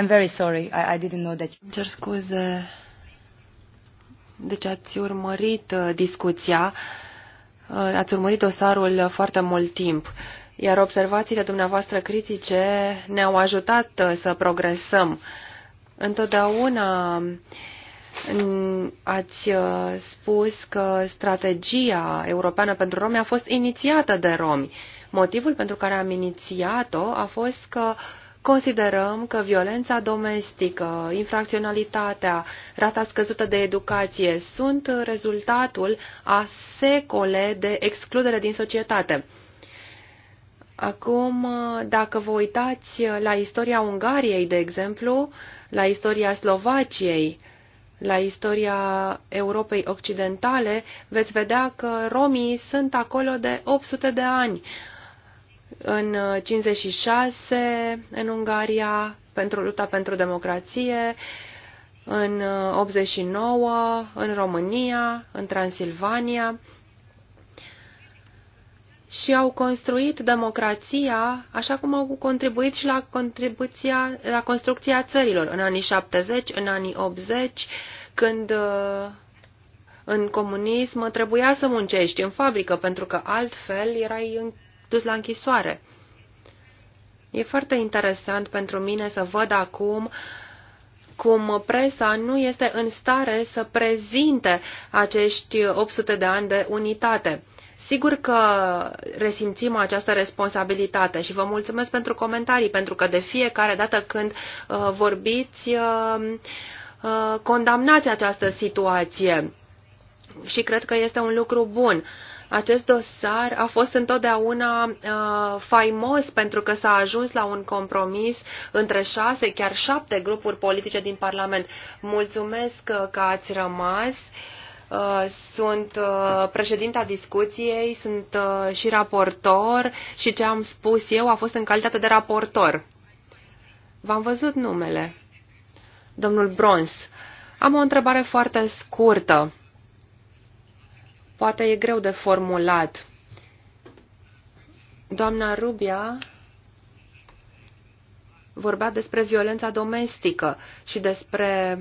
C: I'm very sorry. I, I didn't know that. Îmi cer scuze. Deci ați urmărit uh, discuția, uh, ați urmărit dosarul foarte mult timp iar observațiile dumneavoastră critice ne-au ajutat uh, să progresăm. Întotdeauna mm, ați uh, spus că strategia europeană pentru romi a fost inițiată de romi. Motivul pentru care am inițiat-o a fost că considerăm că violența domestică, infracționalitatea, rata scăzută de educație sunt rezultatul a secole de excludere din societate. Acum, dacă vă uitați la istoria Ungariei, de exemplu, la istoria Slovaciei, la istoria Europei Occidentale, veți vedea că romii sunt acolo de 800 de ani. În 56, în Ungaria, pentru lupta pentru democrație, în 89, în România, în Transilvania, și au construit democrația așa cum au contribuit și la, contribuția, la construcția țărilor în anii 70, în anii 80, când uh, în comunism trebuia să muncești în fabrică pentru că altfel erai dus la închisoare. E foarte interesant pentru mine să văd acum cum presa nu este în stare să prezinte acești 800 de ani de unitate. Sigur că resimțim această responsabilitate și vă mulțumesc pentru comentarii, pentru că de fiecare dată când uh, vorbiți, uh, uh, condamnați această situație și cred că este un lucru bun. Acest dosar a fost întotdeauna uh, faimos pentru că s-a ajuns la un compromis între șase, chiar șapte grupuri politice din Parlament. Mulțumesc că ați rămas. Uh, Uh, sunt uh, președinta discuției, sunt uh, și raportor și ce am spus eu a fost în calitate de raportor. V-am văzut numele. Domnul Brons, am o întrebare foarte scurtă. Poate e greu de formulat. Doamna Rubia vorbea despre violența domestică și despre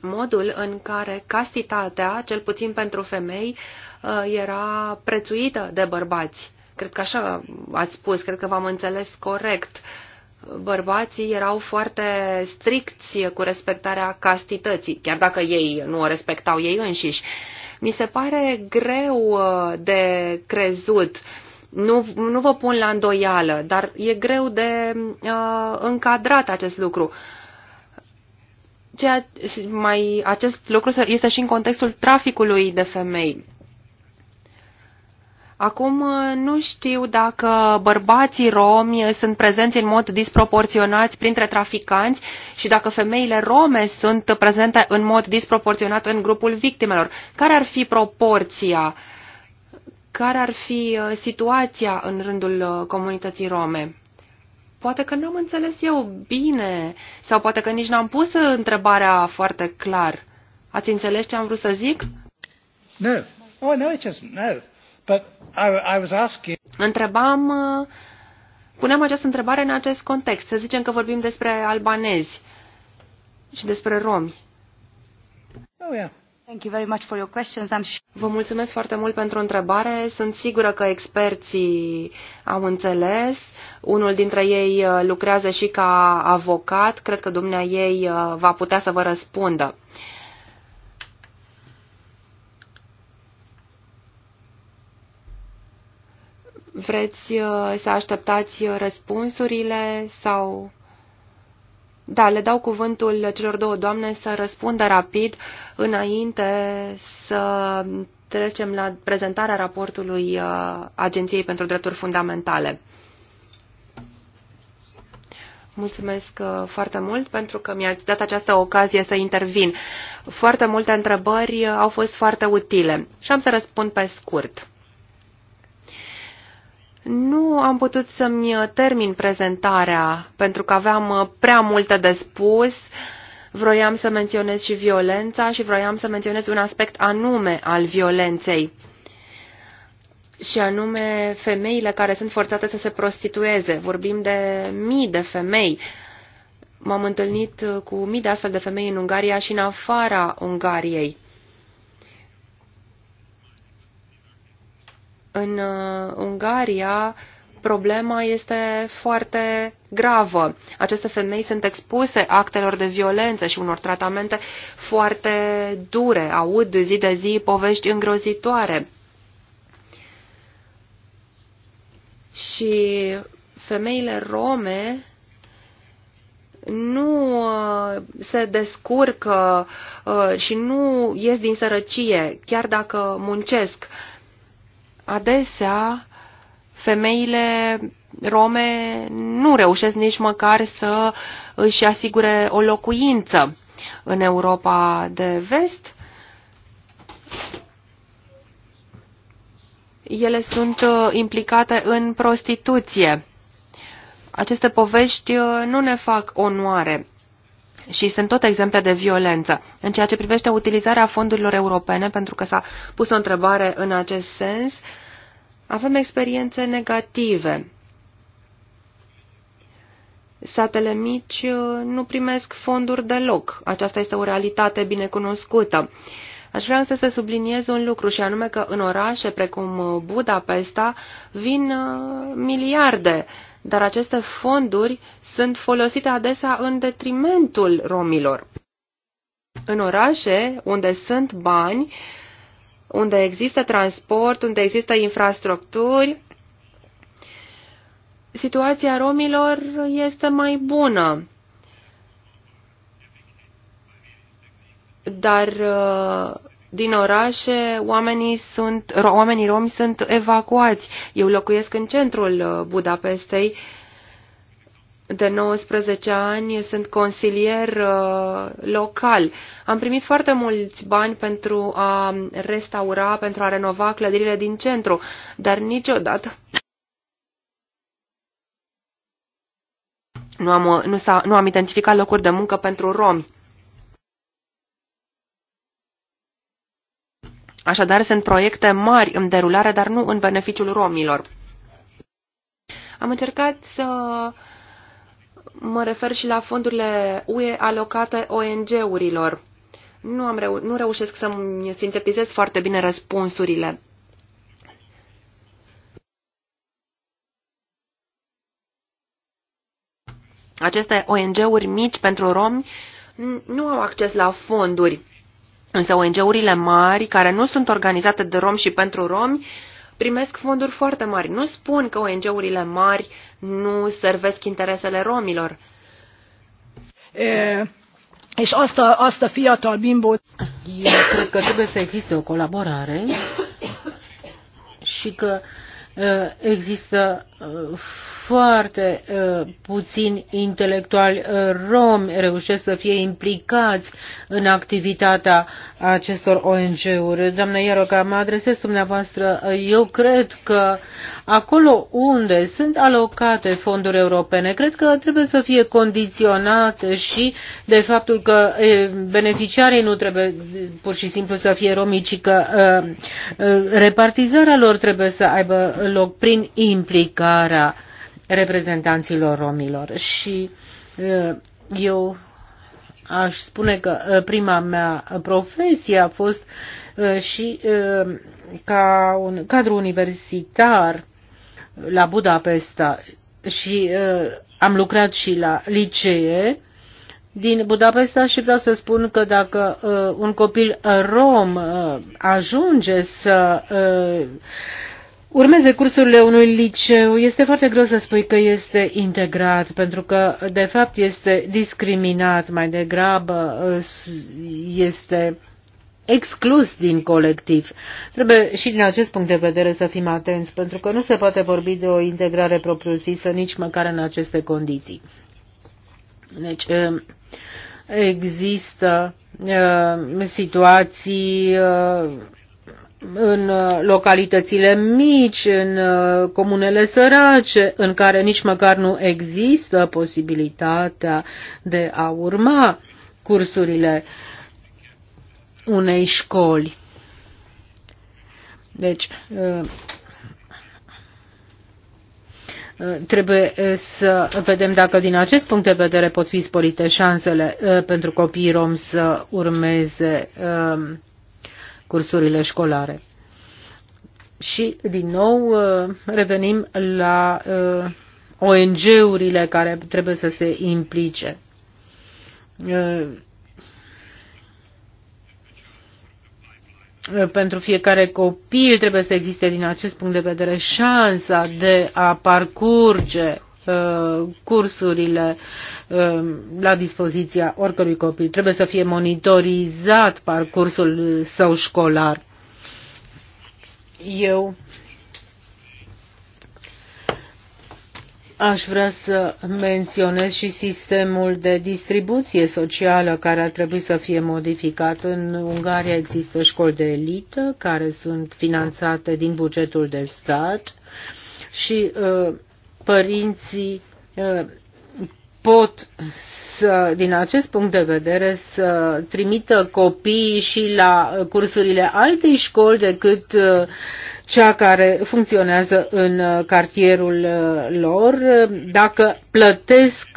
C: modul în care castitatea, cel puțin pentru femei, uh, era prețuită de bărbați. Cred că așa ați spus, cred că v-am înțeles corect. Bărbații erau foarte stricți cu respectarea castității, chiar dacă ei nu o respectau ei înșiși. Mi se pare greu uh, de crezut nu, nu vă pun la îndoială, dar e greu de uh, încadrat acest lucru. Ceea, mai, acest lucru este și în contextul traficului de femei. Acum uh, nu știu dacă bărbații romi sunt prezenți în mod disproporționat printre traficanți și dacă femeile rome sunt prezente în mod disproporționat în grupul victimelor. Care ar fi proporția? Care ar fi uh, situația în rândul uh, comunității rome? Poate că n-am înțeles eu bine sau poate că nici n-am pus întrebarea foarte clar. Ați înțeles ce am vrut să zic?
A: No. Oh, no, it isn't. No. But I, I was asking...
C: Întrebam, uh, puneam această întrebare în acest context. Să zicem că vorbim despre albanezi și despre romi. Oh, yeah. Vă mulțumesc foarte mult pentru întrebare. Sunt sigură că experții au înțeles. Unul dintre ei uh, lucrează și ca avocat. Cred că dumnea ei uh, va putea să vă răspundă. Vreți uh, să așteptați răspunsurile sau... Da, le dau cuvântul celor două doamne să răspundă rapid înainte să trecem la prezentarea raportului uh, Agenției pentru Drepturi Fundamentale. Mulțumesc uh, foarte mult pentru că mi-ați dat această ocazie să intervin. Foarte multe întrebări uh, au fost foarte utile și am să răspund pe scurt. Nu am putut să-mi uh, termin prezentarea pentru că aveam uh, prea multe de spus. Vroiam să menționez și violența și vroiam să menționez un aspect anume al violenței și anume femeile care sunt forțate să se prostitueze. Vorbim de mii de femei. M-am întâlnit uh, cu mii de astfel de femei în Ungaria și în afara Ungariei. În uh, Ungaria, problema este foarte gravă. Aceste femei sunt expuse actelor de violență și unor tratamente foarte dure. Aud zi de zi povești îngrozitoare. Și femeile rome nu uh, se descurcă uh, și nu ies din sărăcie, chiar dacă muncesc. Adesea, femeile rome nu reușesc nici măcar să își asigure o locuință în Europa de vest. Ele sunt uh, implicate în prostituție. Aceste povești uh, nu ne fac onoare și sunt tot exemple de violență. În ceea ce privește utilizarea fondurilor europene, pentru că s-a pus o întrebare în acest sens, avem experiențe negative. Satele mici uh, nu primesc fonduri deloc. Aceasta este o realitate binecunoscută. Aș vrea însă să subliniez un lucru și anume că în orașe precum uh, Budapesta vin uh, miliarde uh, dar aceste fonduri sunt folosite adesea în detrimentul romilor. În orașe, unde sunt bani, unde există transport, unde există infrastructuri, situația romilor este mai bună. Dar uh, din orașe, oamenii, sunt, oamenii romi sunt evacuați. Eu locuiesc în centrul uh, Budapestei. De 19 ani sunt consilier uh, local. Am primit foarte mulți bani pentru a restaura, pentru a renova clădirile din centru, dar niciodată nu am, uh, nu, a nu am identificat locuri de muncă pentru romi. Așadar, sunt proiecte mari în derulare, dar nu în beneficiul romilor. Am încercat să mă refer și la fondurile UE alocate ONG-urilor. Nu, am reu nu reușesc să-mi sintetizez foarte bine răspunsurile. Aceste ONG-uri mici pentru romi nu au acces la fonduri Însă ONG-urile mari, care nu sunt organizate de romi și pentru romi, primesc fonduri foarte mari. Nu spun că ONG-urile mari nu servesc interesele romilor.
D: E, și asta asta fiatal bimbo. Eu cred că trebuie să existe o colaborare și că există Uh, foarte uh, puțini intelectuali uh, romi reușesc să fie implicați în activitatea acestor ONG-uri. Doamna Iaroca, mă adresez dumneavoastră. Eu cred că acolo unde sunt alocate fonduri europene, cred că trebuie să fie condiționate și de faptul că beneficiarii nu trebuie pur și simplu să fie romi, ci că repartizarea lor trebuie să aibă loc prin implicare implicarea reprezentanților romilor. Și uh, eu aș spune că uh, prima mea profesie a fost uh, și ca un cadru universitar la Budapesta și am lucrat și la licee din Budapesta și vreau să spun că dacă uh, un copil rom uh, ajunge să uh, urmeze cursurile unui liceu, este foarte greu să spui că este integrat, pentru că, de fapt, este discriminat mai degrabă, este exclus din colectiv. Trebuie și din acest punct de vedere să fim atenți, pentru că nu se poate vorbi de o integrare propriu-zisă nici măcar în aceste condiții. Deci, există situații în uh, localitățile mici, în uh, comunele sărace, în care nici măcar nu există posibilitatea de a urma cursurile unei școli. Deci, uh, trebuie să vedem dacă din acest punct de vedere pot fi sporite șansele pentru copiii rom să urmeze cursurile școlare. Și, din nou, uh, revenim la uh, ONG-urile care trebuie să se implice. Uh, pentru fiecare copil trebuie să existe din acest punct de vedere șansa de a parcurge Uh, cursurile uh, la dispoziția oricărui copil. Trebuie să fie monitorizat parcursul său școlar. Eu Aș vrea să menționez și sistemul de distribuție socială care ar trebui să fie modificat. În Ungaria există școli de elită care sunt finanțate din bugetul de stat și uh, părinții uh, pot să, din acest punct de vedere să trimită copiii și la cursurile altei școli decât uh, cea care funcționează în uh, cartierul lor dacă plătesc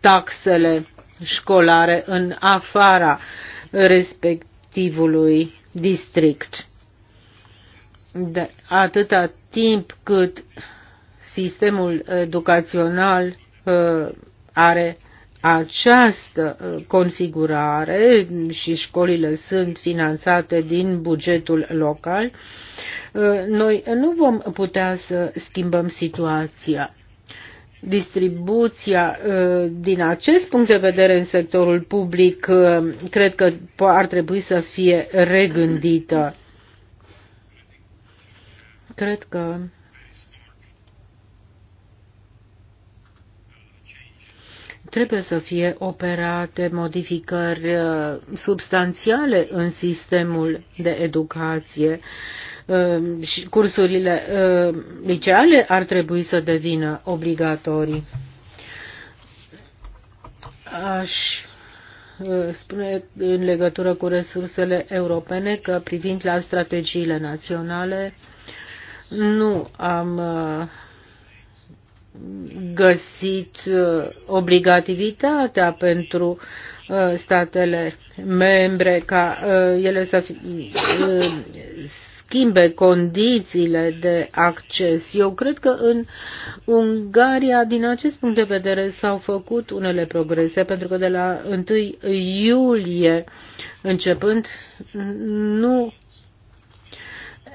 D: taxele școlare în afara respectivului district. De atâta timp cât uh, sistemul educațional uh, are această uh, configurare și școlile sunt finanțate din bugetul local, uh, noi nu vom putea să schimbăm situația. Distribuția din acest punct de vedere în sectorul public cred că ar trebui să fie regândită. Cred că trebuie să fie operate modificări uh, substanțiale în sistemul de educație uh, și cursurile uh, liceale ar trebui să devină obligatorii. Aș spune în legătură cu resursele europene că privind la strategiile naționale nu am uh, găsit uh, obligativitatea pentru uh, statele membre ca uh, ele să schimbe condițiile de acces. Eu cred că în Ungaria, din acest punct de vedere, s-au făcut unele progrese, pentru că de la 1 iulie începând, nu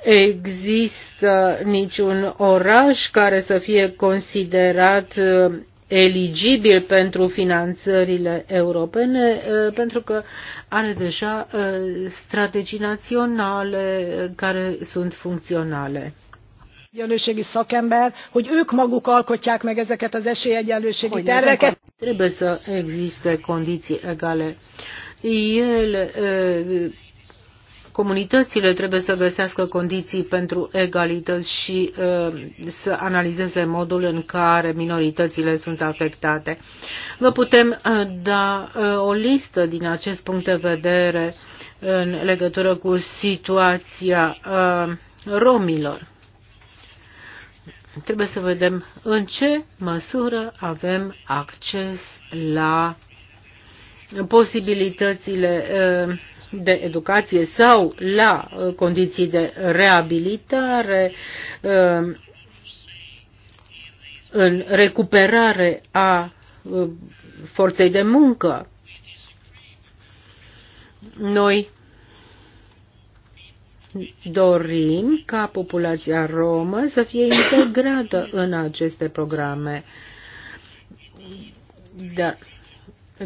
D: există niciun oraș care să fie considerat uh, eligibil pentru finanțările europene, uh, pentru că are deja uh, strategii naționale care sunt funcționale egyenlőségi szakember, hogy ők maguk alkotják meg ezeket az esélyegyenlőségi terveket. Trebuie să existe condiții egale. Ele comunitățile trebuie să găsească condiții pentru egalități și uh, să analizeze modul în care minoritățile sunt afectate. Vă putem uh, da uh, o listă din acest punct de vedere în legătură cu situația romilor trebuie să vedem în ce măsură avem acces la posibilitățile de educație sau la uh, condiții de reabilitare, uh, în recuperare a uh, forței de muncă. Noi dorim ca populația romă să fie integrată în aceste programe. Dar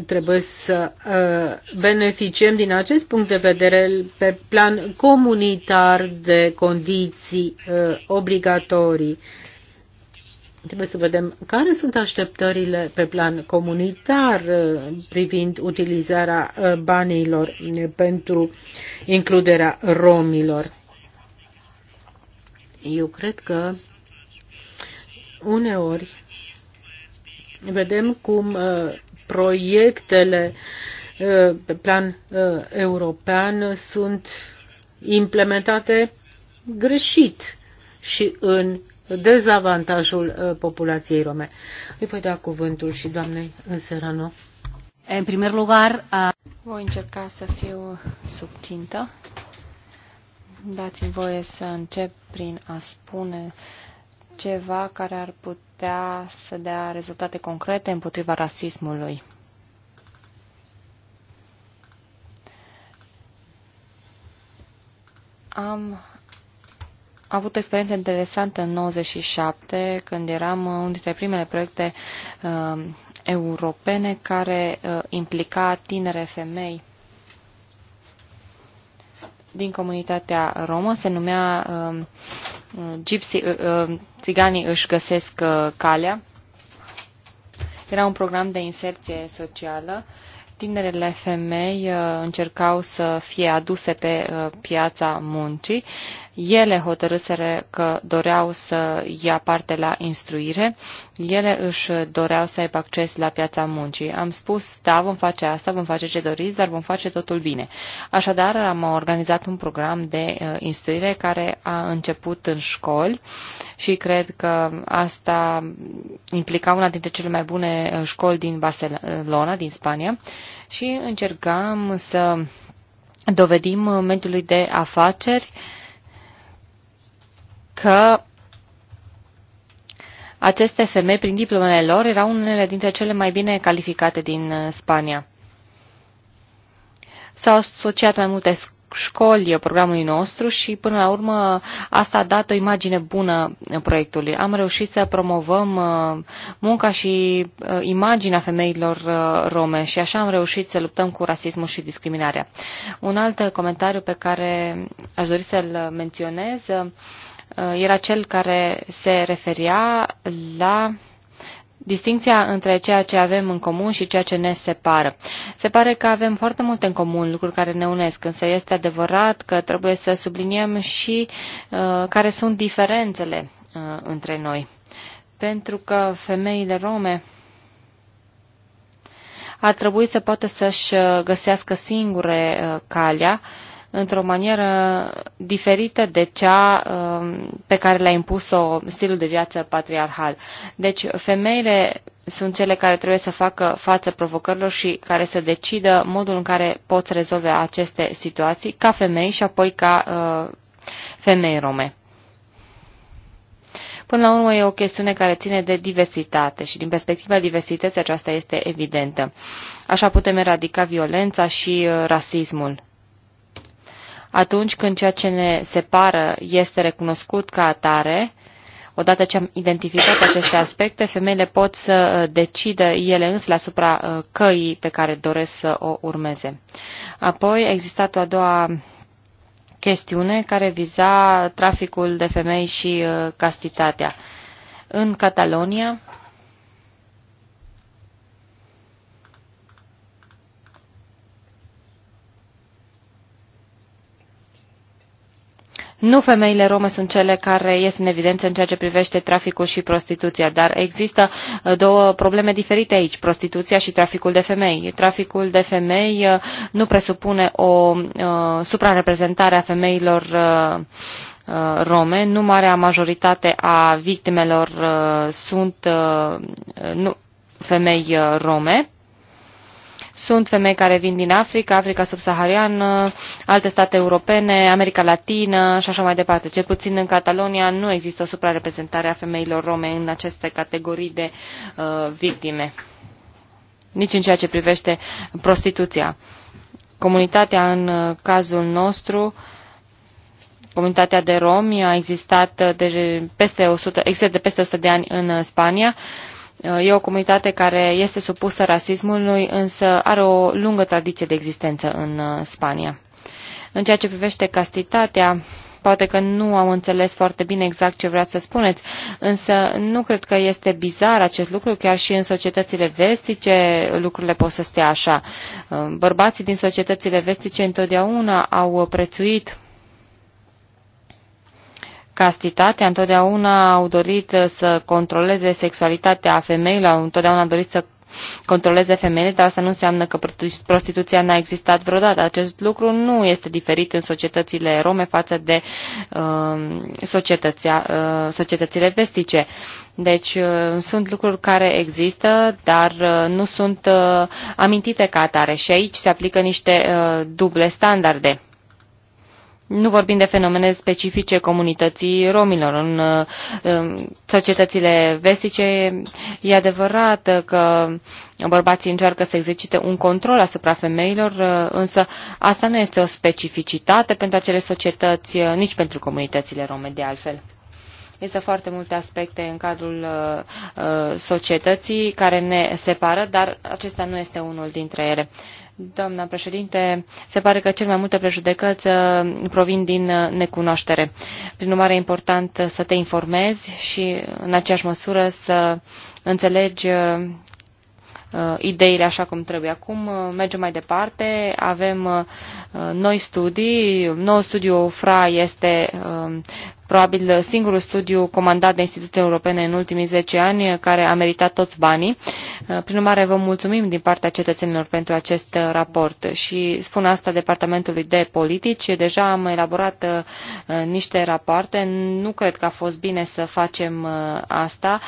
D: trebuie să uh, beneficiem din acest punct de vedere pe plan comunitar de condiții uh, obligatorii. Trebuie să vedem care sunt așteptările pe plan comunitar uh, privind utilizarea banilor pentru includerea romilor. Eu cred că uneori vedem cum proiectele uh, pe plan uh, european sunt implementate greșit și în dezavantajul uh, populației rome. Îi voi da cuvântul și doamnei Serrano.
B: În primul lugar, a... voi încerca să fiu subțintă. Dați-mi voie să încep prin a spune uh, ceva care ar putea să dea rezultate concrete împotriva rasismului. Am avut experiențe interesante în 97, când eram unul dintre primele proiecte uh, europene care uh, implica tinere femei din comunitatea romă, se numea uh, Gypsy, uh, um, Țiganii își găsesc uh, calea. Era un program de inserție socială. Tinerele femei uh, încercau să fie aduse pe uh, piața muncii. Uh, ele hotărâsere că doreau să ia parte la instruire, ele își doreau să aibă acces la piața muncii. Am spus, da, vom face asta, vom face ce doriți, dar vom face totul bine. Așadar, am organizat un program de uh, instruire care a început în școli și cred că asta implica una dintre cele mai bune uh, școli din Barcelona, din Spania, și încercam să dovedim uh, mediului de afaceri uh, că aceste femei, prin diplomele lor, erau unele dintre cele mai bine calificate din uh, Spania. S-au asociat mai multe școli uh, programului nostru și, până la urmă, asta a dat o imagine bună uh, proiectului. Am reușit să promovăm munca și imaginea femeilor rome și așa am reușit să luptăm cu rasismul și discriminarea. Un alt comentariu pe care aș dori să-l menționez Uh, era cel care se referia la distinția între ceea ce avem în comun și ceea ce ne separă. Se pare că avem foarte multe în comun, lucruri care ne unesc, însă este adevărat că trebuie să subliniem și uh, care sunt diferențele uh, între noi. Pentru că femeile rome ar trebui să poată să-și uh, găsească singure uh, calea uh, într-o manieră diferită de cea um, pe care le-a impus-o stilul de viață patriarhal. Deci femeile sunt cele care trebuie să facă față provocărilor și care să decidă modul în care pot rezolva aceste situații ca femei și apoi ca uh, femei rome. Până la urmă e o chestiune care ține de diversitate și din perspectiva diversității aceasta este evidentă. Așa putem eradica violența și uh, rasismul atunci când ceea ce ne separă este recunoscut ca atare, odată ce am identificat aceste aspecte, femeile pot să uh, decidă ele însă asupra uh, căii pe care doresc să o urmeze. Apoi a existat o a doua chestiune care viza traficul de femei și uh, castitatea. În Catalonia, Nu femeile rome sunt cele care ies în evidență în ceea ce privește traficul și prostituția, dar există uh, două probleme diferite aici, prostituția și traficul de femei. Traficul de femei uh, nu presupune o uh, suprareprezentare a femeilor rome, nu marea majoritate a victimelor sunt nu, femei rome sunt femei care vin din Africa, Africa subsahariană, alte state europene, America Latină și așa mai departe. Cel puțin în Catalonia nu există o suprareprezentare a femeilor rome în aceste categorii de uh, victime, nici în ceea ce privește prostituția. Comunitatea în uh, cazul nostru comunitatea de romi a existat uh, de peste 100, de peste 100 de ani în uh, Spania. Uh, Uh, e o comunitate care este supusă rasismului, însă are o lungă tradiție de existență în uh, Spania. În ceea ce privește castitatea, poate că nu am înțeles foarte bine exact ce vreați să spuneți, însă nu cred că este bizar acest lucru, chiar și în societățile vestice lucrurile pot să stea așa. Uh, bărbații din societățile vestice întotdeauna au prețuit castitatea, întotdeauna au dorit să controleze sexualitatea femeilor, au întotdeauna au dorit să controleze femeile, dar asta nu înseamnă că prostituția n-a existat vreodată. Acest lucru nu este diferit în societățile rome față de uh, uh, societățile vestice. Deci uh, sunt lucruri care există, dar uh, nu sunt uh, amintite ca atare și aici se aplică niște uh, duble standarde. Nu vorbim de fenomene specifice comunității romilor. În uh, um, societățile vestice e adevărat că bărbații încearcă să exercite un control asupra femeilor, uh, însă asta nu este o specificitate pentru acele societăți, uh, nici pentru comunitățile rome de altfel. Este foarte multe aspecte în cadrul societății care ne separă, dar acesta nu este unul dintre ele. Doamna președinte, se pare că cel mai multe prejudecăți uh, provin din uh, necunoaștere. Prin urmare, e important să te informezi și, în aceeași măsură, să înțelegi uh, ideile așa cum trebuie. Acum mergem mai departe, avem noi studii, nou studiu FRA este probabil singurul studiu comandat de instituții europene în ultimii 10 ani care a meritat toți banii. Uh, prin urmare, vă mulțumim din partea cetățenilor pentru acest uh, raport și spun asta Departamentului de Politici. Deja am elaborat uh, niște rapoarte. Nu cred că a fost bine să facem asta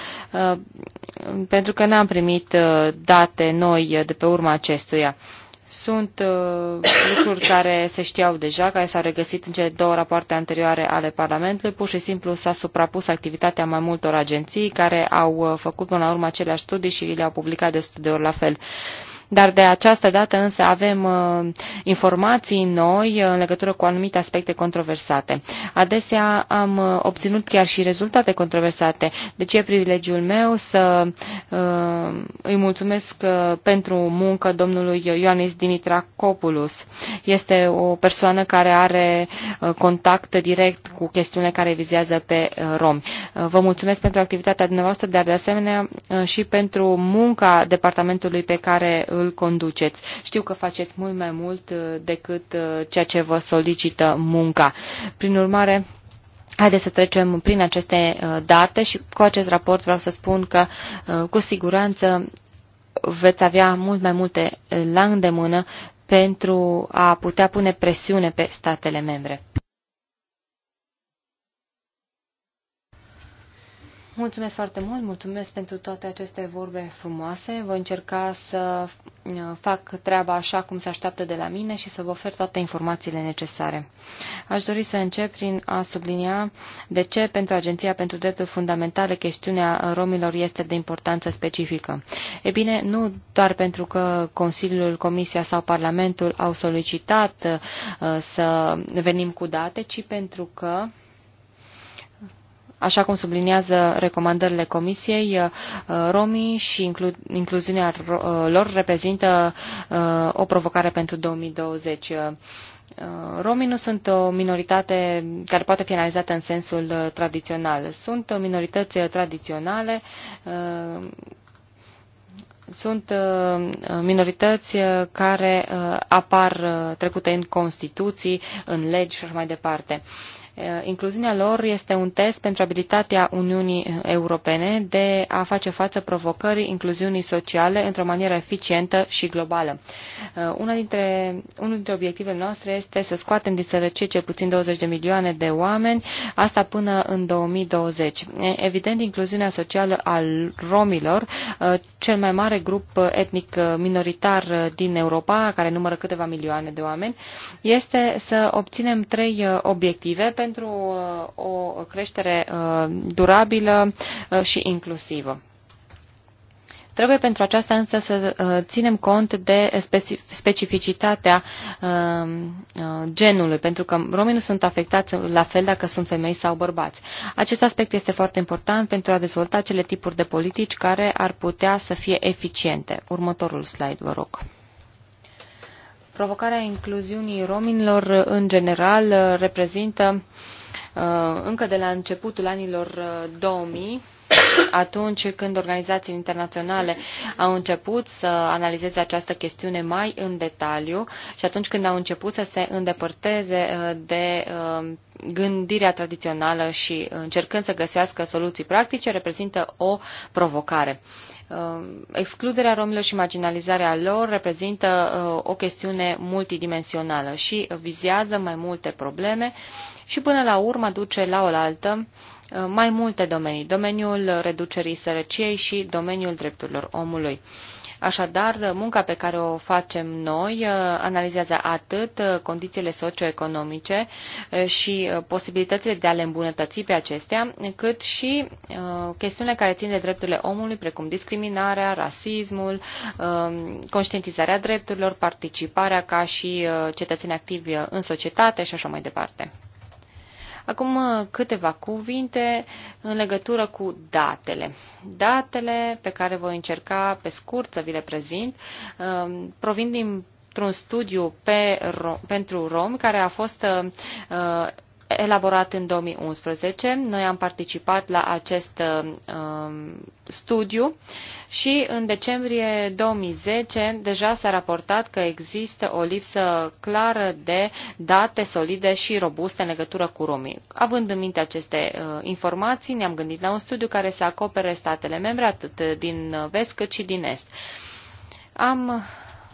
B: pentru că n-am primit date noi de pe urma acestuia. Sunt uh, lucruri care se știau deja, care s-au regăsit în cele două rapoarte anterioare ale Parlamentului. Pur și simplu s-a suprapus activitatea mai multor agenții care au uh, făcut până la urmă aceleași studii și le-au publicat de de ori la fel. Uh, dar de această dată însă avem uh, informații noi uh, în legătură cu anumite aspecte controversate. Adesea am uh, obținut chiar și rezultate controversate. Deci e privilegiul meu să îi mulțumesc pentru muncă domnului Ioanis Dimitracopoulos. Este o persoană care are contact direct cu chestiunile care vizează pe romi. Vă mulțumesc pentru activitatea dumneavoastră, dar de asemenea și pentru munca departamentului pe care îl conduceți. Știu că faceți mult mai mult uh, decât uh, ceea ce vă solicită munca. Prin urmare, Haideți să trecem prin aceste uh, date și cu acest raport vreau să spun că cu siguranță veți avea mult mai multe la îndemână pentru a putea pune presiune pe statele membre. Mulțumesc foarte mult, mulțumesc pentru toate aceste vorbe frumoase. Voi încerca să uh, fac treaba așa cum se așteaptă de la mine și să vă ofer toate informațiile necesare. Aș dori să încep prin a sublinia de ce pentru Agenția pentru Drepturi Fundamentale chestiunea romilor este de importanță specifică. E bine, nu doar pentru că Consiliul, Comisia sau Parlamentul au solicitat uh, să venim cu date, ci pentru că Așa cum subliniază recomandările Comisiei, uh, romii și inclu incluziunea uh, lor reprezintă uh, o provocare pentru 2020. Romii nu sunt o minoritate care poate fi analizată în sensul tradițional. Sunt minorități tradiționale, sunt minorități care apar trecute în Constituții, în legi și așa mai departe. Eh, incluziunea lor este un test pentru abilitatea Uniunii Europene de a face față provocării incluziunii sociale într-o manieră eficientă și globală. Eh, una dintre, unul dintre obiectivele noastre este să scoatem din sărăcie cel puțin 20 de milioane de oameni, asta până în 2020. Eh, evident, incluziunea socială al romilor, cel mai mare grup etnic minoritar din Europa, care numără câteva milioane de oameni, este să obținem trei obiective pentru uh, o creștere uh, durabilă uh, și inclusivă. Trebuie pentru aceasta însă să ținem cont de specificitatea genului, pentru că romii nu sunt afectați la fel dacă sunt femei sau bărbați. Acest aspect este foarte important pentru a dezvolta cele tipuri de politici care ar putea să fie eficiente. Următorul slide, vă rog. Provocarea incluziunii rominilor în general reprezintă uh, încă de la începutul anilor 2000 uh, atunci când organizațiile internaționale au început să analizeze această chestiune mai în detaliu și atunci când au început să se îndepărteze uh, de gândirea tradițională și încercând să găsească soluții practice, reprezintă o provocare. Um, excluderea romilor și marginalizarea lor reprezintă uh, o chestiune multidimensională și vizează mai multe probleme și până la urmă duce la oaltă uh, mai multe domenii, domeniul reducerii sărăciei și domeniul drepturilor omului. Așadar, munca pe care o facem noi uh, analizează atât uh, condițiile socioeconomice uh, și posibilitățile de a le îmbunătăți pe acestea, cât și chestiunile care țin de drepturile omului, precum discriminarea, rasismul, conștientizarea drepturilor, participarea ca și cetățeni activi în societate și așa mai departe. Acum uh, câteva cuvinte în legătură cu datele. Datele pe care voi încerca pe scurt să vi le prezint um, provin dintr un studiu pe rom, pentru romi care a fost uh, uh elaborat în 2011. Noi am participat la acest uh, studiu și în decembrie 2010 deja s-a raportat că există o lipsă clară de date solide și robuste în legătură cu romii. Având în minte aceste uh, informații, ne-am gândit la un studiu care să acopere statele membre atât din vest cât și din est. Am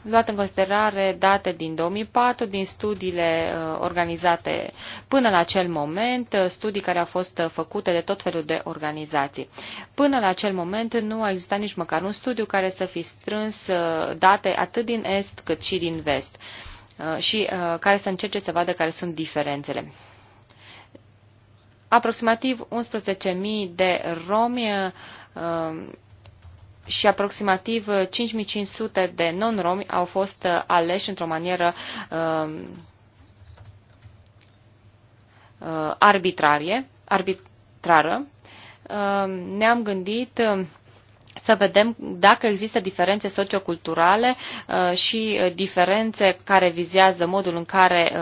B: luat în considerare date din 2004, din studiile uh, organizate până la acel moment, uh, studii care au fost uh, făcute de tot felul de organizații. Până la acel moment nu a existat nici măcar un studiu care să fi strâns date atât din est cât și din vest și care să încerce să vadă care sunt diferențele. Aproximativ 11.000 de romi și aproximativ 5500 uh, de non-romi au fost uh, aleși într-o manieră um, uh, arbitrarie, arbitrară. Uh, ne-am gândit um, să vedem dacă există diferențe socioculturale uh, și diferențe care vizează modul în care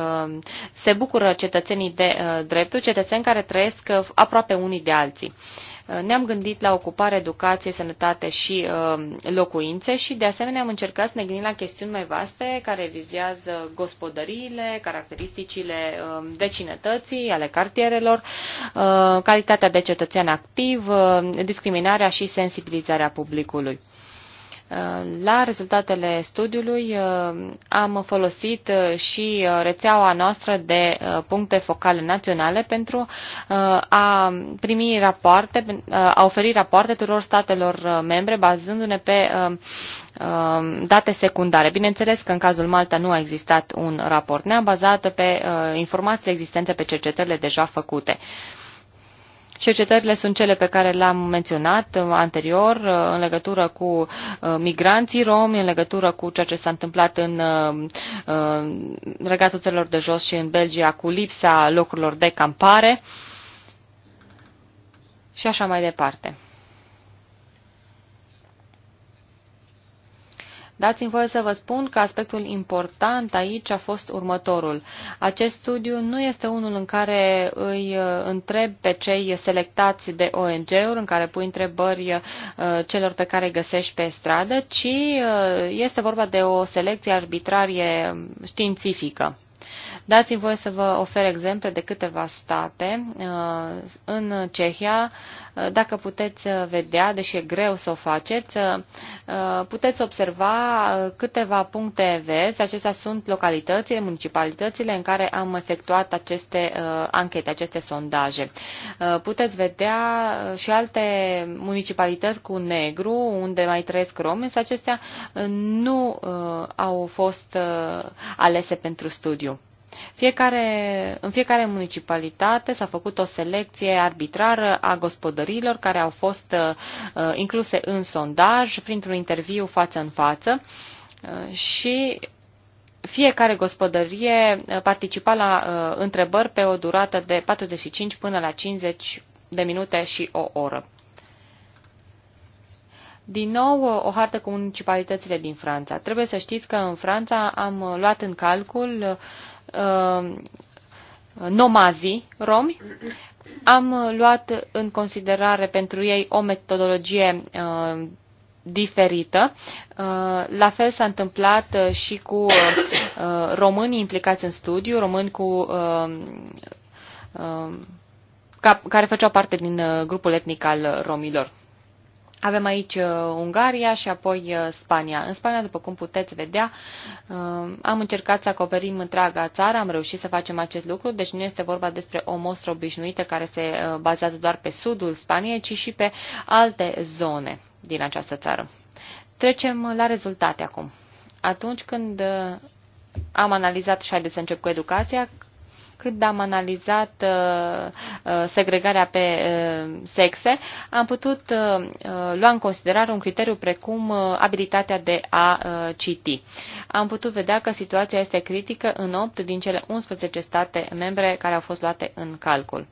B: se bucură cetățenii de drepturi, cetățeni care trăiesc aproape unii de alții. Uh, ne-am gândit la ocupare, educație, sănătate și uh, locuințe și de asemenea am încercat să ne gândim la chestiuni mai vaste care vizează gospodăriile, caracteristicile uh, vecinătății, ale cartierelor, calitatea de cetățean activ, discriminarea și sensibilizarea publicului. La rezultatele studiului uh, am folosit uh, și uh, rețeaua noastră de puncte focale naționale pentru a primi rapoarte, a oferi rapoarte tuturor statelor membre bazându-ne pe date secundare. Bineînțeles că în cazul Malta nu a existat un raport. Ne-am bazat pe informații existente pe cercetările deja făcute. Uh, Cercetările sunt cele pe care le-am menționat uh, anterior uh, în legătură cu uh, migranții romi, în legătură cu ceea ce s-a întâmplat în regatul țărilor de jos și în Belgia cu lipsa locurilor de campare și așa mai departe. Dați-mi voie să vă spun că aspectul important aici a fost următorul. Acest studiu nu este unul în care îi uh, întreb pe cei selectați de ONG-uri, în care pui întrebări uh, celor pe care îi găsești pe stradă, ci uh, este vorba de o selecție arbitrarie științifică. Dați-mi voie să vă ofer exemple de câteva state. Uh, în Cehia, uh, dacă puteți uh, vedea, deși e greu să o faceți, puteți observa câteva puncte verzi. Acestea sunt localitățile, municipalitățile în care am efectuat aceste anchete, aceste sondaje. Puteți vedea și alte municipalități cu negru, unde mai trăiesc romi, acestea nu au fost alese pentru studiu. Fiecare, în fiecare municipalitate s-a făcut o selecție arbitrară a gospodărilor care au fost uh, uh, incluse în sondaj printr-un interviu față în față uh, și fiecare gospodărie uh, participa la uh, întrebări pe o durată de 45 până la 50 de minute și o oră. Din nou, uh, o hartă cu municipalitățile din Franța. Trebuie să știți că în Franța am luat în calcul uh, uh, nomazii romi. Am luat în considerare pentru ei o metodologie uh, diferită. Uh, la fel s-a întâmplat uh, și cu uh, românii implicați în studiu, români cu care făceau parte din grupul etnic al romilor. Avem aici uh, Ungaria și apoi uh, Spania. În Spania, după cum puteți vedea, uh, am încercat să acoperim întreaga țară, am reușit să facem acest lucru, deci nu este vorba despre o mostră obișnuită care se bazează doar pe sudul Spaniei, ci și pe alte zone din această țară. Trecem la rezultate acum. Atunci când am analizat, și haideți să încep cu educația, când am analizat uh, uh, segregarea pe uh, sexe, am putut lua în considerare un criteriu precum abilitatea de a citi. Am putut vedea că situația este critică în 8 din cele 11 state membre care au fost luate în calcul.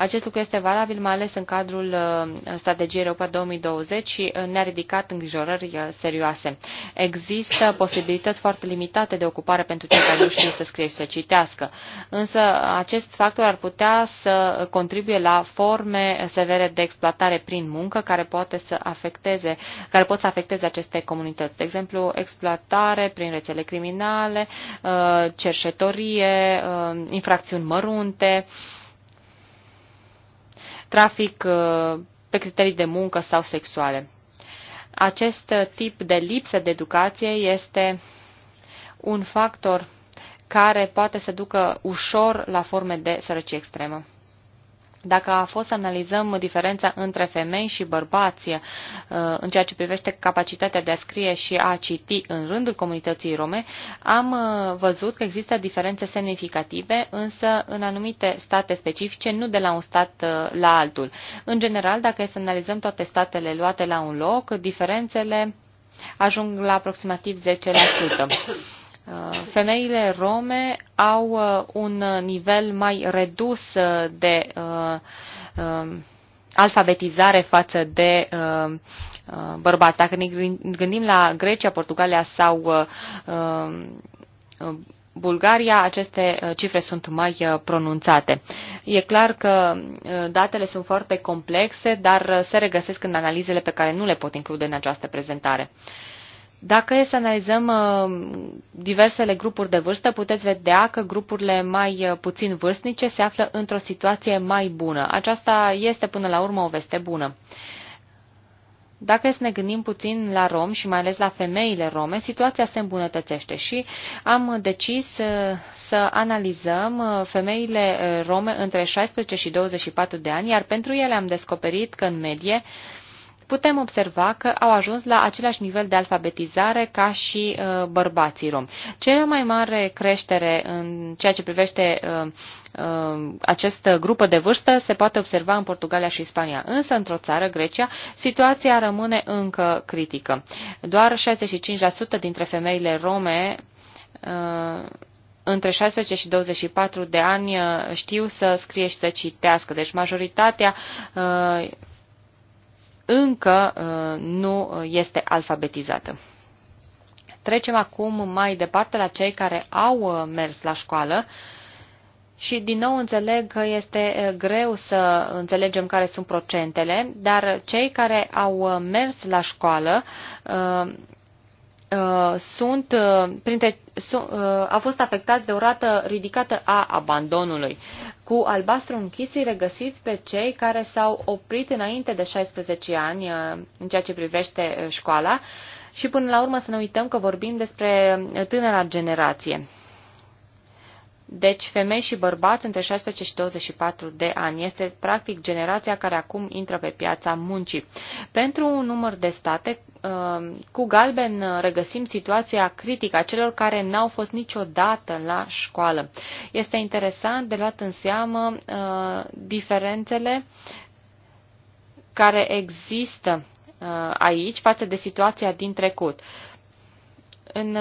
B: Acest lucru este valabil mai ales în cadrul uh, strategiei Europa 2020 și uh, ne-a ridicat îngrijorări uh, serioase. Există posibilități foarte limitate de ocupare pentru cei care nu știu să scrie și să citească, însă acest factor ar putea să contribuie la forme severe de exploatare prin muncă care poate să afecteze, care pot să afecteze aceste comunități. De exemplu, exploatare prin rețele criminale, cerșetorie, infracțiuni mărunte, trafic uh, pe criterii de muncă sau sexuale. Acest uh, tip de lipsă de educație este un factor care poate să ducă ușor la forme de sărăcie extremă. Dacă a fost să analizăm diferența între femei și bărbați uh, în ceea ce privește capacitatea de a scrie și a citi în rândul comunității rome, am uh, văzut că există diferențe semnificative, însă în anumite state specifice, nu de la un stat uh, la altul. În general, dacă e să analizăm toate statele luate la un loc, diferențele ajung la aproximativ 10%. Uh, femeile rome au uh, un nivel mai redus uh, de um, alfabetizare față de bărbați. Dacă ne gândim la Grecia, Portugalia sau um, Bulgaria, aceste cifre sunt mai pronunțate. E clar că datele sunt foarte complexe, dar se regăsesc în analizele pe care nu le pot include în această prezentare. Dacă e să analizăm uh, diversele grupuri de vârstă, puteți vedea că grupurile mai uh, puțin vârstnice se află într-o situație mai bună. Aceasta este până la urmă o veste bună. Dacă e să ne gândim puțin la rom și mai ales la femeile rome, situația se îmbunătățește și am decis uh, să analizăm femeile rome între 16 și 24 de ani, iar pentru ele am descoperit că în medie putem observa că au ajuns la același nivel de alfabetizare ca și uh, bărbații rom. Cea mai mare creștere în ceea ce privește uh, uh această grupă de vârstă se poate observa în Portugalia și Spania. Însă, într-o țară, Grecia, situația rămâne încă critică. Doar 65% dintre femeile rome uh, între 16 și 24 de ani uh, știu să scrie și să citească. Deci majoritatea încă uh, nu este alfabetizată. Trecem acum mai departe la cei care au uh, mers la școală și din nou înțeleg că este uh, greu să înțelegem care sunt procentele, dar cei care au mers la școală sunt printre Uh, a fost afectat de o rată ridicată a abandonului. Cu albastru închis îi regăsiți pe cei care s-au oprit înainte de 16 ani uh, în ceea ce privește uh, școala și până la urmă să ne uităm că vorbim despre tânăra generație. Deci, femei și bărbați între 16 și 24 de ani este practic generația care acum intră pe piața muncii. Pentru un număr de state, uh, cu galben uh, regăsim situația critică a celor care n-au fost niciodată la școală. Este interesant de luat în seamă uh, diferențele care există aici față de situația din trecut. În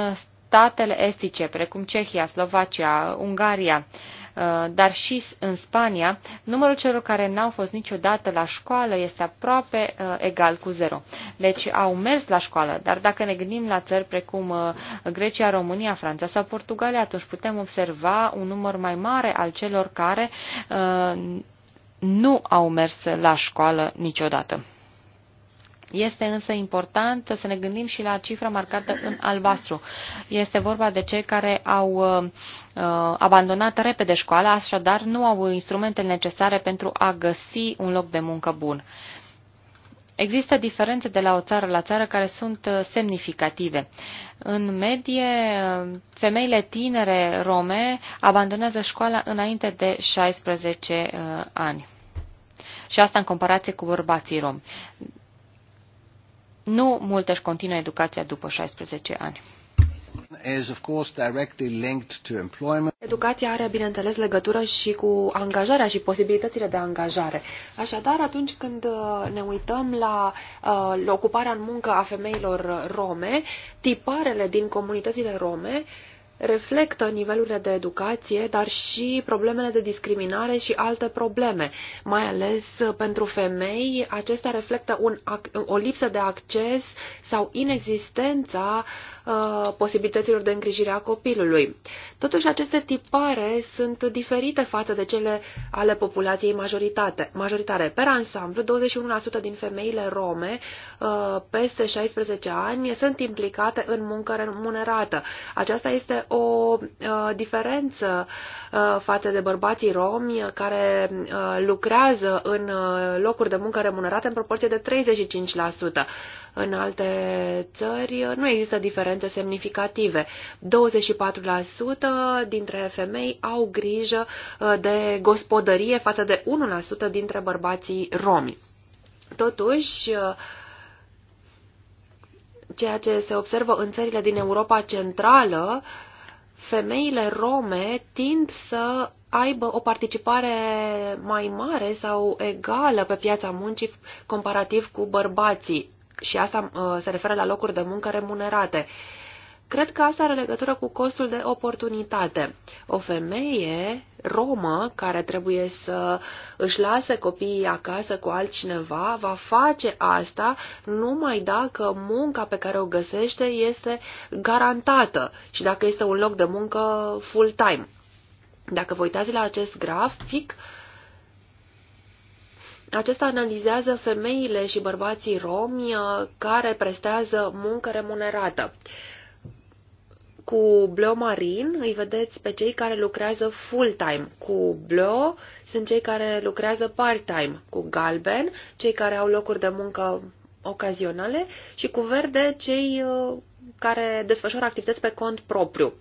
B: statele estice, precum Cehia, Slovacia, Ungaria, uh, dar și în Spania, numărul celor care n-au fost niciodată la școală este aproape uh, egal cu zero. Deci au mers la școală, dar dacă ne gândim la țări precum uh, Grecia, România, Franța sau Portugalia, atunci putem observa un număr mai mare al celor care nu au mers la școală niciodată. Este însă important să ne gândim și la cifra marcată în albastru. Este vorba de cei care au uh, abandonat repede școala, așadar nu au instrumentele necesare pentru a găsi un loc de muncă bun. Există diferențe de la o țară la țară care sunt uh, semnificative. În medie, uh, femeile tinere rome abandonează școala înainte de 16 uh, ani. Și asta în comparație cu bărbații romi. Nu multe își continuă educația după 16 ani.
C: Educația are, bineînțeles, legătură și cu angajarea și posibilitățile de angajare. Așadar, atunci când uh, ne uităm la uh, ocuparea în muncă a femeilor rome, tiparele din comunitățile rome uh, reflectă nivelurile de educație, dar și problemele de discriminare și alte probleme. Mai ales uh, pentru femei, acestea reflectă un, o lipsă de acces sau inexistența uh, posibilităților de îngrijire a copilului. Totuși, aceste tipare sunt diferite față de cele ale populației majoritate, majoritare. Per ansamblu, 21% din femeile rome uh, peste 16 ani sunt implicate în muncă remunerată. Aceasta este o uh, diferență uh, față de bărbații romi care uh, lucrează în locuri de muncă remunerate în proporție de 35%. În alte țări nu există diferențe semnificative. 24% dintre femei au grijă de gospodărie față de 1% dintre bărbații romi. Totuși, ceea ce se observă în țările din Europa Centrală femeile rome tind să aibă o participare mai mare sau egală pe piața muncii comparativ cu bărbații. Și asta uh, se referă la locuri de muncă remunerate. Uh, Cred că asta are legătură cu costul de oportunitate. O femeie romă care trebuie să își lase copiii acasă cu altcineva va face asta numai dacă munca pe care o găsește este garantată și dacă este un loc de muncă full-time. Dacă vă uitați la acest grafic, acesta analizează femeile și bărbații romi uh, care prestează muncă remunerată. Cu Bleu Marin îi vedeți pe cei care lucrează full-time. Cu Bleu sunt cei care lucrează part-time. Cu Galben, cei care au locuri de muncă ocazionale și cu Verde, cei uh, care desfășoară activități pe cont propriu.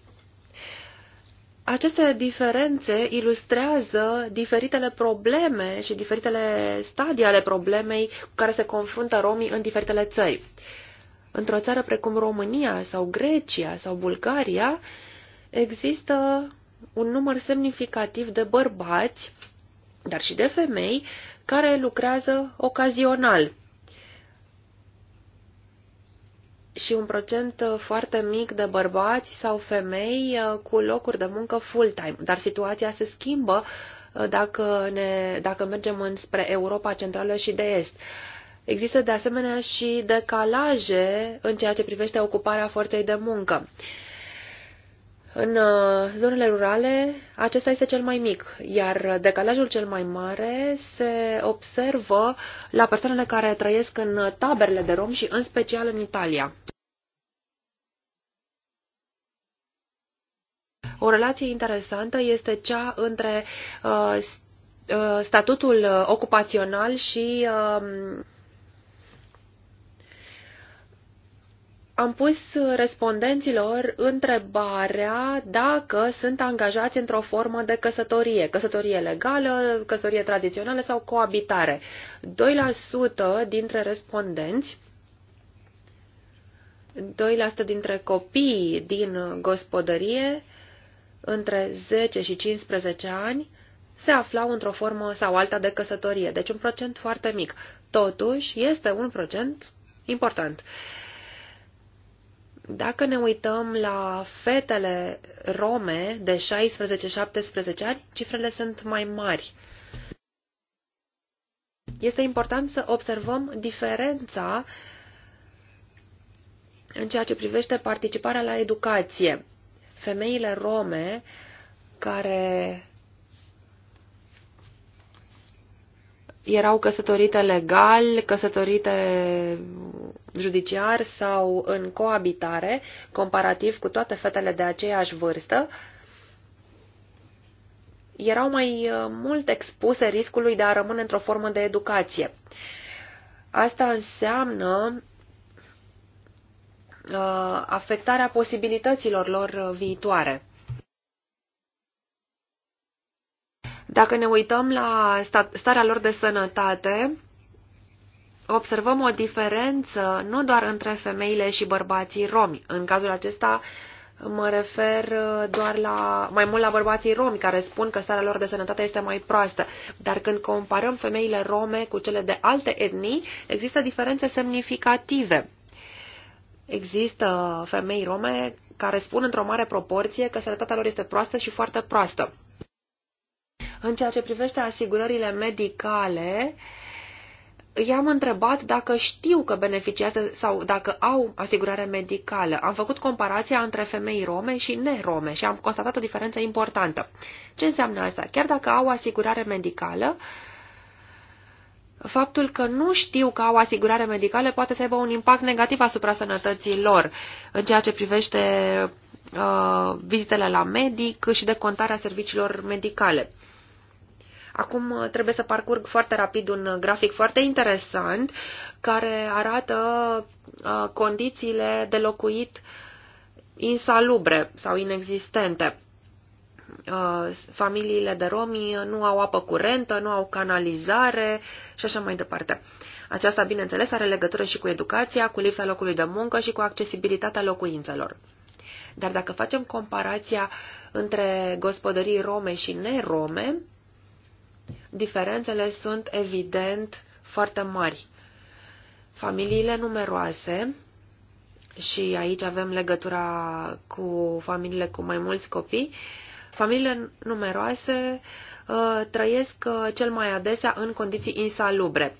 C: Aceste diferențe ilustrează diferitele probleme și diferitele stadii ale problemei cu care se confruntă romii în diferitele țări într-o țară precum România sau Grecia sau Bulgaria, există un număr semnificativ de bărbați, dar și de femei, care lucrează ocazional. Și un procent foarte mic de bărbați sau femei uh, cu locuri de muncă full-time. Dar situația se schimbă uh, dacă, ne, dacă mergem înspre Europa Centrală și de Est. Uh, Există de asemenea și decalaje în ceea ce privește ocuparea forței de muncă. În uh, zonele rurale, acesta este cel mai mic, iar decalajul cel mai mare se observă la persoanele care trăiesc în taberele de rom și în special în Italia. O relație interesantă este cea între uh, uh statutul ocupațional și uh, am pus respondenților întrebarea dacă sunt angajați într-o formă de căsătorie, căsătorie legală, căsătorie tradițională sau coabitare. 2% dintre respondenți 2% dintre copiii din gospodărie între 10 și 15 ani se aflau într-o formă sau alta de căsătorie, deci un procent foarte mic. Totuși, este un procent important. Dacă ne uităm la fetele rome de 16-17 ani, cifrele sunt mai mari. Este important să observăm diferența în ceea ce privește participarea la educație. Femeile rome care erau căsătorite legal, căsătorite judiciar sau în coabitare, comparativ cu toate fetele de aceeași vârstă, erau mai uh, mult expuse riscului de a rămâne într-o formă de educație. Asta înseamnă uh, afectarea posibilităților lor uh, viitoare. Dacă ne uităm la starea lor de sănătate, observăm o diferență nu doar între femeile și bărbații romi. În cazul acesta mă refer uh, doar la, mai mult la bărbații romi care spun că starea lor de sănătate este mai proastă. Dar când comparăm femeile rome cu cele de alte etnii, există diferențe semnificative. Există femei rome care spun într-o mare proporție că sănătatea lor este proastă și foarte proastă. În ceea ce privește asigurările medicale, uh, i-am întrebat dacă știu că beneficiază sau dacă au asigurare medicală. Am făcut comparația între femei rome și nerome și am constatat o diferență importantă. Ce înseamnă asta? Chiar dacă au asigurare medicală, faptul că nu știu că au asigurare medicală poate să aibă un impact negativ asupra sănătății lor în ceea ce privește uh, vizitele la medic și decontarea serviciilor medicale. Acum uh, trebuie să parcurg foarte rapid un uh, grafic foarte interesant care arată uh, condițiile de locuit insalubre sau inexistente. Familiile de romi nu au apă curentă, nu au canalizare și așa mai departe. Aceasta, bineînțeles, are legătură și cu educația, cu lipsa locului de muncă și cu accesibilitatea locuințelor. Dar dacă facem comparația între gospodării rome și nerome, diferențele sunt evident foarte mari. Familiile numeroase, și aici avem legătura cu familiile cu mai mulți copii, familiile numeroase uh, trăiesc uh, cel mai adesea în condiții insalubre.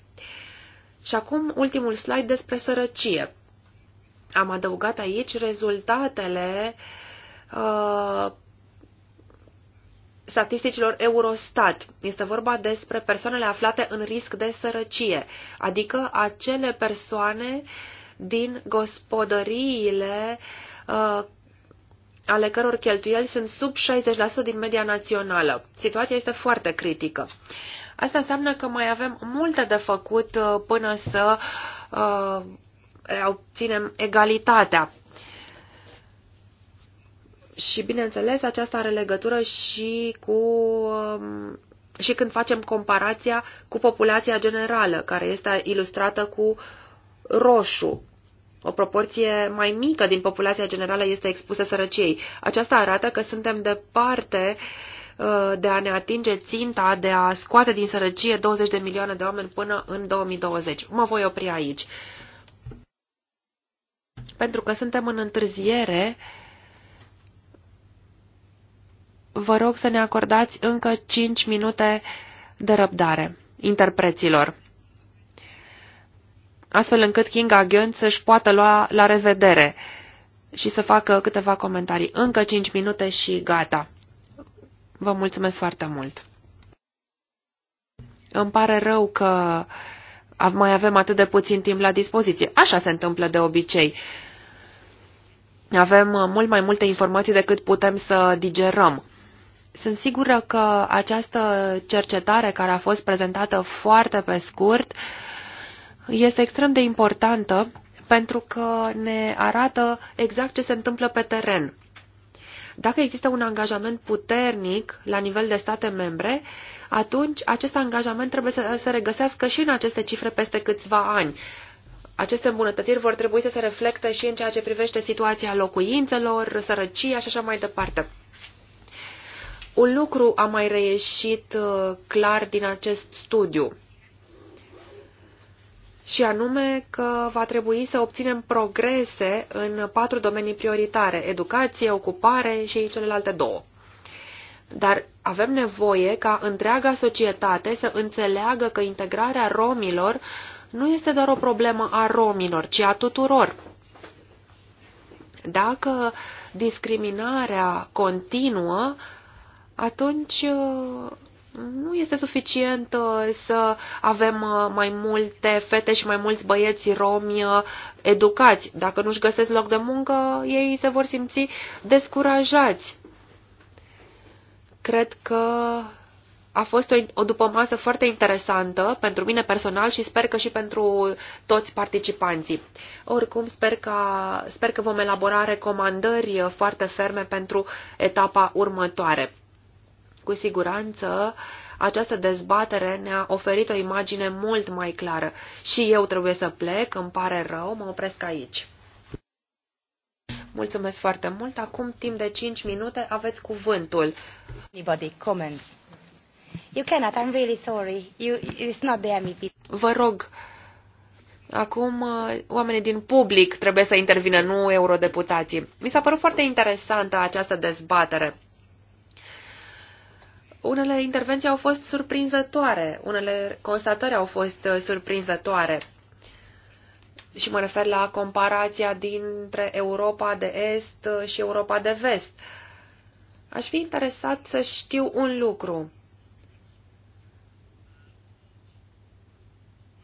C: Și acum ultimul slide despre sărăcie. Am adăugat aici rezultatele uh, statisticilor Eurostat. Este vorba despre persoanele aflate în risc de sărăcie, adică acele persoane din gospodăriile uh, ale căror cheltuieli sunt sub 60% din media națională. Situația este foarte critică. Asta înseamnă că mai avem multe de făcut uh, până să uh, obținem egalitatea și, bineînțeles, aceasta are legătură și cu um, și când facem comparația cu populația generală, care este ilustrată cu roșu. O proporție mai mică din populația generală este expusă sărăciei. Aceasta arată că suntem departe uh, de a ne atinge ținta de a scoate din sărăcie 20 de milioane de oameni până în 2020. Mă voi opri aici. Pentru că suntem în întârziere uh, vă rog să ne acordați încă 5 minute de răbdare interpreților, astfel încât Kinga Gönz să-și poată lua la revedere și să facă câteva comentarii. Încă 5 minute și gata. Vă mulțumesc foarte mult. Îmi pare rău că mai avem atât de puțin timp la dispoziție. Așa se întâmplă de obicei. Avem uh, mult mai multe informații decât putem să digerăm. Sunt sigură că această cercetare care a fost prezentată foarte pe scurt este extrem de importantă pentru că ne arată exact ce se întâmplă pe teren. Dacă există un angajament puternic la nivel de state membre, atunci acest angajament trebuie să se regăsească și în aceste cifre peste câțiva ani. Aceste îmbunătățiri vor trebui să se reflecte și în ceea ce privește situația locuințelor, sărăcia și așa mai departe. Un lucru a mai reieșit uh, clar din acest studiu și anume că va trebui să obținem progrese în patru domenii prioritare, educație, ocupare și celelalte două. Dar avem nevoie ca întreaga societate să înțeleagă că integrarea romilor nu este doar o problemă a romilor, ci a tuturor. Dacă discriminarea continuă, atunci uh, nu este suficient uh, să avem uh, mai multe fete și mai mulți băieți romi educați. Dacă nu-și găsesc loc de muncă, ei se vor simți descurajați. Cred că a fost o, o dupămasă foarte interesantă pentru mine personal și sper că și pentru toți participanții. Oricum, sper că, sper că vom elabora recomandări foarte ferme pentru etapa următoare. Cu siguranță, această dezbatere ne-a oferit o imagine mult mai clară. Și eu trebuie să plec, îmi pare rău, mă opresc aici. Mulțumesc foarte mult. Acum, timp de 5 minute, aveți cuvântul. Anybody comments? You cannot, I'm really sorry. You, it's not the MEP. Vă rog, acum uh, oamenii din public trebuie să intervină, nu eurodeputații. Mi s-a părut foarte interesantă această dezbatere. Unele intervenții au fost surprinzătoare, unele constatări au fost uh, surprinzătoare. Și mă refer la comparația dintre Europa de Est uh, și Europa de Vest. Aș fi interesat să știu un lucru.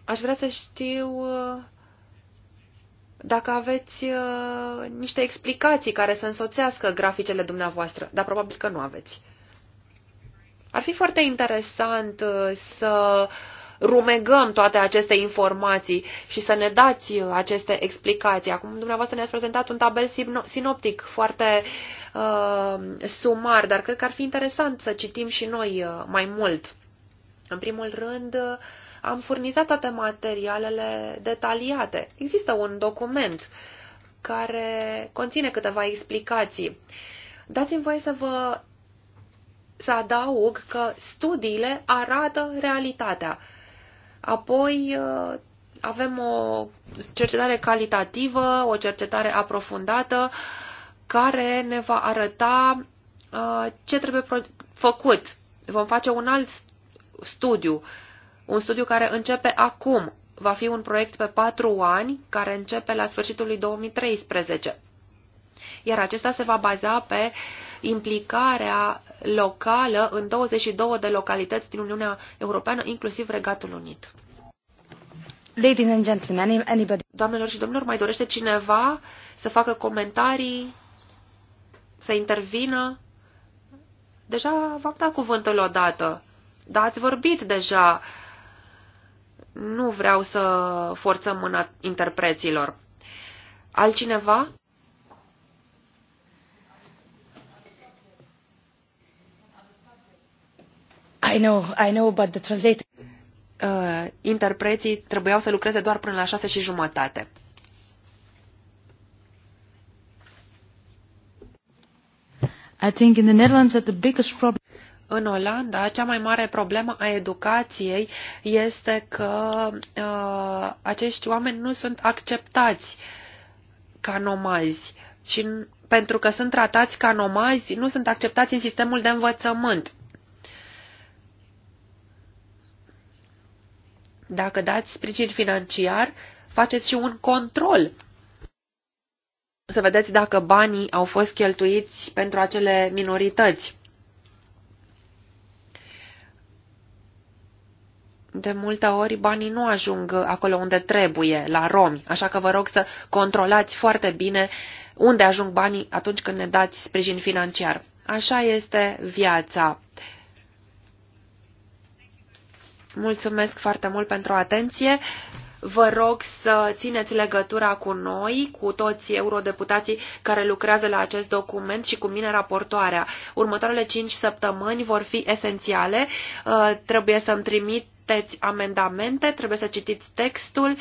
C: Aș vrea să știu uh, dacă aveți niște explicații care să însoțească graficele dumneavoastră, dar probabil că nu aveți. Ar fi foarte interesant uh, să rumegăm toate aceste informații și să ne dați uh, aceste explicații. Acum dumneavoastră ne-ați prezentat un tabel sinoptic foarte uh, sumar, dar cred că ar fi interesant să citim și noi uh, mai mult. În primul rând, am furnizat toate materialele detaliate. Există un document care conține câteva explicații. Dați-mi voie să vă să adaug că studiile arată realitatea. Apoi uh, avem o cercetare calitativă, o cercetare aprofundată care ne va arăta uh, ce trebuie făcut. Vom face un alt studiu, un studiu care începe acum. Va fi un proiect pe patru ani care începe la sfârșitul lui 2013. Iar acesta se va baza pe uh, implicarea locală în 22 de localități din Uniunea Europeană, inclusiv Regatul Unit. Ladies and gentlemen, anybody... Doamnelor și domnilor, mai dorește cineva să facă comentarii, să intervină? Deja v-am dat cuvântul odată, dar ați vorbit deja. Nu vreau să forțăm mâna interpreților. Altcineva? I know, I know, but the translator... Uh, interpreții trebuiau să lucreze doar până la șase și jumătate. I think in the Netherlands that the biggest problem în Olanda, cea mai mare problemă a educației este că uh, acești oameni nu sunt acceptați ca nomazi și pentru că sunt tratați ca nomazi, nu sunt acceptați în sistemul de învățământ. Dacă dați sprijin financiar, faceți și un control. Să vedeți dacă banii au fost cheltuiți pentru acele minorități. De multe ori banii nu ajung acolo unde trebuie, la romi, așa că vă rog să controlați foarte bine unde ajung banii atunci când ne dați sprijin financiar. Așa este viața. Mulțumesc foarte mult pentru atenție. Vă rog să țineți legătura cu noi, cu toți eurodeputații care lucrează la acest document și cu mine raportoarea. Următoarele 5 săptămâni vor fi esențiale. Uh, trebuie să-mi trimiteți amendamente, trebuie să citiți textul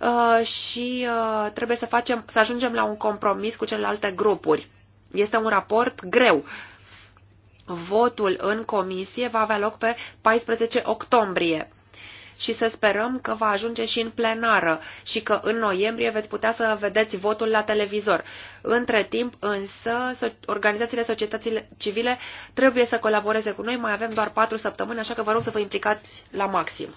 C: uh, și uh, trebuie să, facem, să ajungem la un compromis cu celelalte grupuri. Este un raport greu. Votul în comisie va avea loc pe 14 octombrie și să sperăm că va ajunge și în plenară și că în noiembrie veți putea să vedeți votul la televizor. Între timp însă organizațiile societății civile trebuie să colaboreze cu noi, mai avem doar patru săptămâni, așa că vă rog să vă implicați la maxim.